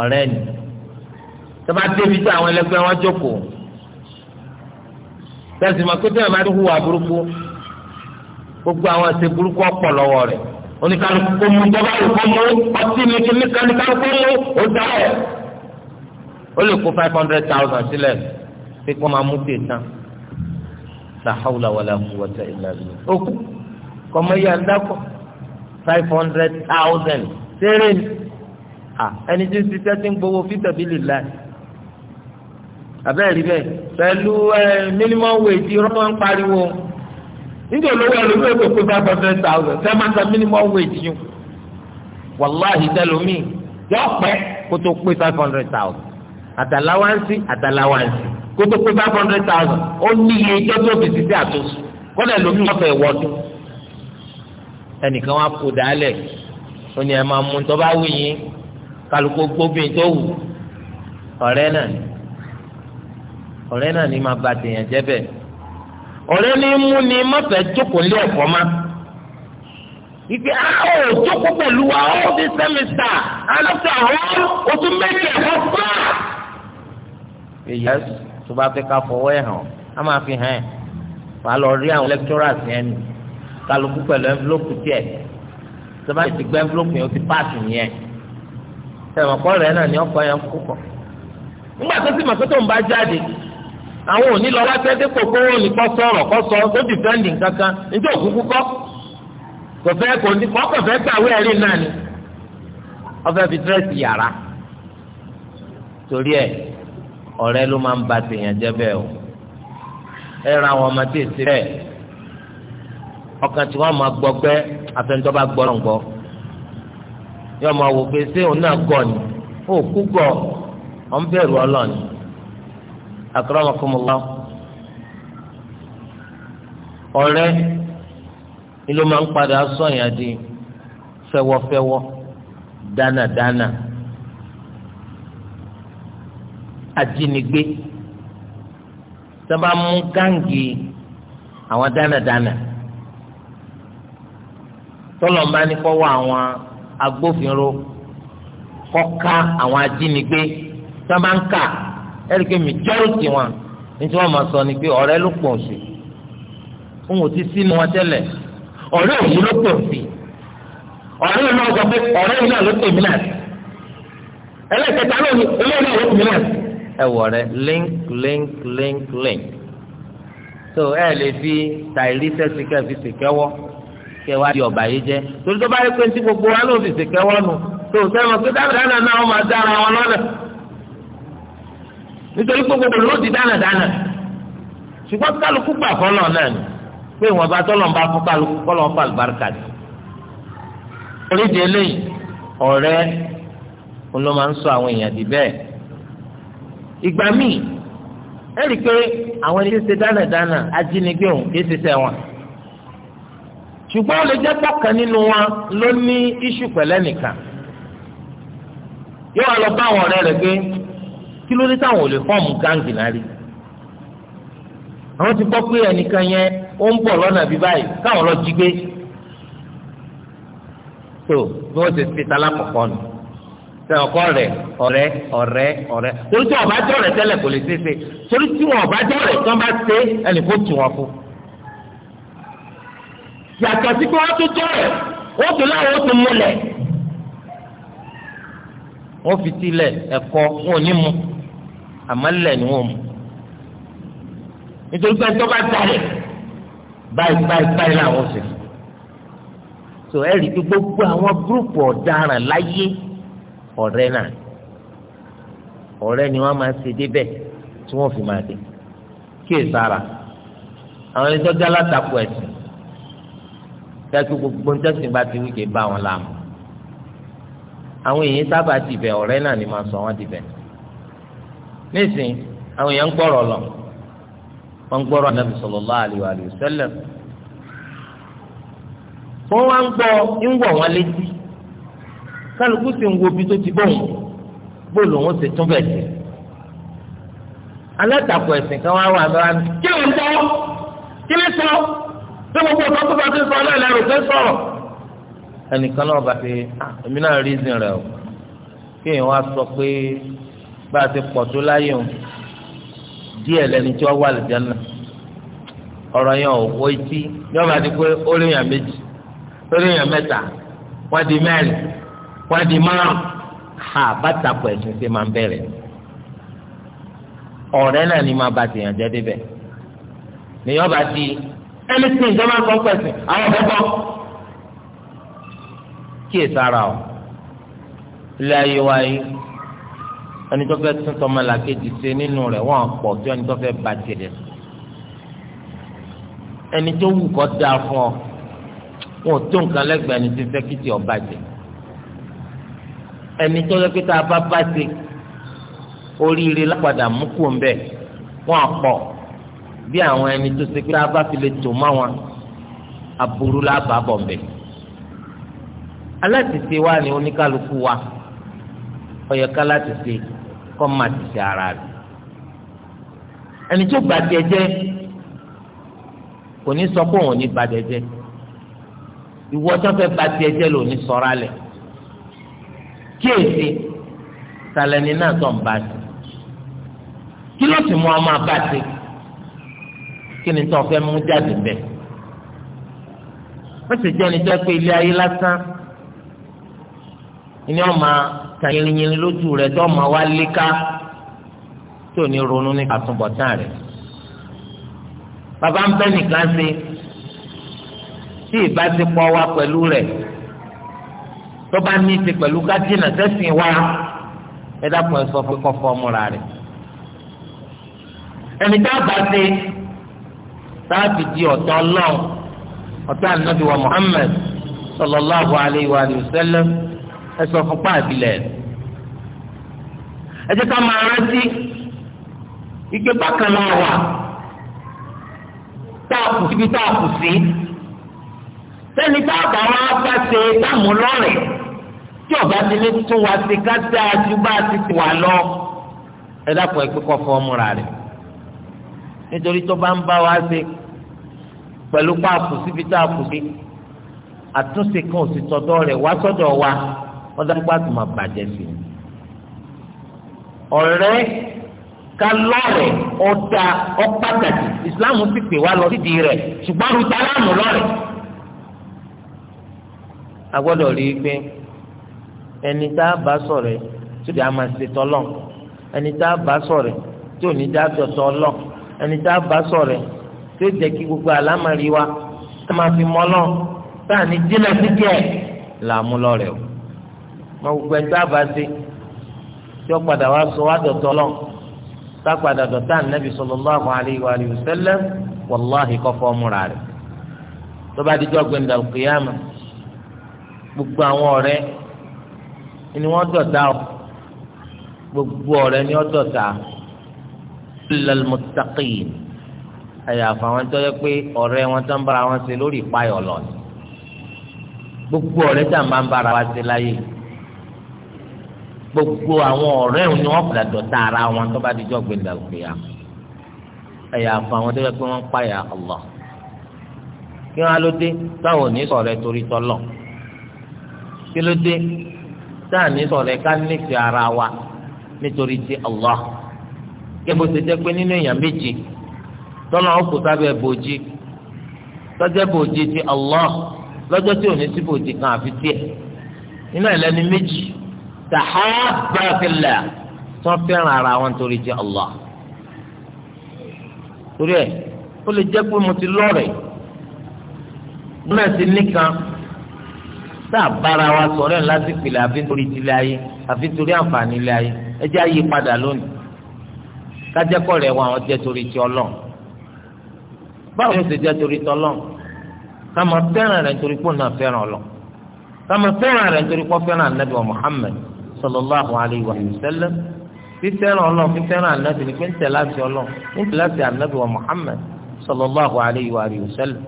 ọ̀rẹ́ ni tọ́ba débi tí àwọn ẹlẹgbẹ́ wọn jókòó tẹ̀sí ma kó tẹ̀yàn máa ń hùwà burúkú gbogbo àwọn ẹsẹ̀ burúkú ọ̀pọ̀ lọ́wọ́ rẹ̀ oníkàlùkù kò mú tọ́ba rẹ̀ kò mú ọtí mi kì ní kàlùkù kò mú ó dá ẹ̀ ó lè kó five hundred thousand sílẹ̀ pé kó máa mú tè tán la hawla wala quwwata illa billah ó kú kọ́mọ yà ń five hundred thousand ṣeré ni ẹni tí ń ṣiṣẹ́ ti ń gbowó fítàbílì láì abẹ́rẹ́ bẹ́ẹ̀ pẹ̀lú minimum wage irọ́ máa ń pariwo níbi olówó ẹlòmíì ó pèpè five hundred thousand ṣe máa ń sa minimum wage yìí wàláhì tẹlomi yọ pẹ́ kó tó pé five hundred thousand àtàláwáǹsì àtàláwáǹsì kó tó pé five hundred thousand ó níye ìjọ́jọ́ òfìsí sí àtúnṣe kọ́lẹ̀ lómi wọ́n fẹ́ wọ́dún ẹnìkan wá kó dálẹ̀ ó ní ẹ máa mú tó bá wù yín kálukó gbóbìn tó wù ọ̀rẹ́ náà ni ọ̀rẹ́ náà ni máa ba tèèyàn jẹ́ bẹ́ẹ̀ ọ̀rẹ́ ní mú ni mọ́fẹ́ jókòó lé ẹ̀kọ́ má ìgbé àwọn ah, òjókòó pẹ̀lú wa ó ti sẹ́mìtà alọ́tà ọ̀hún o méjì ẹ̀kọ́ fún wa. èyí tó bá fẹ́ ká fọwọ́ ẹ̀ hàn á máa fi hàn ẹ̀ wàá lọ rí àwọn lecturers yẹn nìyí kálukú pẹ̀lú ẹnfúlọ́pù tiẹ̀ sọba ti gbẹ ẹnfúlọ́pù yẹn o ti páàkì yẹn sẹ̀wọ̀n kọ́ rẹ̀ náà ni ọkọ̀ yẹn kú kọ̀ nígbà tó sì mọ̀ pé tó ń bá jáde àwọn òní lọ wá sẹ́dẹ́ kókó wọn ni kọ́ sọ̀rọ̀ kọ́ sọ tó dìfẹ́ǹdì kankan níjẹ́ òkúkú kọ́ kò fẹ́ kò ní kọ́ kò fẹ́ gbàwé ẹ̀rí náà ni ọfẹ́ fi dírẹ́sì yàrá torí ẹ̀ ọ̀rẹ́ ló máa ń ba tèèyàn jẹ́ bẹ́ẹ̀ o ẹ ra àwọn ọmọ tí èsì ọkàn tí wọ́n máa gbọ́ pé àfẹnudọ́ba gbọ́ náà gbọ́ yọ máa wò pé ṣé òun náà gọ̀ ni ó kú gọ̀ ọ̀ ń bẹ̀rù ọlọ́ọ̀ni akramakumullah ọ̀rẹ́ ni ló máa ń padà sọ̀yìn àdín fẹ́wọ́fẹ́wọ́ dánadáná ajínigbé sábà mú gáǹgì àwọn dánadáná. Dana tọ́lọ̀ máa ní kọ́wọ́ àwọn agbófinró kọ́ka àwọn ajínigbé tó máa ń kà ẹ̀rí pé majority wọn ní tí wọ́n máa sọ ni pé ọ̀rẹ́ ló pọ̀ sí fún òtí sínú wọn tẹ́lẹ̀ ọ̀rẹ́ òyìn ló pọ̀ sí ọ̀rẹ́ yìí náà sọ pé ọ̀rẹ́ yìí náà ló pè mí náà ẹlẹ́kẹta náà ni olóyè náà ló pè mí náà ẹ wọ̀ rẹ link link link link so ẹ lè fi tàìrí sẹ́sìkẹ́ fi sèkẹ́wọ́. So, kẹwàá di ọba yìí jẹ torí tó bá rí pé tí gbogbo wa ló fi ṣe kẹwọ́ nu tó o sẹ́wọ̀n pé dánadáná náà wọ́n máa dára wọn lọ́nà nítorí pé gbogbo ló di dánadáná ṣùgbọ́n kálukú gbà fọlọ́ náà ni pé ìwọ̀n bá tọ́lọ̀ ń bá fún kálukú kọ́lọ́ ń fa àlùbáríkà ni. oríṣi eléyìí ọ̀rẹ́ ló máa ń sọ àwọn èèyàn di bẹ́ẹ̀ ìgbà míì ẹ̀rí pé àwọn ẹni tí ń ṣe ajínigbé òun kì í ṣiṣẹ́ wọn ṣùgbọ́n ó lè jẹ́ pọ̀kan nínú wa ló ní iṣu pẹ̀lẹ́ nìkan yóò wá lọ bá àwọn ọ̀rẹ́ rẹ̀ pé kí ló dé táwọn ò lè fọ́ọ̀mù gáǹgì náà rí àwọn ti gbọ́ pé ẹnìkan yẹn ó ń bọ̀ lọ́nà bí báyìí káwọn lọ jí gbé tó bí wọ́n ti fi tala kọ̀kọ́ nù tẹ ọkọ rẹ ọ̀rẹ́ ọ̀rẹ́ ọ̀rẹ́ torí tí wọ́n bá jọ rẹ kò lè ṣeé ṣe torí tí wọ́n bá jọ tí wọ́n bá ṣe ẹnì kó tù wọn fún un yàtọ̀ sí pé wọ́n tó tọ́ rẹ̀ ó tó láwọn ó tó múlẹ̀ wọ́n fi tilẹ̀ ẹ̀kọ́ wọn ò ní mu àmọ́ lẹ̀ ni wọ́n mu nítorí pé ẹjọ́ bá dalẹ̀ báyìí báyìí báyìí làwọn sì so ẹ rí i pé gbogbo àwọn gúrùpù ọ̀daràn láyé ọ̀rẹ́ náà ọ̀rẹ́ ni wọ́n máa ṣe débẹ̀ tí wọ́n fi máa dé kí èso ara àwọn ẹni tó dá látakò ẹ̀sìn tẹ́sí gbogbo tẹ́sí bá ti wíkẹ́ bá wọn láàmú àwọn èèyàn sábà ti bẹ̀ ọ̀rẹ́ náà ni màá sọ wọ́n ti bẹ̀ nísìn àwọn èèyàn ń gbọ́rọ̀ lọ wọ́n ń gbọ́rọ̀ Ànábì sallallahu alaihi wa sallam wọ́n wá ń gbọ́ ń wọ̀ wọ́n létí kálukú sì ń wo ibi tó ti bọ̀wọ̀ bóòlù wọn sì tún bẹ̀ẹ̀ sí alátakò ẹ̀sìn kan wá wà lọ́wọ́ ṣé gbogbo ọ̀tọ́ tó bá ti sọ náà lẹ́rù ṣe sọ̀rọ̀. ẹnìkan náà bá ti ah, èmi náà rí ìsìn rẹ o kí èèyàn wá sọ pé bá a ti pọ̀ tó láyé o díẹ̀ lẹni tí wọ́n wà lìjánà ọ̀rọ̀ yẹn ò wọ etí yọ́n bá ti pé ó rí èèyàn méjì ó rí èèyàn mẹ́ta wọ́n di mẹ́rin wọ́n di márùn-ún ha bàtà pọ̀ ẹ̀sìn ṣe máa ń bẹ̀rẹ̀ ọ̀rẹ́ náà ni máa bá tèèyàn jẹ́ débẹ̀ nìyọ́n bá ti ẹni tí ìjọba sọ pẹ̀sìn àwọn ọ̀dọ́ bọ́. kíyè sára o ilé ayé wa yìí ẹni tó fẹ́ tún tọmọ làkejì ṣe nínú rẹ̀ wọ́n pọ̀ tí ẹni tó fẹ́ ba tirẹ̀ ẹni tó wù kọ́ da fún ọ wọn ò tó nǹkan lẹ́gbẹ̀ẹ́ ẹni tó fẹ́ kí tiọ̀ bàjẹ́ ẹni tó yẹ kí tá a bá bá ti oríire lápadà mú kó ń bẹ̀ wọ́n pọ̀ bí àwọn ẹni tó ṣe pé tá a bá fi lè tò mọ́ wọn aburú la bá bọ̀ mbẹ́. alátìsí wa ni oníkálukú wa ọ̀yẹ̀ ká látìsí kọ́ máa tìsí ara rẹ̀. ẹni tó gbà tiẹ̀ jẹ́ kò ní sọ pé òun ní bà tiẹ̀ ìwọ tó fẹ́ bà tiẹ̀ ló ní sọ̀rọ̀ alẹ̀ kíyèsí sàlẹ̀ ní náà tó ń bá ti kí ló sì mú ọmọ abá ti kí ni tó fẹ́ mú jáde bẹ́ẹ̀ wọ́n sì jẹ́ níjọ́ pé ilé ayé lásán ni wọ́n máa ta yìnyín lójú rẹ̀ tó máa wá léka tí ò ní ronú ní àtúbọ̀tán rẹ̀ bàbá ń bẹ́ nìkan ṣe tí ìbáṣepọ̀ wa pẹ̀lú rẹ̀ tó bá ní í pẹ̀lú kájínà sẹ́sìn wa ẹ dákun ẹ sọ fún kọ́fọ́ ọmọ rà rẹ̀ ẹni bá ṣe. táàbì di ọ̀tọ̀ ọlọ́run ọ̀tọ̀ ànábì wa Muhammad sallallahu alayhi wa sallam ẹ fún pàbílẹ̀ ẹ jẹ́ ká máa rántí ike bákan náà wà táàpù síbi táàpù sí sẹ́ni táàpù àwọn afáṣe táàmù lọ́rẹ̀ tí ọba ti ní tún wá sí ká ti ti wà lọ ẹ nítorí tó bá ń bá wa ṣe pẹ̀lú páàpù síbi tá a kù sí àtúnṣe kan ò sì tọ̀dọ̀ rẹ̀ wá sọ́dọ̀ wa wọ́n dá gbàtú máa bàjẹ́ sí i. ọ̀rẹ́ ká lọ́rẹ̀ ọ̀dà ọ̀pàtàkì ìsìláàmù sì pè wá lọ sídìí rẹ̀ ṣùgbọ́n rúta láàmú lọ́rẹ̀. a gbọ́dọ̀ rí i pé ẹni tá a bá sọ̀rẹ̀ tó dì á máa ẹni tá a bá sọ̀rẹ̀ tó ní dá tọ̀tọ̀ ọlọ́ọ̀ ẹni tá a bá sọ̀rọ̀ tí ó jẹ́ kí gbogbo àlámàrí wa tá a máa fi mọ́ lọ́n tá a ní jìnnà síkẹ́ là á mú lọ́rẹ̀ o mọ gbogbo ẹni tá a bá sí tí ó padà wá sọ wá dọ̀tọ̀ lọ́n tá a padà dọ̀tà nàbì sallallahu alaihi wa alihi wàláhì kọ́fọ́ múra rẹ̀ tó bá dijọ́ gbẹ̀ndà kìyàmà gbogbo àwọn ọ̀rẹ́ ni wọ́n dọ̀tà gbogbo ọ̀rẹ́ ni wọ́n dọ̀tà lẹ́lmùtàkìn àyàfà wọn tó yẹ pé ọ̀rẹ́ wọn tó ń bára wọn ṣe lórí ìpayọ̀ lọ gbogbo ọ̀rẹ́ tá a máa ń bára wa ṣe láyé gbogbo àwọn ọ̀rẹ́ òun ni wọ́n padà dọ̀tá ara wọn tó bá di jọ́ gbẹ̀ndà òkèèyà àyàfà wọn tó pé wọ́n payà Allah kí wọn ló dé táwọn ò ní sọ̀rọ̀ ẹ torí tọ́lọ̀ kí ló dé táà ní sọ̀rọ̀ ẹ ká nífẹ̀ẹ́ ara wa nítorí ti Allah kébò ṣe jẹ́ pé nínú èèyàn méje tọ́lá ọkọ̀ sábẹ́ bòjì lọ́jọ́ bòjì ti Allah lọ́jọ́ tí ò ní sí bòjì kan àfi tiẹ̀ nínú ẹ̀lẹ́ni méjì tàhábà fillah tí wọ́n fẹ́ràn ara wọn torí ti Allah torí ẹ̀ ó lè jẹ́ pé mo ti lọ́rẹ̀ẹ́ náà ti nìkan tá a bára wa sọ̀rọ̀ ẹ̀ láti pìlẹ̀ àfi nítorí tilẹ̀ ayé àfi nítorí àǹfààní ilé ayé ẹ jẹ́ àyípadà lónìí kájẹ́kọ̀ rẹ̀ wọ́n àwọn jẹ́ torí ti ọlọ́n báwo ni ó ti jẹ́ torí ti ọlọ́n ká máa fẹ́ràn rẹ̀ nítorí pé òun náà fẹ́ràn ọlọ́ ká máa fẹ́ràn rẹ̀ nítorí pé fẹ́ràn anábì Muhammad sallallahu alayhi wa sallam fífẹ́ràn ọlọ́ fífẹ́ràn anábì ni pé ń tẹ̀ láti ọlọ́ ń tẹ̀ láti anábì Muhammad sallallahu alayhi wa sallam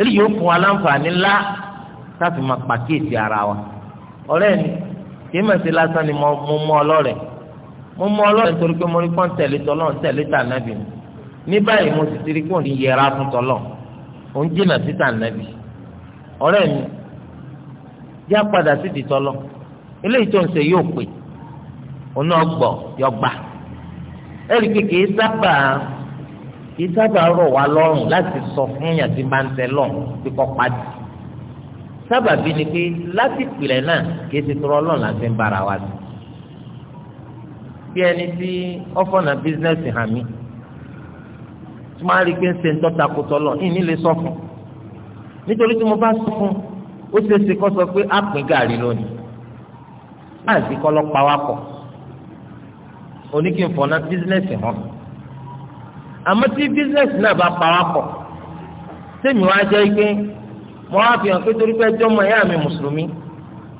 eléyìí ó fún wa ńlá láti pàkíyèsí ara wa ọ̀rẹ́ mi kì lásán ni mo mú ọ lọ́rẹ̀ẹ́ mo mọ ọlọ́run nítorí pé mo rí pọ́n tẹ̀lé tọ́lọ́run tẹ̀lé tànàbì mi ní báyìí mo sì ti rí pọ́n yẹra fún tọ́lọ́run òun jìnnà sí tànàbì ọ̀rẹ́ mi yá padà sí ti tọ́lọ́ eléyìí tó ń ṣe yóò pè òun náà gbọ́ yọ gbà ẹ̀rí pé kì í sábà kì í sábà rọ̀ wá lọ́rùn láti sọ fún yàn tí bá ń tẹ lọ́rùn bí kò padì sábàbí ni pé láti pìlẹ̀ náà kì í ti tọrọ lọ́rùn láti ń bára wa sí pé ẹni tí ọ̀fọ̀nà bísínẹ́sì hàn mí tí máa rí i pé ń ṣe ń tọ́ta kó tọ́lọ̀ ìní lè sọ fún nítorí tí mo bá sọ fún ó ṣe é ṣe kó sọ pé á pín gàrí lónìí láì sí kọ́ lọ pa wá pọ̀ oníkìfọ̀nà bísínẹ́sì hàn àmọ́ tí bísínẹ́sì náà bá pa wá pọ̀ sẹ́mi wá jẹ́ pé mo wá fi hàn pé torí pé ẹjọ́ mọ ẹ̀yà mi mùsùlùmí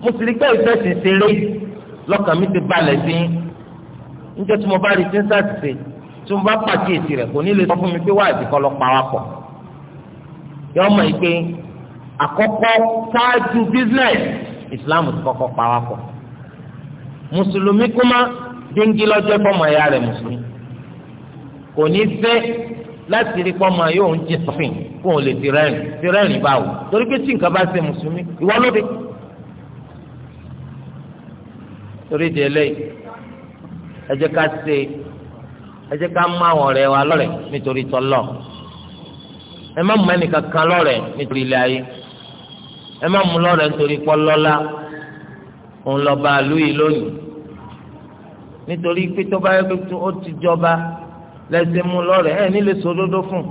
mo sì rí pé ìfẹ́ sì ṣeré lọ́kàn mi ti balẹ̀ sí i níjọ́ tí mo bá rí tí ń sàtìsẹ́ tí mo bá pàkíyèsí rẹ̀ kò ní lè sọ fún mi pé wá àdìkọ́ lọ pa wá pọ̀ yọ ọmọ yìí pé àkọ́kọ́ ṣáájú business Islam ti kọ́kọ́ pa wá pọ̀ mùsùlùmí kúmá dengi lọ́jọ́ fọmọ ẹ̀yà rẹ̀ mùsùlùmí kò ní fẹ́ láti rí pọ́nmọ yóò ń jẹ sọ́fìn kó o lè ti rẹ́rìn ti rẹ́rìn báwo torí pé tí nǹkan bá ṣe mùsùlùmí ìwọ ló torí di eléyìí ẹ jẹ́ ká ṣe ẹ jẹ́ ká mú àwọn ọ̀rẹ́ wa lọ́rẹ̀ nítorí tọlọ ẹ má mú ẹnì kankan lọ́rẹ̀ nítorí ilé ayé ẹ má mú lọ́rẹ̀ nítorí pọlọlá òun lọba àlùyìí lónìí nítorí pé tó bá yẹ kó ó ti jọba lẹsẹ mú lọ́rẹ̀ ẹ nílé sòdodo fún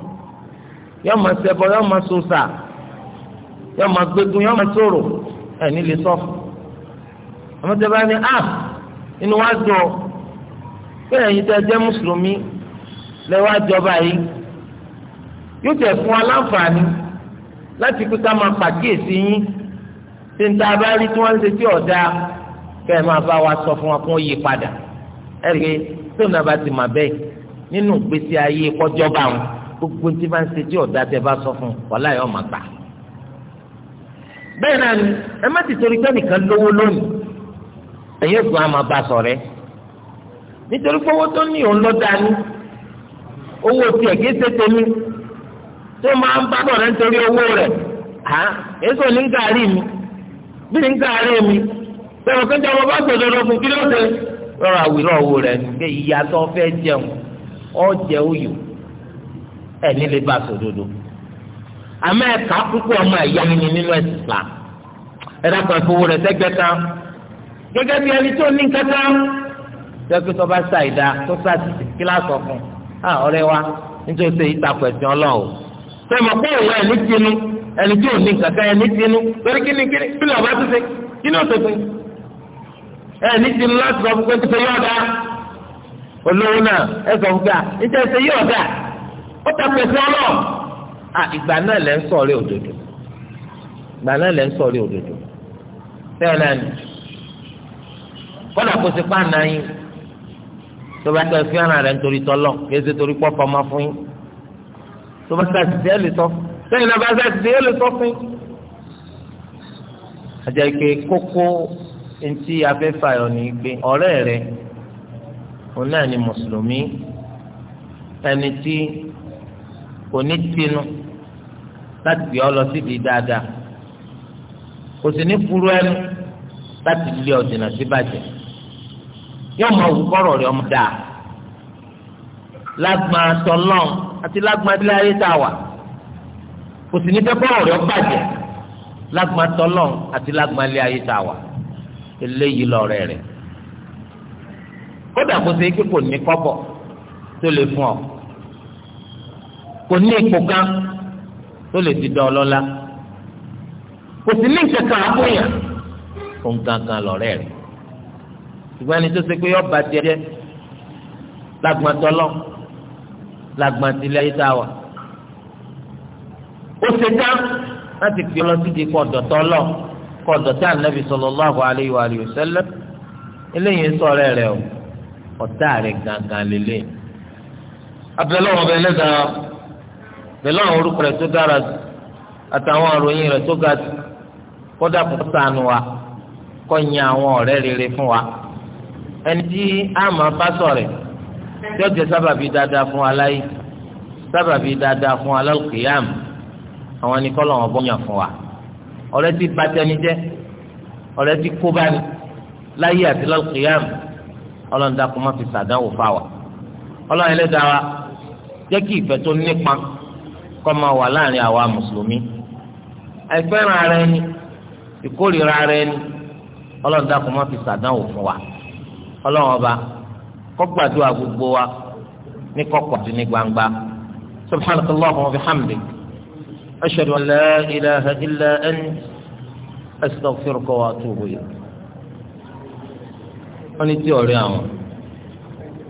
yọọ ma ṣẹbọ yọọ ma sọsà yọọ ma gbẹgun yọọ ma sọ̀rọ̀ ẹ nílé sọfún àmọ́ bá ní a ah, inú wa dùn bẹ́ẹ̀ yìí tẹ́ jẹ́ mùsùlùmí lẹ́wọ́ àjọba yìí yóò tẹ̀ fún wa láǹfààní láti pé ká máa pàkíyèsí yín tí ń ta bá rí tí wọ́n ń ṣe tí ọ̀dà kẹ́ ẹ̀ máa bá wa sọ fún wa kó yí padà ẹ̀ rí tó nàbà ti mà bẹ́ẹ̀ nínú ìgbésí ayé kọjọba wọn gbogbo tí bá ń ṣe ọ̀dà tẹ bá sọ fún wàhálà yóò máa gbà. bẹ́ẹ̀ náà ẹ má ti torí kẹ́nìkan lówó lónìí ẹ̀yẹ́ gbọ́n á máa bá sọ̀rẹ́ nítorí pé tó ní òun ló dá owó tiẹ̀ kì ṣe tèmi tó máa ń bá bọ̀ nítorí owó rẹ̀ à èso ní gàárì mi bí ní gàárì mi bẹ́ẹ̀ wọ́n kéjọ́ wọn bá sọ̀dọ̀dọ̀ fún kí ló dé lọ́rọ̀ àwìrọ̀ owó rẹ̀ nígbà ìyàtọ̀ fẹ́ jẹun ọ̀jẹ̀ òyò ẹ̀ nílé bá àmọ́ ẹ̀ka púpọ̀ ọmọ ẹ̀yá jẹ́pẹ́ tó bá ṣàìdá tó ṣàṣìṣe kíláàsì ọ̀fun à ọ̀rẹ́ wa nítorí ṣe ìtakùn ẹ̀sìn ọlọ́run. sẹ́mi ọ̀pọ̀ òwe ẹni tinú ẹni tí ò ní kankan ẹni tinú lórí kíni kíni tó ṣe ẹni tinú láti sọ fún pé ṣe ọ̀dà olówó náà ẹ sọ fún pé à ṣe ọ̀dà ó takùn ẹ̀sìn tó bá tẹ fẹ́ràn rẹ̀ nítorí tọ́lọ̀ kí ẹsẹ̀ torí pọ́ fọmọ fún yín tó bá sàtìsẹ́ ẹ̀ lè sọ sẹ́yìn náà bá sàtìsẹ́ ẹ̀ lè sọ fún yín. àjẹ́ ike kókó ntí afẹ́fà yọ ní gbé ọ̀rẹ́ rẹ̀ òun náà ni mùsùlùmí ẹni tí òní tinú láti gbé ọ lọ síbi dáadáa kò sì ní furu ẹnu láti lé ọ̀dìnà sí bàjẹ́ yóò máa wù kọ́rọ̀ rẹ̀ ọmọ dáa lágbàá tọ́lọ́n àti lágbàá ilé ayé tá a wà kò sì ní fẹ́ kọ́rọ̀ rẹ̀ bàjẹ́ lágbàá tọ́lọ́n àti lágbàá ilé ayé tá a wà eléyìí lọ́rẹ́ rẹ̀ kódà kó ṣe kí kò ní kọ́bọ̀ tó lè fún ọ kò ní ipò kan tó lè ti dán ọlọ́lá kò sì ní ìṣẹ̀kan àbúyàn òun gangan lọ́rẹ́ rẹ̀ ṣùgbọ́n ẹni tó ṣe pé ọba tiẹ̀ jẹ́ lágbàtọ́lọ́ lágbàtìlẹ̀ ayé tá a wà. ó ṣe dá láti pè ọ́ lọ kọ́ ọ̀dọ̀tọ́ lọ kọ́ ọ̀dọ̀tọ́ ànábì sallallahu alayhi wa alihi wa sallam eléyìí ń sọ̀rọ̀ rẹ̀ o ọ̀tá rẹ̀ gangan lélẹ̀. abẹ́lẹ́ wọn bẹ lẹ́dàá pẹ̀lú àwọn orúkọ rẹ̀ tó dára àtàwọn àròyìn rẹ̀ tó ga kódà kó ṣàánú wa kó yin àwọn ọ̀rẹ́ rere fún wa ẹni tí àmọ́ bá sọ̀rọ̀ tí ó jẹ́ sábàbí dáadáa fún aláì sábàbí dáadáa fún alálùkìyàmù àwọn ẹni kọ́lọ̀ wọn bọ́yàn fún wa ọ̀rẹ́ ti bàtẹ́ni jẹ́ ọ̀rẹ́ ti kó báni láyé àti lálùkìyàmù ọlọ́run dákun má fi sàdánwò fá wa ọlọ́run ẹlẹ́dàá wa jẹ́ kí ìfẹ́ tó nípa kó máa wà láàrin àwa mùsùlùmí àìfẹ́ràn ara ẹni ìkórìíra ara ẹni ọlọ́run dákun má fi sàdánwò fún wa ọlọ́run ọba kó gbàdúrà gbogbo wa ní kọ̀kọ̀ àti ní gbangba subhanaka allahumma wa bihamdik ashhadu an la ilaha illa anta astaghfiruka wa atubu ilayk wọ́n ní tí ọ̀rẹ́ àwọn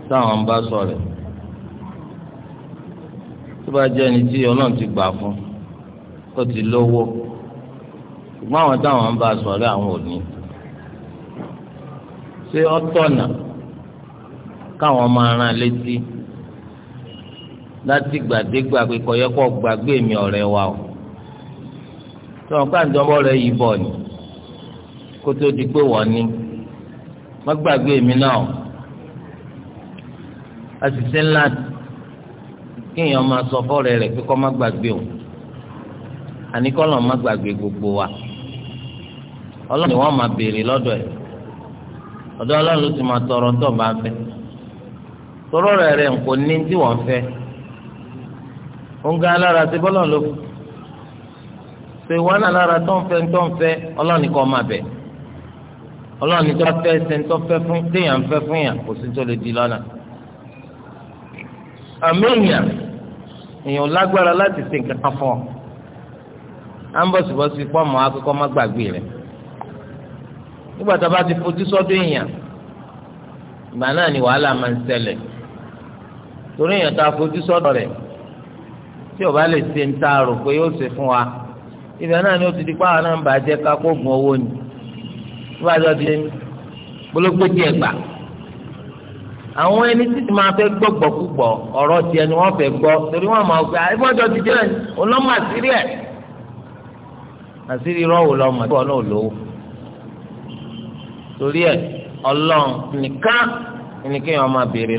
táwọn ń bá sọ̀rọ̀ tó bá jẹ́ ẹni tí ọlọ́run ti gbà fún ó ti lówó ṣùgbọ́n àwọn táwọn bá sọ̀rọ̀ àwọn ò ní. ṣé ọtọ̀nà káwọn máa rán létí láti gbàdégbà pé kọyẹ gbàgbé mi ọ̀rẹ́ wa o tí wọn ọmọ rẹ yìí bọ̀ ni kó tó di pé wọ́n ní wọ́n gbàgbé mi náà àṣìṣe ńlá kéèyàn máa gbogbo wa ọlọ́run ni wọ́n máa béèrè ọ̀dọ̀ Ọlọ́run ló ti máa tọrọ tó máa fẹ́ tọrọ rẹ rẹ nkò ní tí wọ́n fẹ́ ònga alára ti bọlọ ló ṣe wọn alára tó ń fẹ́ tó ń fẹ́ Ọlọ́run ni kò máa bẹ Ọlọ́run ni tó fẹ́ ṣe tó fẹ́ fún téèyàn fẹ́ fún yàn kò sí tó lè di lọ́nà àmì èèyàn lágbára láti ṣe nǹkan kan fún ọ à ń bọ̀sibọ́sí pọ́ọ̀mù má gbàgbé rẹ̀ nígbà tá a bá ti fojú sọ́dọ̀ èèyàn ìgbà náà ni wàhálà máa ń ṣẹlẹ̀ torí èèyàn tá a fojú sọ́dọ̀ rẹ̀ tí o bá lè ṣe ń ta rò pé yóò ṣe fún wa ibẹ̀ náà ni ó ti di pààrọ̀ náà ń bàjẹ́ ká kó gun owó ni nígbà tó ti gbólógbó tiẹ̀ gbà àwọn ẹni tí ti máa fẹ́ gbọ́gbọ́ púpọ̀ ọ̀rọ̀ tiẹ̀ ni wọ́n fẹ́ gbọ́ torí wọ́n máa gbà ẹgbọ́jọ́ ti jẹ́ ọlọ́mọ àṣírí ẹ̀ àṣírí rọ́ọ̀wù lọ́mọ tí náà lówó torí ẹ ọlọ́run nìkan ni kéèyàn máa béèrè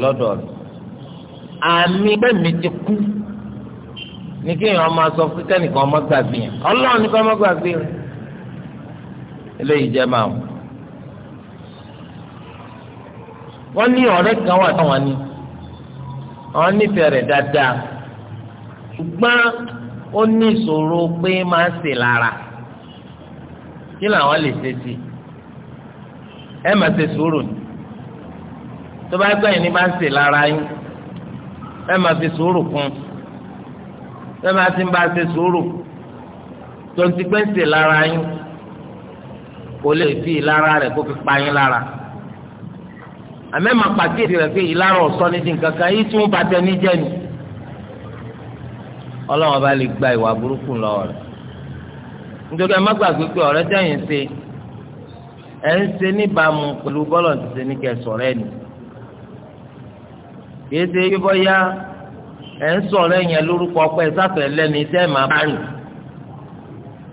àmì ti kú ni kéèyàn máa sọ ọmọ gbàgbé yẹn ọmọ gbàgbé eléyìí máa wọ́n ní ọ̀rẹ́ kan wà táwọn ní ṣùgbọ́n ó ní ìṣòro pé máa ń lára kí làwọn lè ṣe ẹ mà ṣe sùúrù ni tó bá gbẹ̀yìn ní bá ń ṣe lára yín ẹ mà fi sùúrù kún ẹ má ti ń bá ṣe sùúrù tó ń ti gbé ń ṣe lára yín kò lè fi ìlara rẹ̀ kó fi pa yín lára àmẹ́ máa pàkíyèsí rẹ̀ pé ìlara ọ̀sọ́ ní ti nǹkan kan yìí tún bá tẹ níjẹ́ ni ọlọ́run bá lè gba ìwà burúkú lọ́wọ́ rẹ̀ nítorí ẹ má gbàgbé pé ọ̀rẹ́ tẹ̀yìn ṣe ẹ̀ ń ṣe níbàámu pẹ̀lú bọ́lọ̀ ti ṣe ní kẹsọ̀rọ̀ ẹ̀ nì kìí ṣe kí bọ́yá ẹ ń sọ̀rọ̀ ẹ̀yẹn lórúkọ ọpẹ́ sáfẹ̀ lẹ́ni tẹ́ máa bá rìn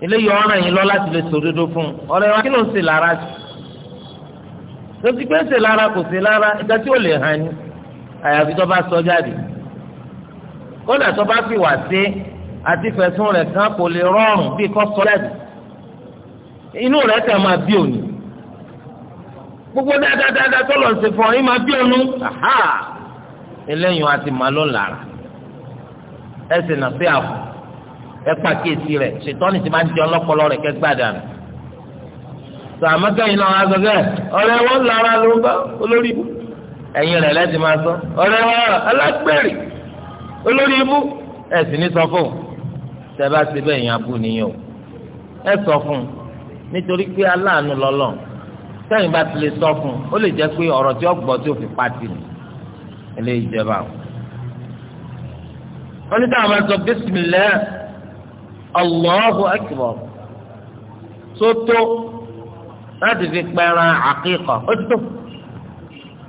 eléyìí yìí lọ láti lè fún un ọ̀rẹ́ wa kí ló ń ṣe lára jù ti pé ń ṣe lára kò ṣe lára tí lè hàn ní àyàfi tó bá sọ jáde kódà tó bá fi wà sí àti fẹ̀sùn rẹ̀ kan kò lè rọrùn bí kò sọ jáde inú rẹ̀ máa bí òní gbogbo dáadáa tọ́lọ̀ ń ṣe fún ọ yín máa bí ọnu aha eléyìí àti màá ló ń lára ẹ sì nà sí àfọ ẹ pàkíyèsí rẹ ṣètọ́ni ti máa ń di ọlọ́pọlọ rẹ kẹ́gbàdà rẹ tó àmọ́kẹ́yìn náà aṣọ bẹ́ẹ̀ ọ̀rẹ́ wọn lára ló ń bá olórí ibú ẹ̀yin rẹ̀ lẹ́sìn máa sọ ọ̀rẹ́ wọn alágbèrè olórí ibú ẹ ní sọ fún tẹ bá ṣe bẹ́ẹ̀ yẹn abú nìyẹn o ẹ sọ fún nítorí pé aláàánú lọ́lọ́run sẹ́yìn bá ti lè sọ fún un ó lè jẹ́ pé ọ̀rọ̀ tí ó gbọ́ tí ó fi pàtì ní ilé ìjẹba o. wọ́n ní táwọn máa sọ bísímìlẹ́ Allahu akbar tó tó láti fi pẹ́ran àkíkọ̀ ó ti tó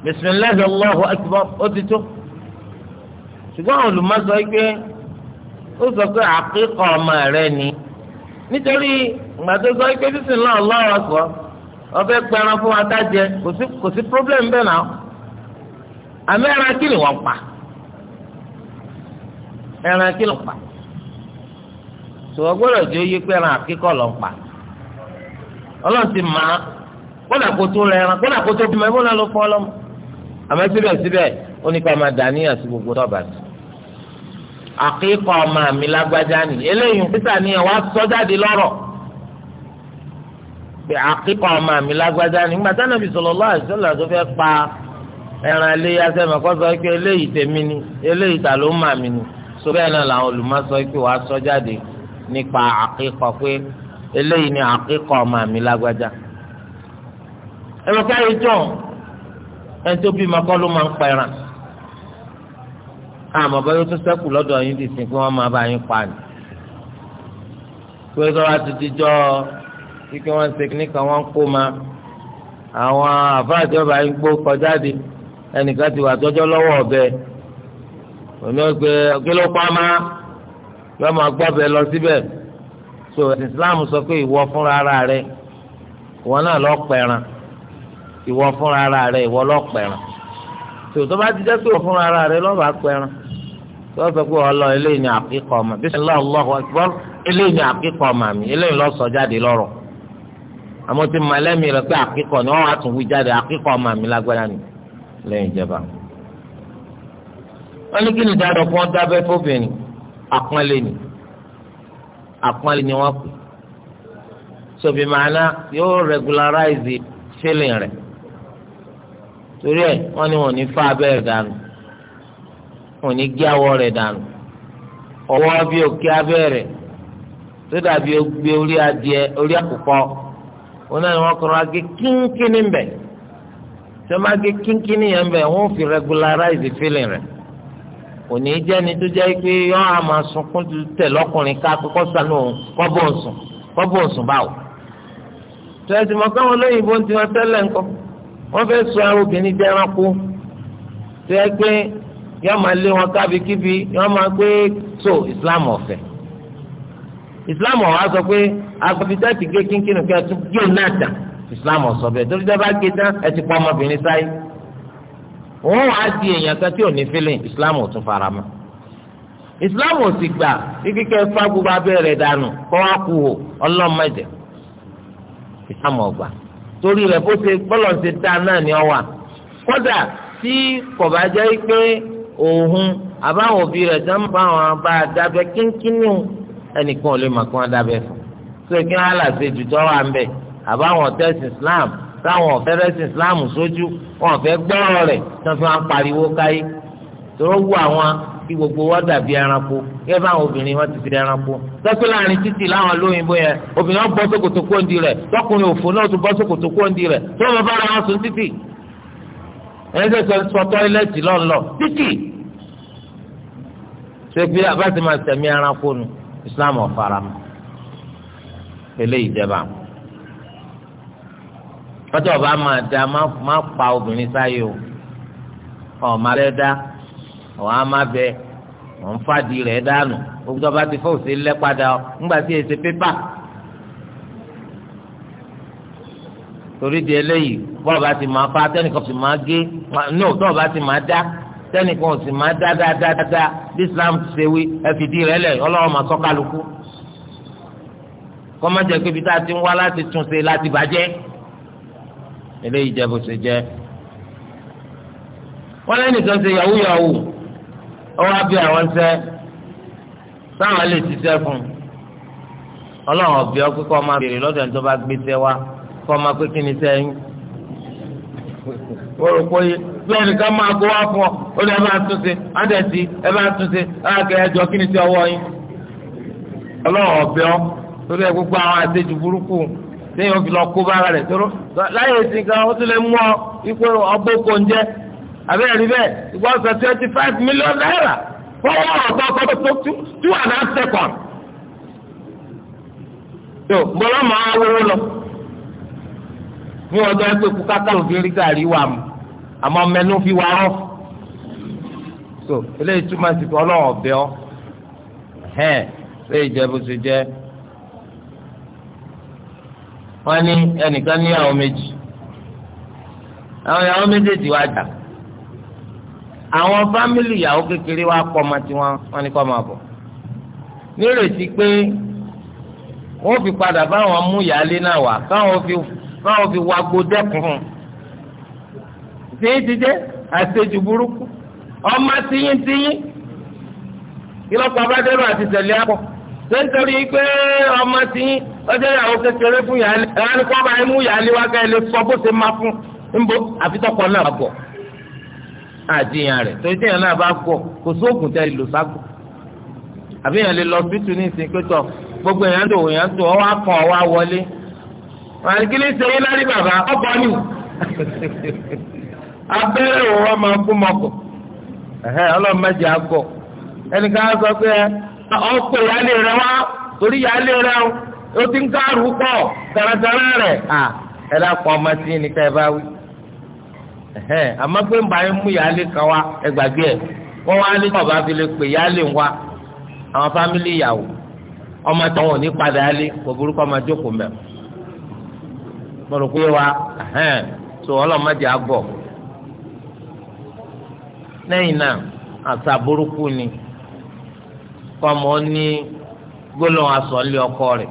bísímìlẹ́ Allahu akbar ó ti tó. ṣùgbọ́n àwọn olùmọ̀sọ pé ó sọ pé àkíkọ̀ ọmọ rẹ ni nítorí ìgbà tó sọ pé bísímìlẹ́ Allahu akbar. Ọ pẹran fún wa jẹ kò sí kò sí problem bẹ náà àmì ẹran kí ni wọ́n pa ẹran kí ni wọ́n pa sọ̀rọ̀ gbọ́dọ̀ tí ó pé ẹran àkíkọ̀ lọ́n pa ọlọ́run ti mọ̀ án kó tó rẹ ẹran kódà kó tó bímọ náà gbogbo ọmọ mi lágbájá eléyìí wá pé àkíkọ ọmọ mi lágbájá ni nígbà táwọn ibi sọlọ lọ àìsàn lọ tó fẹ́ pa ẹran iléyà sẹmọ kọ sọ pé eléyìí tèmi ni eléyìí tà ló mà mí ni so bẹ́ẹ̀ náà làwọn olùmọ̀ sọ pé wàá sọ jáde nípa àkíkọ pé eléyìí ni àkíkọ ọmọ mi lágbájá ẹ̀rọ káyọ̀ jọ̀ ẹni tó bímọ kọ́ ló máa ń pẹran àmọ́ bẹ́ẹ̀ tó sẹ́kù lọ́dọ̀ yín ti sìn pé wọ́n máa bá yín pa ni pé sọ́ra kíkẹ́ wọn ṣe kíní kan wọn kó ma àwọn àfáàjọba yìí gbó kọjá di ẹnìkan ti wà tọ́jọ́ lọ́wọ́ ọ̀bẹ òní ọgbẹ ọgbẹlọpàmà yọọ máa gbọbẹ lọ síbẹ̀ so Islam sọ pé ìwọ fúnra ara rẹ ìwọ náà lọ pẹran ìwọ fúnra ara rẹ ìwọ lọ pẹran so tó bá ti jẹ́ pé ìwọ fúnra ara rẹ lọ bá pẹran tó sọ pé ọlọ eléyìí ni àkíkọ ọmọ bismillah Allahu akbar eléyìí ni àkíkọ ọmọ mi eléyìí lọ sọ jáde lọ́rọ̀ àmọ́ ti mọ ẹlẹ́mìí rẹ pé àkíkọ̀ ni wọ́n wá tún wí jáde àkíkọ̀ ọmọ mi lágbára ni lẹ́yìn ìjẹba. wọ́n ní kí ni dáadọ́ kí wọ́n dábẹ́ fóbìnrin àpọ́nlé ni àpọ́nlé ni wọ́n kù sọ̀bì màánà yóò regularize feeling rẹ̀ torí ẹ̀ wọ́n ní wọ́n ní fa abẹ́ dànù wọ́n ní gé awọ rẹ̀ dànù ọwọ́ bí òkè abẹ́ tó dàbí orí adìẹ orí àkùkọ wọn náà wọn kọrọ agé kínkínní ń bẹ tí wọn bá gé kínkínní yẹn bẹ wọn fi regularize feeling rẹ òní jẹni tó jẹ pé yọ àmà sunkún tẹ lọkùnrin ká kó sànú òun kọbọ òsùn kọbọ òsùn báwò tẹ̀sí mọ̀ pé wọn lóyìnbó ti wọn tẹ́lẹ̀ ńkọ́ wọ́n fẹ́ sọ àwọn obìnrin dẹ́ranko tẹ́ pé yọ máa lé wọn kábíkíbi yọ máa gbé so Islam ọ̀fẹ́ islam ọ̀ wá sọ pé agbẹ̀bìtá ti gé kínkínní kí ẹ tún gé náà tà islam ọ̀ sọ bẹ́ẹ̀ torí dábàá gé tán ẹ ti pa ọmọbìnrin sáyé òun wàá di èèyàn kan tí ò ní feeling islam ò tún fara mọ́ islam ò sì gbà kíkẹ́ fá gbogbo abẹ́rẹ́ dànù kọ́ wá kú o ọlọ́mọdé islam ò gbà torí rẹ̀ bó ṣe bọ́lọ̀ ṣe dá náà ni ọ wà kódà tí kò bá jẹ́ pé òun àbáwọn òbí rẹ̀ jẹ́ ẹnìkan ò lè mọ̀ kí wọ́n dábẹ́ fún ṣé kí wọ́n là ṣe jùjọ́ wà ń bẹ̀ àbáwọn tẹ́sí Islam táwọn ọ̀fẹ́ Islam sójú wọn ọ̀fẹ́ gbọ́rọ̀ rẹ̀ tí wọ́n fi wọn pariwo káyé tó wù àwọn kí gbogbo wọn dàbí ẹranko yẹ bá àwọn obìnrin wọn ti fi ẹranko tọ́pẹ́ láàrin títì láwọn lóyìnbó yẹn obìnrin wọn bọ́ sókòtò kóńdì rẹ̀ tọkùnrin òfò náà tún bọ́ sókòtò kóńdì rẹ̀ tó wọn bá ara wọn sùn títì ẹ̀ẹ́dẹ̀ sọ tọ́ílẹ̀tì lọ́nlọ́ títì ṣé pé abáṣe máa ẹranko nù islam ọ̀fara eléyìí jẹba ọjọ́ ọba máa da má pa obìnrin sáyé o ọ̀ma rẹ̀ dá ọ̀hán má bẹ ọ̀hún fàdí rẹ̀ dànù gbogbo ọba ti fọ́ọ̀sì lẹ́ padà ńgbà tí èsì pépà torí di eléyìí bọ́ọ̀ba ti máa fa tẹ́nìkan ti máa gé no tọ́ọ̀ba ti máa dá tẹnìkan ò sì máa dá dá dá dá bí islam ṣe wí ẹfìdí rẹ lẹ ọlọ́run máa sọ kálukú kọ́mọ́jẹ́ pé ibi tá a ti ń wá láti tún ṣe láti bàjẹ́ eléyìí jẹ́ bó ṣe jẹ́ wọ́n lẹ́nu kan ṣe yahoo yahoo ọwọ́ abẹ́ àwọn ń sẹ́ sáwọn lè ṣiṣẹ́ fún un ọlọ́run ọ̀bẹ ọ́ pé kọ́ máa béèrè lọ́dọ̀ ẹni tó bá gbé sẹ́ wá kọ́ máa pé kí ni sẹ́yìn bẹ́ẹ̀ nìkan máa kó wá fún ọ ó lè bá túnṣe ádẹ́sí ẹ bá túnṣe alákẹ́ ẹjọ́ kí ni ti ọwọ́ yín. ọlọ́run ọ torí ẹ gbogbo àwọn àtẹjù burúkú lẹ́yìn òfin lọ kó bára rẹ̀ ọ ipò kò million naira fọwọ́ ọkọ̀ tó and a half second. tó bọ́lá máa àmọ́ mẹ́nu fi wá rọ́ so eléyìí túmọ̀ sí pé ọlọ́run ọ̀bẹ ọ́ ẹ̀hẹ́n ṣé ìjẹ́ bó ṣe jẹ́ wọ́n ní ẹnìkan ní àwọn méjì àwọn ìyàwó méjèèjì wá jà àwọn fámìlì ìyàwó kékeré wá pọ̀ ọmọ tiwọn wọ́n ní kó máa bọ̀ nírètí pé wọ́n fi padà báwọn mú ìyáálé náà wá káwọn fi wá gbó dẹ́kun fún un. tìyín ti jẹ́ àṣejù burúkú ọmọ tìyín tìyín ìlọ́pàá bá dẹ́rù àti tẹ̀lé akọ sẹ́ńtọ́rì pé ọmọ tìyín ọjọ́ ìyàwó kékeré fún yàrá ẹ̀rọ kọ́ bá mú wá ká ẹ sọ bó ṣe máa fún àfitọ́kọ náà bá àdìyàn rẹ̀ náà bá kò sóògùn tẹ́ lè lọ bítú ní ìsìn pẹ́tọ̀ gbogbo èèyàn tó èèyàn tó ọwọ́ akàn ọwọ́ wọlé kí ni lárí abẹ́rẹ́ wo wọ́n máa kú mọ́kọ̀ ọlọ́run mẹ́jẹ akọ ẹnìkan á sọ pé ìyáálé rẹ wá torí ìyáálé rẹ o ti ń kárù pọ̀ tẹ̀rẹ̀tẹ̀rẹ̀ rẹ̀ ẹ dákun ọmọ sí ni ká ẹ bá wí àmọ́ pé ń bá yín mú ìyáálé kan wá ẹ gbàgbé wọ́n wá ọba fi lè pè ìyáálé ń wá àwọn fámìlì ìyàwó ọmọ tó wọn ò ní padà wa so lẹ́yìn náà àṣà burúkú ni kọ́mọ ní gbólóhùn aṣọ ilé ọkọ rẹ̀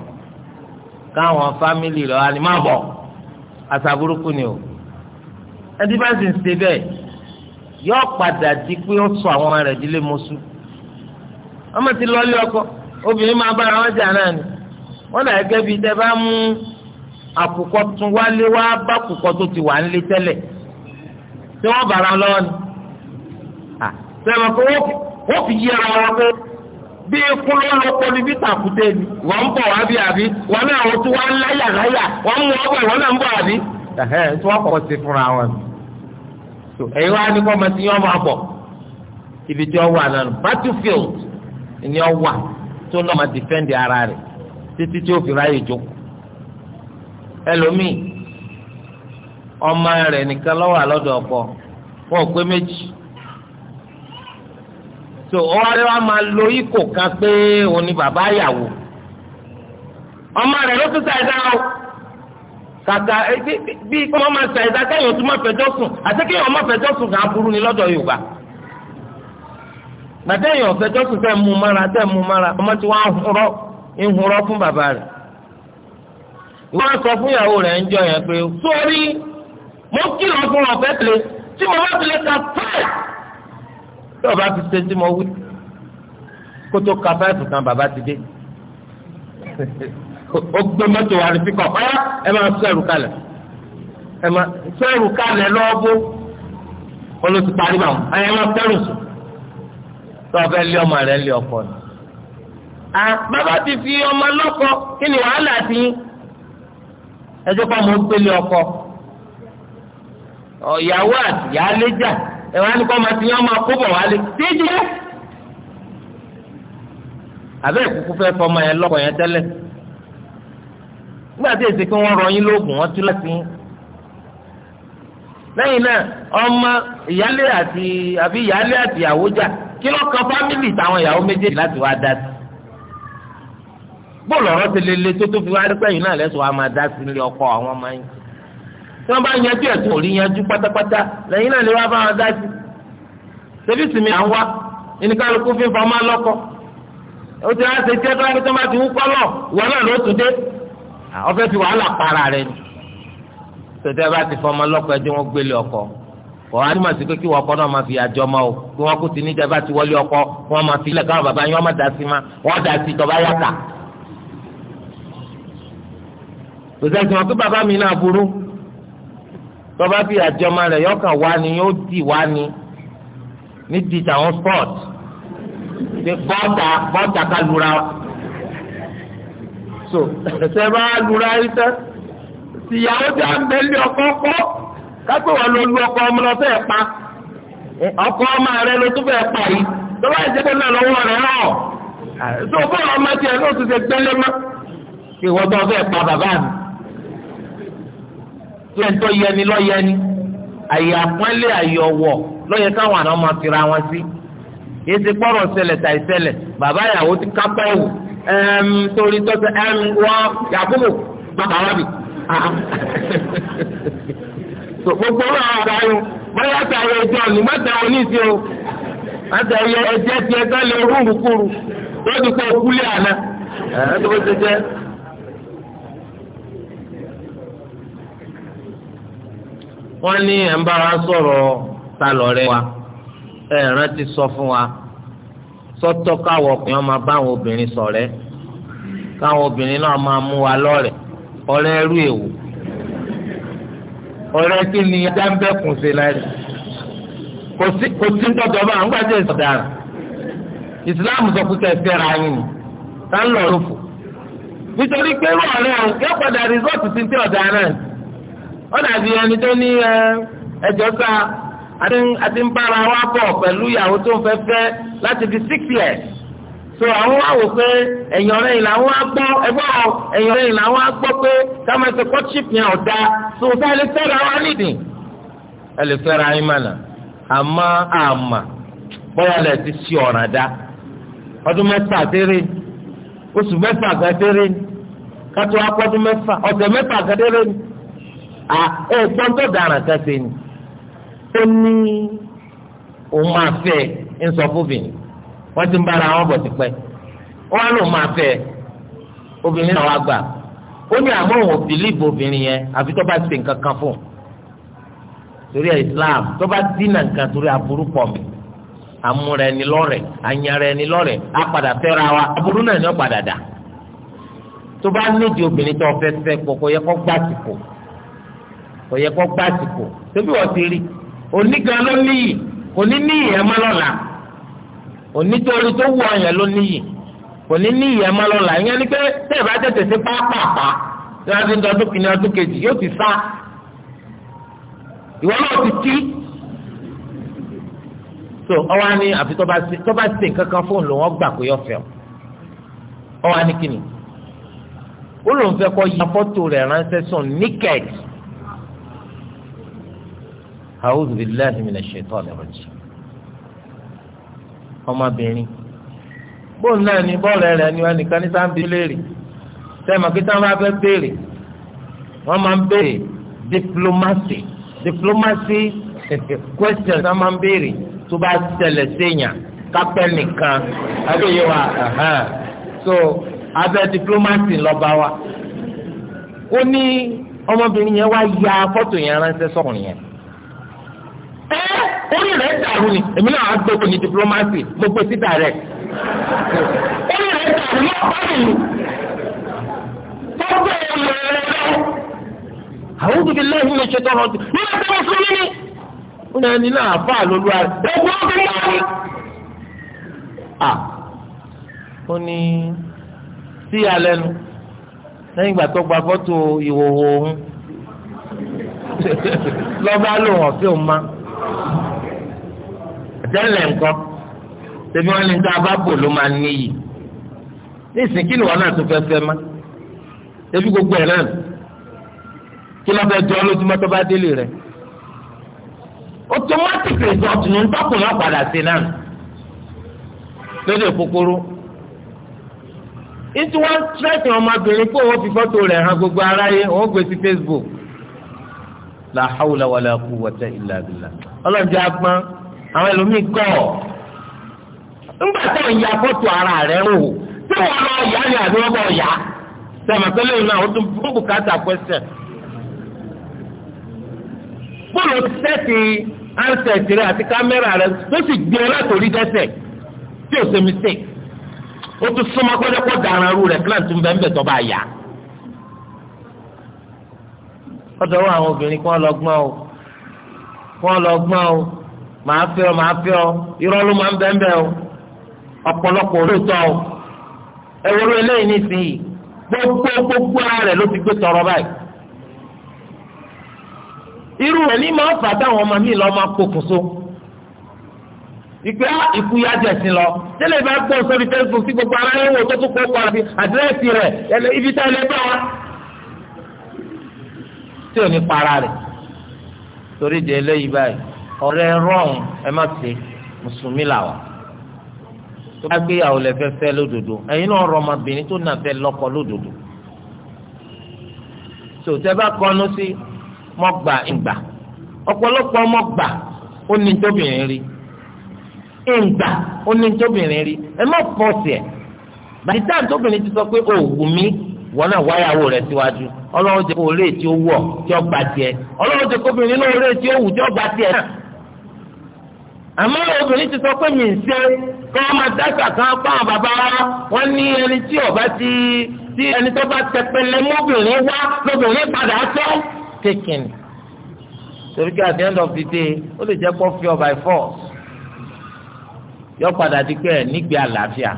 káwọn fámìlì rẹ̀ wá ní má bọ̀ àṣà burúkú ni o ẹtí bá sì ń ṣe bẹ́ẹ̀ yọ padà di pé ó sọ àwọn ọmọ rẹ̀ dílé mọ́sú ọmọ ti lọ ilé ọkọ obìnrin máa bára wọn jà náà ni wọn náà gẹ́gẹ́ bíi tẹ bá mú àkùkọ tún wálé wá bá àkùkọ tó ti wà ń lé tẹ́lẹ̀ tí wọ́n bára lọ́wọ́ ni. sẹ́wọ̀n pé wọ́n fi yí ara wọn pé bí ikú ló lọ níbi ni wọ́n ń bọ̀ wọn náà wọ́n láyà láyà wọ́n wọn náà ń bọ̀ àbí. ẹ̀hẹ́ tí wọ́n kọ́ ti fúnra wọn. èyí wá ní kọ́mọ tí máa bọ̀ ibi tí wọ́n wà náà battlefield ni wọ́n wà tó ara rẹ̀ títí tí ó fi ráyè ẹlòmíì ọmọ rẹ̀ nìkan lọ́wọ́ àlọ́dọ̀ so ọwọ́ wa máa lo ikò kan pé òun ni bàbá ìyàwó ọmọ ịda ló tún ṣàìsàn o kàkà eh, bí wọ́n máa ṣàìsàn kéèyàn tún máa fẹjọ́ sùn àti kéèyàn máa fẹjọ́ sùn burú ni lọ́dọ̀ Yorùbá gbàtẹ́yìn sùn tẹ́ mú tẹ́ mú ọmọ tí wọ́n á ń fún bàbá rẹ̀ wọ́n sọ fún ìyàwó rẹ̀ ń jọ yẹn ka fẹ́ẹ̀. tí ọba ti ṣe tí mo wí kótó ka fáìfù kan bàbá ti dé ó gbé mọ́tò wa rìsí kọ̀ ọ́yá ẹ máa sọ ẹrù kalẹ̀ ẹ máa sọ ẹrù kalẹ̀ lọ́ọ́bù wọn ló ti parí báwọn ẹ máa fẹ́rù sùn O ọbẹ̀ lé ọmọ rẹ̀ lé ọkọ ni. bàbá ti fi ọmọ lọ́kọ kí ni wàhálà ti yín ẹjọ́ kọ́ mo ń pélé ọkọ ọ̀yàwó àti ìyáálé jà ẹ̀wọ̀n á ní kọ́ máa ti yán máa kó bọ̀ wálé díjẹ́ àbẹ́ ìkúkú fẹ́ fọmọ yẹn lọ́kọ̀ yẹn tẹ́lẹ̀ nígbà tí èsì pé wọ́n rọ yín lóògùn wọ́n tú láti yín lẹ́yìn náà ọmọ ìyálé àti àbí ìyálé àti ìyàwó jà kí ló kan fámìlì táwọn ìyàwó méjèèjì láti wá dá sí bóòlù ọ̀rọ̀ ti lele tó tó fi wá rí pẹ́yìn náà lẹ́sùn wa máa dá sí ilé ọkọ àwọn ọmọ yín tí wọ́n bá yanjú ẹ̀sùn ò rí yanjú pátápátá lẹ́yìn náà ni wọ́n bá wọn dá sí. sẹ́fíìsì mi à ń wá ìníkàlùkù fi fọ́ máa lọ́kọ́ ó ti rá ṣe jẹ́ kí wọ́n bá ti wú kọ́lọ̀ wọ́n náà ló tún dé ọ̀fẹ́ ti wàhálà para rẹ̀ ni. tètè bá ti fọ́ máa lọ́kọ́ ẹjọ́ wọn gbélé ọkọ kọ́ á nímọ̀ sí pé kí wọ́n ọkọ náà máa fi àjọ ma o kí wọ́n kú ti níjà bá ti wọlé ọkọ wọ́n máa fi ilẹ̀ káwọn bàbá yín wọ́n máa dá sí ma wọ́n dá sí tọ́ba yàtà. kò sẹ́sìn wọn pé bàbá mi náà burú tọ́ba bíi àjọmọ rẹ̀ yọkàn wá ni yóò dì wá ni ní di tàwọn sport bọ́ọ̀tà bọ́ọ̀tà ká lura so ṣe bá lura yìí tẹ́ tìyàwó tí a ń bẹ lé ọkọ kọ́ kápẹ́ wọn ló lu ọkọ ọmọ lọ́fẹ́ pa ọkọ ọmọ rẹ ló tún fẹ́ pa yìí tọ́ba ìjẹ́pẹ́ náà lọ́wọ́ rẹ̀ náà so fún ọmọ tiẹ̀ ló tún ṣe gbẹ́lẹ́ mọ́ ìwọ́n tó fẹ́ pa bàbá mi yẹ ń tọ́ yẹni lọ́yẹni àyè àpọ́nlé àyè ọ̀wọ̀ lọ́yẹ káwọn àna ọmọ fira wọn sí yìí ti pọ́rọ̀ ṣẹlẹ̀ tàì ṣẹlẹ̀ bàbá ìyàwó ti kápá ẹ̀wò ẹ̀m torí tọ́sẹ̀ ẹ̀m wọ́n yàgùnmù bàbá wà bì. gbogbo wọn àwọn ọ̀gá yìí wọ́n tà ẹ̀yẹ ẹjọ́ ni wọ́n tà wọn níṣẹ́ o wọ́n tà ẹ̀yẹ ẹjẹ́ tiẹ̀ sálẹ̀ rúrukúru lọ́dún tó kúlẹ̀ àná ẹ̀ ẹ́ tó bó ṣe jẹ́ wọ́n ní ẹ̀ ń bá wa sọ̀rọ̀ ta lọ́rẹ́ wa ẹ̀ rántí sọ fún wa sọ́tọ́ káwọ ọkùnrin máa bá àwọn obìnrin ṣọ̀rẹ́ káwọn obìnrin náà máa mú wa lọ́rẹ̀ ọ̀rẹ́ ẹrú èwò ọ̀rẹ́ kí ni adámbẹ́kùn ṣe láyé kò sí tọ́jọ́ bá àwọn gbàdé ìsọ̀daràn ìsìláàmù sọ pé kẹsì ra yín ni tá ń lọ lófo nítorí pé irú ọ̀rẹ́ ọ̀hún yóò padà rìsọ́ọ̀tù sí ti ọ̀daràn ó na ẹni tó ní ẹjọ́ sá àti ń bára wa bọ̀ pẹ̀lú ìyàwó tó ń fẹ́ fẹ́ láti di six years so àwọn wá wò pé ẹ̀yàn rẹ̀ làwọn á gbọ́ ẹ̀yàn rẹ̀ làwọn á gbọ́ pé táwọn ẹsẹ̀ kọ́ṣíp yẹn so ọ̀dà ẹ lè fẹ́ra wa nídìí ẹ lè fẹ́ra yín mọ̀nà àmọ́ àmà bọ́yá lẹ̀ ti ṣe ọ̀ràn dá ọdún oṣù mẹ́fà A ẹ tó dàrán kan ṣe ni ó ní òun máa fẹ́ ń sọ wọ́n ti ń bára wọn bọ̀ tipẹ́ wọ́n á máa fẹ́ obìnrin náà wá gbà ó ní àmọ́ òun ò obìnrin yẹn àfi tó bá Islam tó bá nǹkan torí aburú pọ̀ mi amúra ẹni lọ́rẹ̀ anyara ẹni lọ́rẹ̀ apàdà fẹ́ra wa aburú náà ni ó padà dà tó bá nídìí obìnrin tó fẹ́ fẹ́ yẹ kó kò yẹ kó gbàsìkò tóbi wọ́n ti rí onígan ló níyì kò ní níyì ẹ̀ má lọ́la onítorí tó wù ọ̀yàn ló níyì kò ní níyì ẹ̀ má lọ́la ìyẹn ni pé tẹ́ ẹ̀ bá tètè sí pápápá tí wọ́n ti ń dọdún kìíní ọdún kejì yóò ti sá ìwọ náà ti tí so ọwọ́ ni àfi tó bá ṣe nǹkan kan fóònù lòun ọgbà kó yọ fẹ́ ọwọ́ ni kìíní ó lòun fẹ́ kọ́ ya fọ́tò rẹ̀ ránṣẹ́ sùn níkẹ́ẹ̀tì a'udhu billahi minash shaitani rajim ọmọbìnrin bóun náà ní bọ́ọ̀lù rẹ̀ ni wọn nìkan ní sáńbí léèrè sẹ́mi kí táwọn bá fẹ́ béèrè wọ́n máa ń béèrè diplomacy diplomacy question wọ́n máa ń béèrè tó bá ṣẹlẹ̀ séèyàn kápẹ́ nìkan adéyé wa so abẹ́ diplomacy lọ́ba wa ó ní ọmọbìnrin yẹn wá ya fọ́tò yẹn ránṣẹ́ sọ́kùnrin yẹn ẹ orí rẹ̀ dàrú ni èmi náà á gbé ní diplomacy mo gbé sí direct orí rẹ̀ dàrú ní ọ̀pá mi tó gbé ọmọ rẹ̀ lọ. àwọn òbí lè ní ṣe tọrọ ọdún ní ọjọ́ mùsùlùmí ni ó náà ní náà fà lólu ara ẹgbẹ́ ọdún náà ni. ó ní sí alẹ́ nu lẹ́yìn ìgbà tó gba fọ́tò ìhòòhò òun lọ́ba lòun ọ̀fẹ́ òun máa. tẹ́lẹ̀ nǹkan tẹ̀bí wọn ní ká bá ló máa níyì nísìnyí kí ni wọn náà tó fẹ́ fẹ́ má tẹ̀bí gbogbo ẹ̀ náà kí ló fẹ́ jọ lójúmọ́ tó bá délé rẹ̀ automatic result ní ntọ́kùnrin ọ̀padà sí náà fi fọ́tò rẹ̀ hàn gbogbo aráyé òun gbé sí Facebook. la hawla wala quwwata illa billah ọlọ́jà gbọ́n àwọn ẹlòmíì kọ́ ńgbà tó ń ya ara rẹ wò tí wọ́n lọ yá ni àbí wọ́n bọ̀ yá sẹ́mi náà ó tún fún bùkátà pẹ́sẹ̀ bọ́ọ̀lù sẹ́ẹ̀tì ansẹ̀tì rẹ̀ àti kámẹ́rà rẹ̀ tó sì gbé ọ látòrí dẹ́sẹ̀ tí ò mistake ó tún súnmọ́ dàrán rú ń bẹ́ẹ̀ ọ̀dọ̀ wọn àwọn obìnrin kí wọ́n lọ gbọ́n o kí wọ́n lọ o màá ọ màá fẹ́ ọ irọ́ ló máa ń bẹ́ẹ̀ o ọ̀pọ̀lọpọ̀ olóòótọ́ o ẹ̀wọ̀n eléyìí nísìnyí gbogbo gbogbo ara rẹ̀ ló ti gbé tọrọ báyìí irú rẹ̀ ní lọ bá sí gbogbo ara wò tó àbí ibi tá tí ò ní para rẹ̀ torí de eléyìí báyìí ọ̀rẹ́ rọrùn ẹ má ṣe mùsùlùmí làwà tó bá gbéyàwó lẹ fẹ́ fẹ́ lódodo ẹ̀yin náà rọ ọmọbìnrin tó nà fẹ́ lọ́kọ lódodo tòtẹ́ bá kọnu sí mọ́gbà ìgbà ọpọlọpọ mọ́gbà ó ní tóbìnrin rí ìgbà ó ní tóbìnrin rí ẹ má pọ̀ sí ẹ̀ bàtí táà tóbìnrin ti sọ pé òògùn mi wọn náà wáyàwó rẹ síwájú ọlọ́run jẹ́ kó orí ètí ó wọ̀ tí ó gba tiẹ̀ ọlọ́run jẹ́ kó obìnrin náà orí ètí ó wù tí ó gba tiẹ̀ náà. àmọ́ obìnrin ti sọ pé mi ń ṣe kí wọ́n máa dáṣà kan fáwọn bàbá wa wọ́n ní ẹni tí ọba ti tí ẹni tó bá tẹpẹlẹ mọ́bìnrin wá lóbìnrin padà sọ. taken torí pé at the end of the day ó lè jẹ́ pọ́ fi ọ by force yọ padà di pé ẹ̀ nígbẹ́ àlàáfíà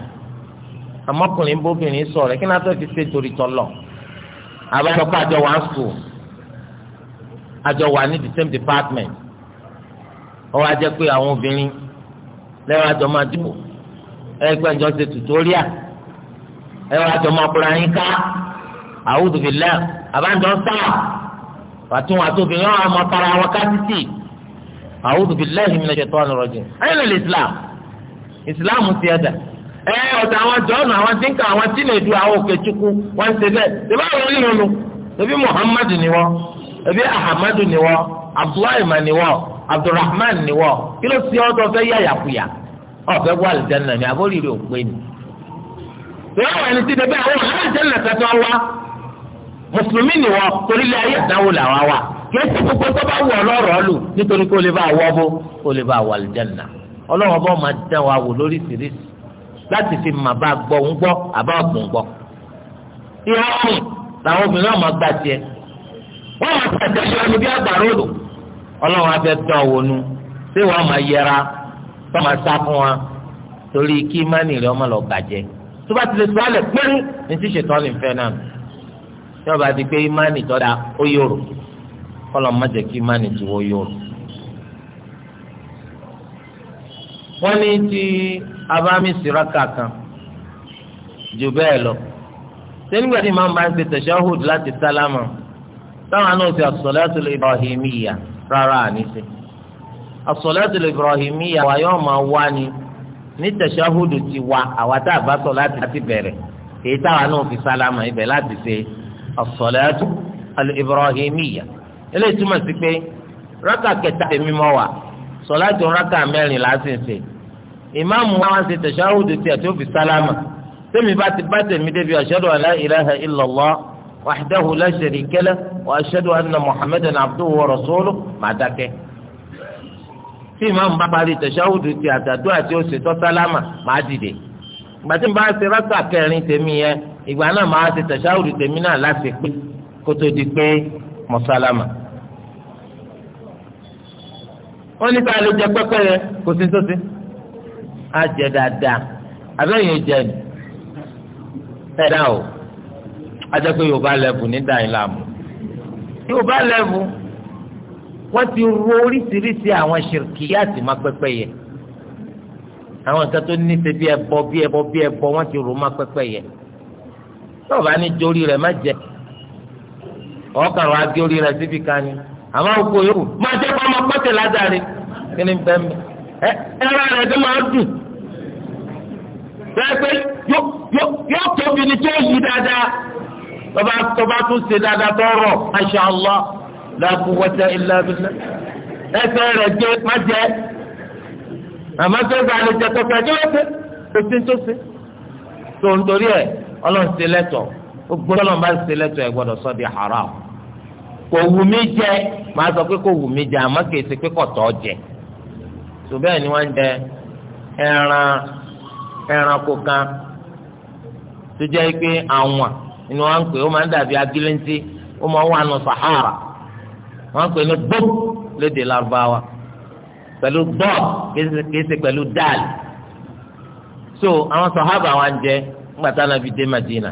àmọ́kùnrin bóbìnrin sọ̀rọ̀ kí náà tó fi ṣe torí tọ́lọ̀ àbájọpọ̀ àjọ wà ń sùn ní the same department ó wá jẹ́ pé àwọn obìnrin lẹ́wọ̀n àjọ máa dìbò ẹgbẹ́ ìjọ ṣe tutorial ẹwà àjọ máa kura yín ká àwùjọ fìlẹ́ àbájọ ń sá wàtún wàtún obìnrin ọ̀hún àmọ́ tara wọn ká títì àwùjọ fìlẹ́ ìhìnmìlẹ̀ ṣètò ọ̀nà rọ̀jìn ẹ̀yìn lè Islam Islam ti ẹ̀dà ẹ ọ̀tọ̀ àwọn jọ́ọ̀nù àwọn dínkà àwọn tìǹẹ̀dù àwọn òkèchukwu wọ́n ń ṣe bẹ́ẹ̀ ṣèbá àwọn ìrònú ẹbí muhammadu ni wọ́n ẹbí ahamadu ni wọ́n abdullahi ni wọ́n abdulrahman ni wọ́n kí ló ti ọdọ fẹ́ yàyàkuyà ọ̀fẹ́ wọ alìjẹ́nà ni àbórìrì òpin ni. ìwé àwọn ẹni tí dẹbẹ àwọn alìjẹ́nà kẹtọ wa mùsùlùmí ni wọ́n torí ilé ayé ìdáwó làwọn wa kí ẹsẹ̀ gbogbo tó bá wù ọlọ́rọ̀ lù nítorí kó lè bá wọ́ bó kó lè bá wọ alìjẹ́nà ọlọ́wọ́ bá máa dán wa wò lóríṣiríṣi láti fi mà bá gbọ́ ń gbọ́ àbá ọ̀gbìn gbọ́. ìhà ọ̀hún làwọn obìnrin ọmọ gbà tiẹ̀ wọ́n máa tẹ̀tẹ̀ ṣe ẹni bí àgbàrá odò ọlọ́run afẹ́ tán wọnú ṣé wọ́n máa yẹra tó máa sá fún wa torí kí mánì rẹ̀ ọmọ lọ bàjẹ́ tó bá ti lè sọ alẹ̀ pẹ́rú ní ti ṣètọ́ ní ìfẹ́ náà tí wọ́n bá ti pé mánì tọ́ da ó yòrò kọ́lọ́ má jẹ́ kí mánì tí wọ́n yòrò. wọ́n ní tí abámi siraka kan jù bẹ́ẹ̀ lọ sẹ́nìgbà tí màmá ń ṣe tashahhud láti sálámà táwọn náà ṣe as-salatul ibrahimiyya rárá àníṣe as-salatul ibrahimiyya wa yóò máa wá ni ní tashahhud ti wá àwa tá a bá sọ láti láti bẹ̀rẹ̀ èyí táwọn náà fi sálámà ibẹ̀ láti ṣe as-salatul eléyìí túmọ̀ sí pé rákà kẹta èmi mọ́ wà sọláàtì rákà mẹ́rin láti ṣe ìmáàmù wa ṣe tẹ̀síáwùdù tiẹ̀ tó fi sálámà tẹ́mi bá ti bá tẹ̀mí débi ashhadu an la ilaha illallah wahdahu la sharika lah wa ashhadu anna muhammadan abduhu wa rasuluhu máa dákẹ́ tí ìmáàmù bá parí tẹ̀síáwùdù tiẹ̀ àtàdó àti oṣù tó sálámà máa dìde ìgbà bá ṣe rákà kẹrin tèmi yẹn ìgbà náà máa ṣe tẹ̀síáwùdù tèmi náà láti pé kótó di pé mọ̀sálámà wọ́n ní sáà lè jẹ pẹ́pẹ́ yẹn kò sí tó sí. a jẹ dáadáa abẹ́yẹn jẹ ni ẹ̀dá o ajẹ́ pé yorùbá lẹ́bù ní dáhìn láàmú yorùbá lẹ́bù wọ́n ti ro oríṣiríṣi àwọn ṣìrìkìyàtì má pẹ́pẹ́ yẹn àwọn nǹkan tó ní ṣe bí ẹbọ bí ẹbọ bí ẹbọ wọ́n ti rò má pẹ́pẹ́ yẹn tọ́ọ̀bá ní jórí rẹ̀ má jẹ ọ̀ọ́kàrọ̀ agé orí rẹ̀ síbi kan ni àmọ́ oko yòókù máa jẹ́ kó ọmọ pọ́tẹ̀ ládàrí kí ni bẹ́ẹ̀ mi ẹ ẹ̀rọ rẹ̀ tó máa dùn pẹ́ẹ́pẹ́ yóò tóbi ni tó yí dáadáa tọba tọba tún ṣe dáadáa tó rọ̀ Masha Allah la quwwata illa billah ẹsẹ̀ rẹ̀ jẹ́ má jẹ́ àmọ́ sẹ́gbà lè jẹ́ tó fẹ́ kí ló ṣe tó ṣe tó ń torí ẹ̀ ọlọ́run ṣe lẹ́tọ̀ gbogbo ọlọ́run bá ṣe lẹ́tọ̀ ẹ̀ gbọ́dọ̀ sọ́ di haram kò wù mí jẹ màá sọ pé kò wù mí jẹ àmọ́ kìí ṣe pé kò tọ́ jẹ tó bẹ́ẹ̀ ni wọ́n ń jẹ ẹran ẹranko kan tó jẹ́ pé àwọn ni wọ́n ń pè ó máa ń dàbí agilẹ́ntì ó máa ń wà nù sahara wọ́n ń pè ní gbó lédè Lárúbáwá pẹ̀lú dọ́ọ̀ kìí ṣe pẹ̀lú dáàlì so àwọn sahaba wa ń jẹ nàbí dé Madina.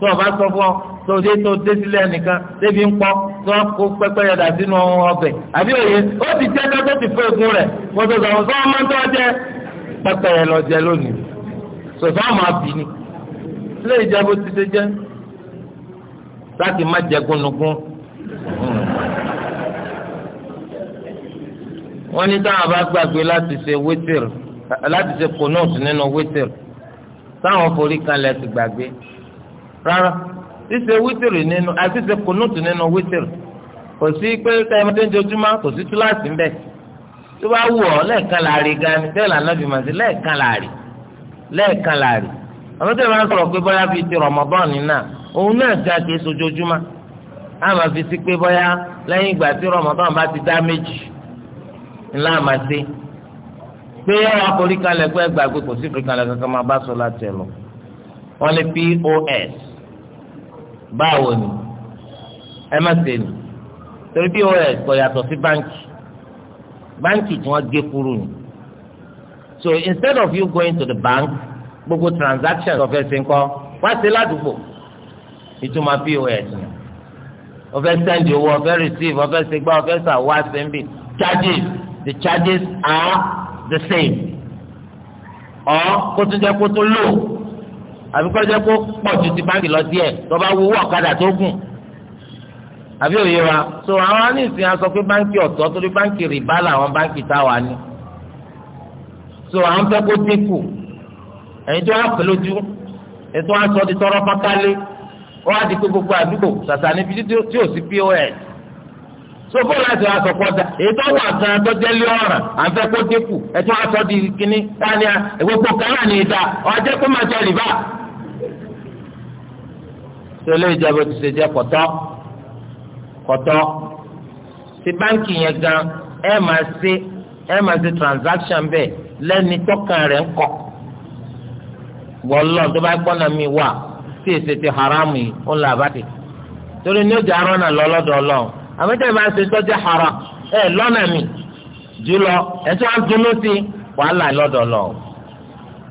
tó o bá sọ fún ọ tó o dé tó o dé sílẹ̀ nìkan débi ń pọ́ tó o kó pẹ́pẹ́ yẹn dà sínú ọbẹ̀ àbí òye ó ti jẹ́ tó ti fẹ́ ogun rẹ̀ mo tó sọ fún ọmọ tó jẹ́ pẹ́pẹ́ yẹn lọ jẹ lónìí sọ̀tọ́ ọmọ àbí ni ilé ìjẹ́ bó ti ṣe jẹ́ láti má jẹ gúnugún. wọ́n ní táwọn bá gbàgbé láti ṣe wétìrì láti ṣe kónọ́ọ̀tù nínú wétìrì táwọn forí kalẹ̀ ti gbàgbé rárá ṣíṣe wítìrì nínú àti ṣíṣe kùnúùtù nínú wítìrì kò sí pé káyọ̀mọ́tò ń jojúmọ́ kò sí túláàsì ń bẹ̀ tó bá wù ọ́ lẹ́ẹ̀kan láàrin gan ni bẹ́ẹ̀ lànà bí màsí lẹ́ẹ̀kan láàrin lẹ́ẹ̀kan láàrin àwọn tẹ̀lé máa ń sọ̀rọ̀ pé bóyá fi ti Ramadan nínà òun náà ti àti èso jojúmọ́ á máa fi sí pé bóyá lẹ́yìn ìgbà tí Ramadan bá ti dá méjì ńlá máa ṣe pé ọ̀rọ̀ àforíkalẹ̀ pé ẹgbàgbé kò sí àforíkalẹ̀ kankan máa bá sọ láti ẹ̀ lọ wọ́n ní pos báwo ni ẹ má ṣe nì torí pos kò yàtọ̀ sí báńkì báńkì tí wọ́n gé kúrú ni so instead of you going to the bank gbogbo transaction ọ̀fẹ́ ṣe ń kọ́ wá sí ládùúgbò ìtumọ̀ pos ni ọ̀fẹ́ send owó ọ̀fẹ́ receive ọ̀fẹ́ ṣègbà ọ̀fẹ́ ṣàwọ́ àṣẹ́ńbì charges the charges are the same ọ̀ kó tún jẹ́ kó tún lò àbí kọjá kó pọ̀ ju ti báńkì lọ díẹ̀ tó bá wúwọ́ ọ̀kadà tó gùn àbí òye wa so àwọn anísìn aṣọ pé báńkì ọ̀tọ̀ torí báńkì rìbá làwọn báńkì táwa ni so àwọn fẹ́ kó dínkù ẹ̀yin tó wá pẹ̀lójú ètò aṣọ ti tọrọ pátálé wọ́n á di pé gbogbo àdúgbò sàṣà níbi tí ò sí pos so fún láti aṣọ pọ́dà ètò wà gan tó jẹ́lé ọ̀ràn à ń fẹ́ kó dínkù ètò aṣọ di kínní tania ìwé pọ̀ kárà ní ìdá ọ̀ sọlẹ ìjọba ti ṣe jẹ kọtọ kọtọ ti báńkì yẹn gan ẹ máa ṣe ẹ máa ṣe transaction bẹẹ lẹ́ni tọkàn rẹ̀ ń kọ wọlọ tó bá gbọnà mi wà tí èsì ti haramu yìí ó là bá ti torí ní ojà arọ́nà lọ́lọ́dọ̀ ọlọ́run àmọ́tẹ́ bá ṣe tọ́jú haram ẹ lọ́nà mi jùlọ ẹ̀tọ́ àdúró sí wàhálà lọ́dọ̀ ọlọ́run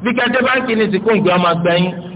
bí kẹ́tẹ́ báńkì ní ìsìnkú ìgbẹ́ ọmọ gbẹ́yìn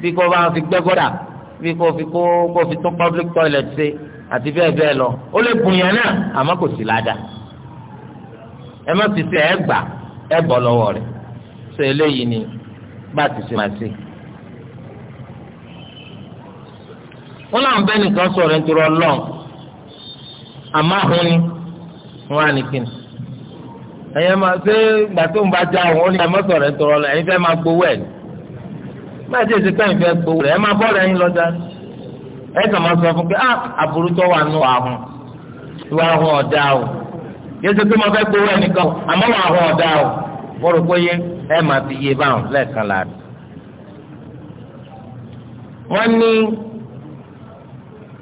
bí kò bá fi gbẹ́ kódà bí kò fi kó kò fi tún public toilet ṣe àti bẹ́ẹ̀ bẹ́ẹ̀ lọ ó lè bùn yẹn náà àmọ́ kò sí ládàá ẹ má fi ṣe ẹ gbà ẹ bọ̀ lọ́wọ́ rẹ̀ ṣe eléyìí ni bá ti ṣe máa ṣe. wọn làwọn bẹ́ẹ̀ nìkan sọ̀rọ̀ nítorí ọlọ́run àmọ́ àhún ni wọn á ní kíni. ẹ̀yẹ́ máa ṣe gbàtó ń bá já òun ó ní ẹ̀ mọ́ nítorí ọlọ́run ẹ̀yin fẹ́ máa gbowó ẹ̀ ni máa tẹ̀ sí pẹ́yìn fẹ́ gbowó rẹ̀ ẹ máa bọ́ọ̀lù ẹyin lọ́jà ẹ kàn máa sọ fún pé ah, àbúrú tó wà nù àhùn ìwà àhùn ọ̀dà o yẹ sọ pé mo fẹ́ gbowó ẹnìkan àmọ́ wà àhùn ọ̀dà o wọ́n rò pé yé ẹ máa fi yé báwọn lẹ́ẹ̀kan láàdì. wọ́n ní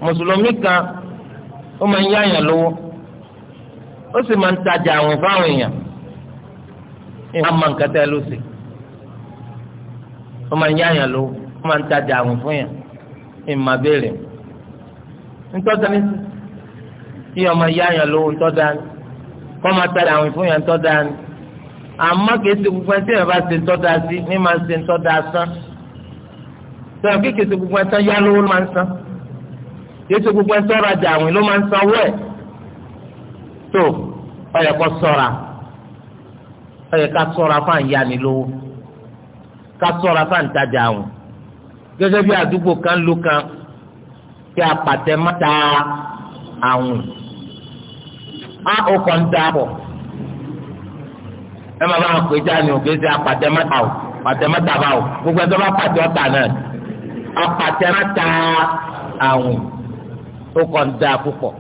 mùsùlùmí kan ó máa ń yáyàn lówó ó sì máa ń tajà àwìn fáwọn èèyàn ìwà máa ń kẹtẹ́ ló sì wọ́n máa ń yáyàn ló wọ́n máa ń tajà àwìn fún yàn ìmọ̀ béèrè ńtọ́jà ní kí ọmọ yáyàn ló ńtọ́jà ní kọ́ máa tajà àwìn fún yàn ńtọ́jà ní àmọ́ kìí ṣe gbogbo ẹni tí yàrá bá ṣe ńtọ́jà sí ní máa ṣe ńtọ́jà sán sọ̀rọ̀ kí kìí ṣe gbogbo ẹni tán yá lówó ló máa ń san kìí ṣe gbogbo ẹni tán rajà àwìn ló máa ń sanwó ẹ̀ tó ó yẹ kó ṣọ́ra ó yẹ ká ṣọ́ra ká sọ̀rọ̀ afáǹtajà wọn bí àdúgbò kan ló kan kí apàtẹ má ta àwọn a ó kàn dà pọ̀ ẹ má bá wọn pè já ni òkè ṣe apàtẹ má ta o apàtẹ má ta bá o gbogbo ẹjọ́ bá pàtẹ ọ̀tà náà apàtẹ má ta àwọn ó kàn dà púpọ̀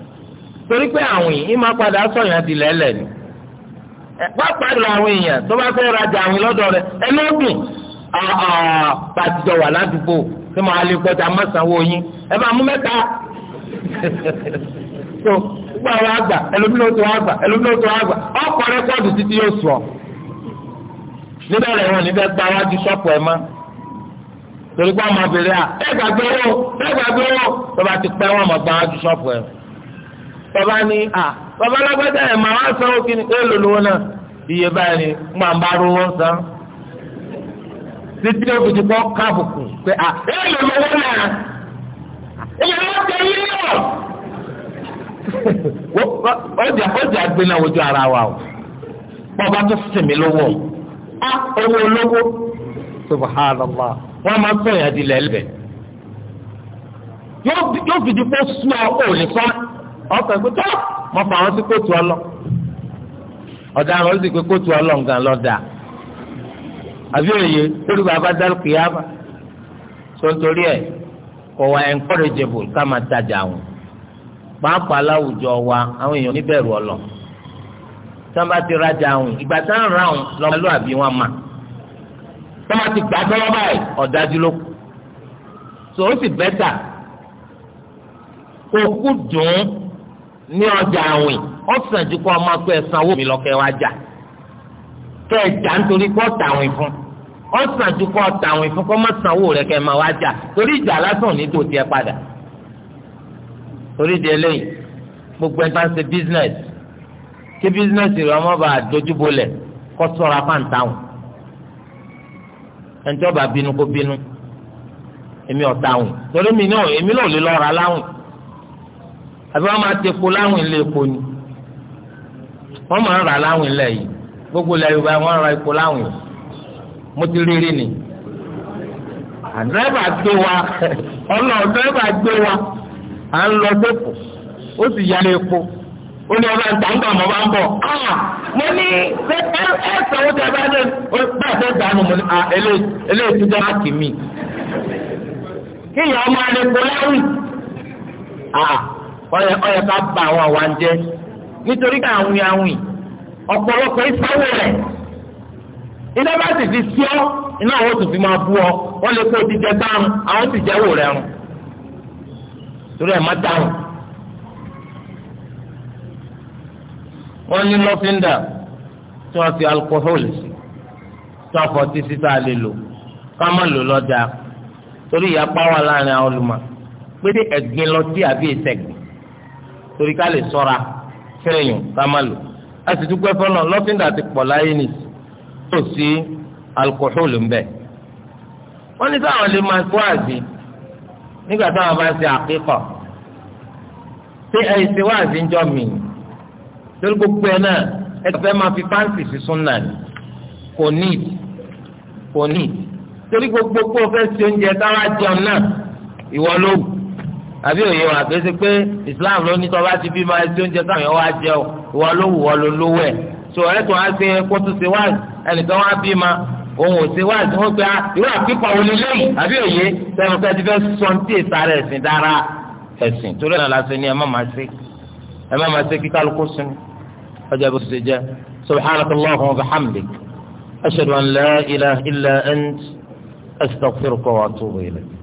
torí pé àwọn yìí má padà sọ̀yàn di lẹ́lẹ̀ ni wọ́n pàdé àwọn èèyàn tó bá fẹ́ rajà àwọn lọ́dọ̀ rẹ̀ ẹ lọ́dún. bá ti jọ ládùúgbò tí mo alẹ́ kọjá mọ́sánwó yín ẹ máa mú mẹ́ta so gbogbo àwọn àgbà ẹlòmíràn tó àgbà àgbà títí yóò sọ níbẹ̀rẹ̀ wọn níbẹ̀ gba wájú ṣọ́ọ̀pù ẹ̀ mọ́ torí pé ọmọ abèrè à ẹ gbàgbé ẹ gbàgbé títí ó fi ti kọ́ pé ẹ lè ara wa o bọ́ba tó a owó subhanallah máa sọ yẹn di lẹ́lẹ́bẹ̀ yóò fi di sún ọ òní ọkọ̀ fà wọn sí kóòtù ọ̀daràn ó àbí òye lórí bàbá dálùkì yaba tó ń torí ẹ kò wá encourageable ká máa tajà wọn pàápàá láwùjọ wa àwọn èèyàn níbẹ̀rù ọlọ́run tí wọn bá ti rajà àwọn ìgbà tí wọn ra àwọn lọ́wọ́ àbí wọn mà tí wọn ti gbà tọ́wọ́ báyìí ọ̀dájú ló kù tó o sì bẹ́tà kó kú dùn ní ọjà àwìn ọ̀sán ju kó ọmọ pé ẹ̀sán owó mi lọ́kẹ́ wá kẹ́ ẹ jà nítorí kọ́ tàwìn fún ọ sàn ju kọ́ tàwìn fún kọ́ má sanwó rẹ̀ kẹ́ ẹ máa wá jà torí ìjà lásán ní tòtí ẹ padà torí di eléyìí gbogbo ẹ̀ ń ṣe business kí business rẹ̀ ọmọ bá dojúbolẹ̀ kọ́ sọ́ra fáǹtàwọn ẹnjọ́ bá bínú kó bínú èmi ọ̀tàwọn torí mi náà èmi náà lè lọ́ra láwọn àbí wọ́n máa ti epo láwọn ilé epo ni wọ́n máa ń rà láwọn ilé gbogbo ilẹ̀ yorùbá wọn ra epo láwìn mo ti rírì ni àdírẹ́bà gbé wa ọ̀nà àdírẹ́bà gbé wa à ń lọ dẹ́kọ̀ ó sì ya lé epo ó ní ọba ìta ńgbà mọ́ bá ń bọ̀ mo ní ẹ ẹ sọ̀rọ̀ tẹ bá dé bá dé dànù mo ní eléyìí ti dẹ́ láti mí kí ìyá ọmọ alẹ́ epo láwìn ọyẹ ká ba àwọn àwọn jẹ nítorí ká àwìn àwìn ọ̀pọ̀lọpọ̀ ìsáwó rẹ̀ iná bá sì fi sí ọ iná àwọn tó fi máa bú ọ wọ́n lè kó o ti jẹ dáhùn àwọn sì jẹ́ wò rẹ̀ rùn torí ẹ̀ má dáhùn. wọ́n ní lọ́fíńdà tí wọ́n fi alukóhólì sí tí wọ́n fọ títí tá a lè lò ká má lò lọ́dà torí ìyapa wà láàrin àwọn olùmọ̀ pété ẹ̀gbin lọ sí àbí ìsẹ̀gbìn torí ká lè sọ́ra fẹ́yìn ká má lò a sì dúpẹ́ fọlọ́ lọ́fíńdà ti pọ̀ láyé nì alkohol ńbẹ. wọ́n ní sáwọn lè máa kó àzì nígbà táwọn bá ṣe àkíkọ̀ ṣé ẹ ṣe wáàzì ń jọ mí lórí gbogbo ẹ náà ẹ fẹ́ máa fi pàǹtì sí súnà ni kò ní kò ní torí gbogbo kó o fẹ́ ṣe oúnjẹ táwa jẹun náà ìwọ ló wù àbí òye wà pé ṣe pé Islam ló ní tọ́ bá ti bí máa ṣe oúnjẹ táwọn yẹn wá jẹun wọ́n ló wù wọ́n ló lówó ẹ̀ tó ẹ̀ tó wá sí kó tó ṣe wáàzì ẹnìkan wá bí ma òun ò ṣe wáàzì wọ́n pe ah, irú àpípọ̀ wọlé lẹ́yìn àbí òye sẹ́wọ́n kẹ́ fẹ́ sọ ní tíye ẹ̀sìn dára ẹ̀sìn torí ẹ̀ lásán ni ẹ má máa ṣe ẹ má máa ṣe kí kálukú sinmi ọjà bó ṣe jẹ subhanakallahu wa bihamdik wa atubu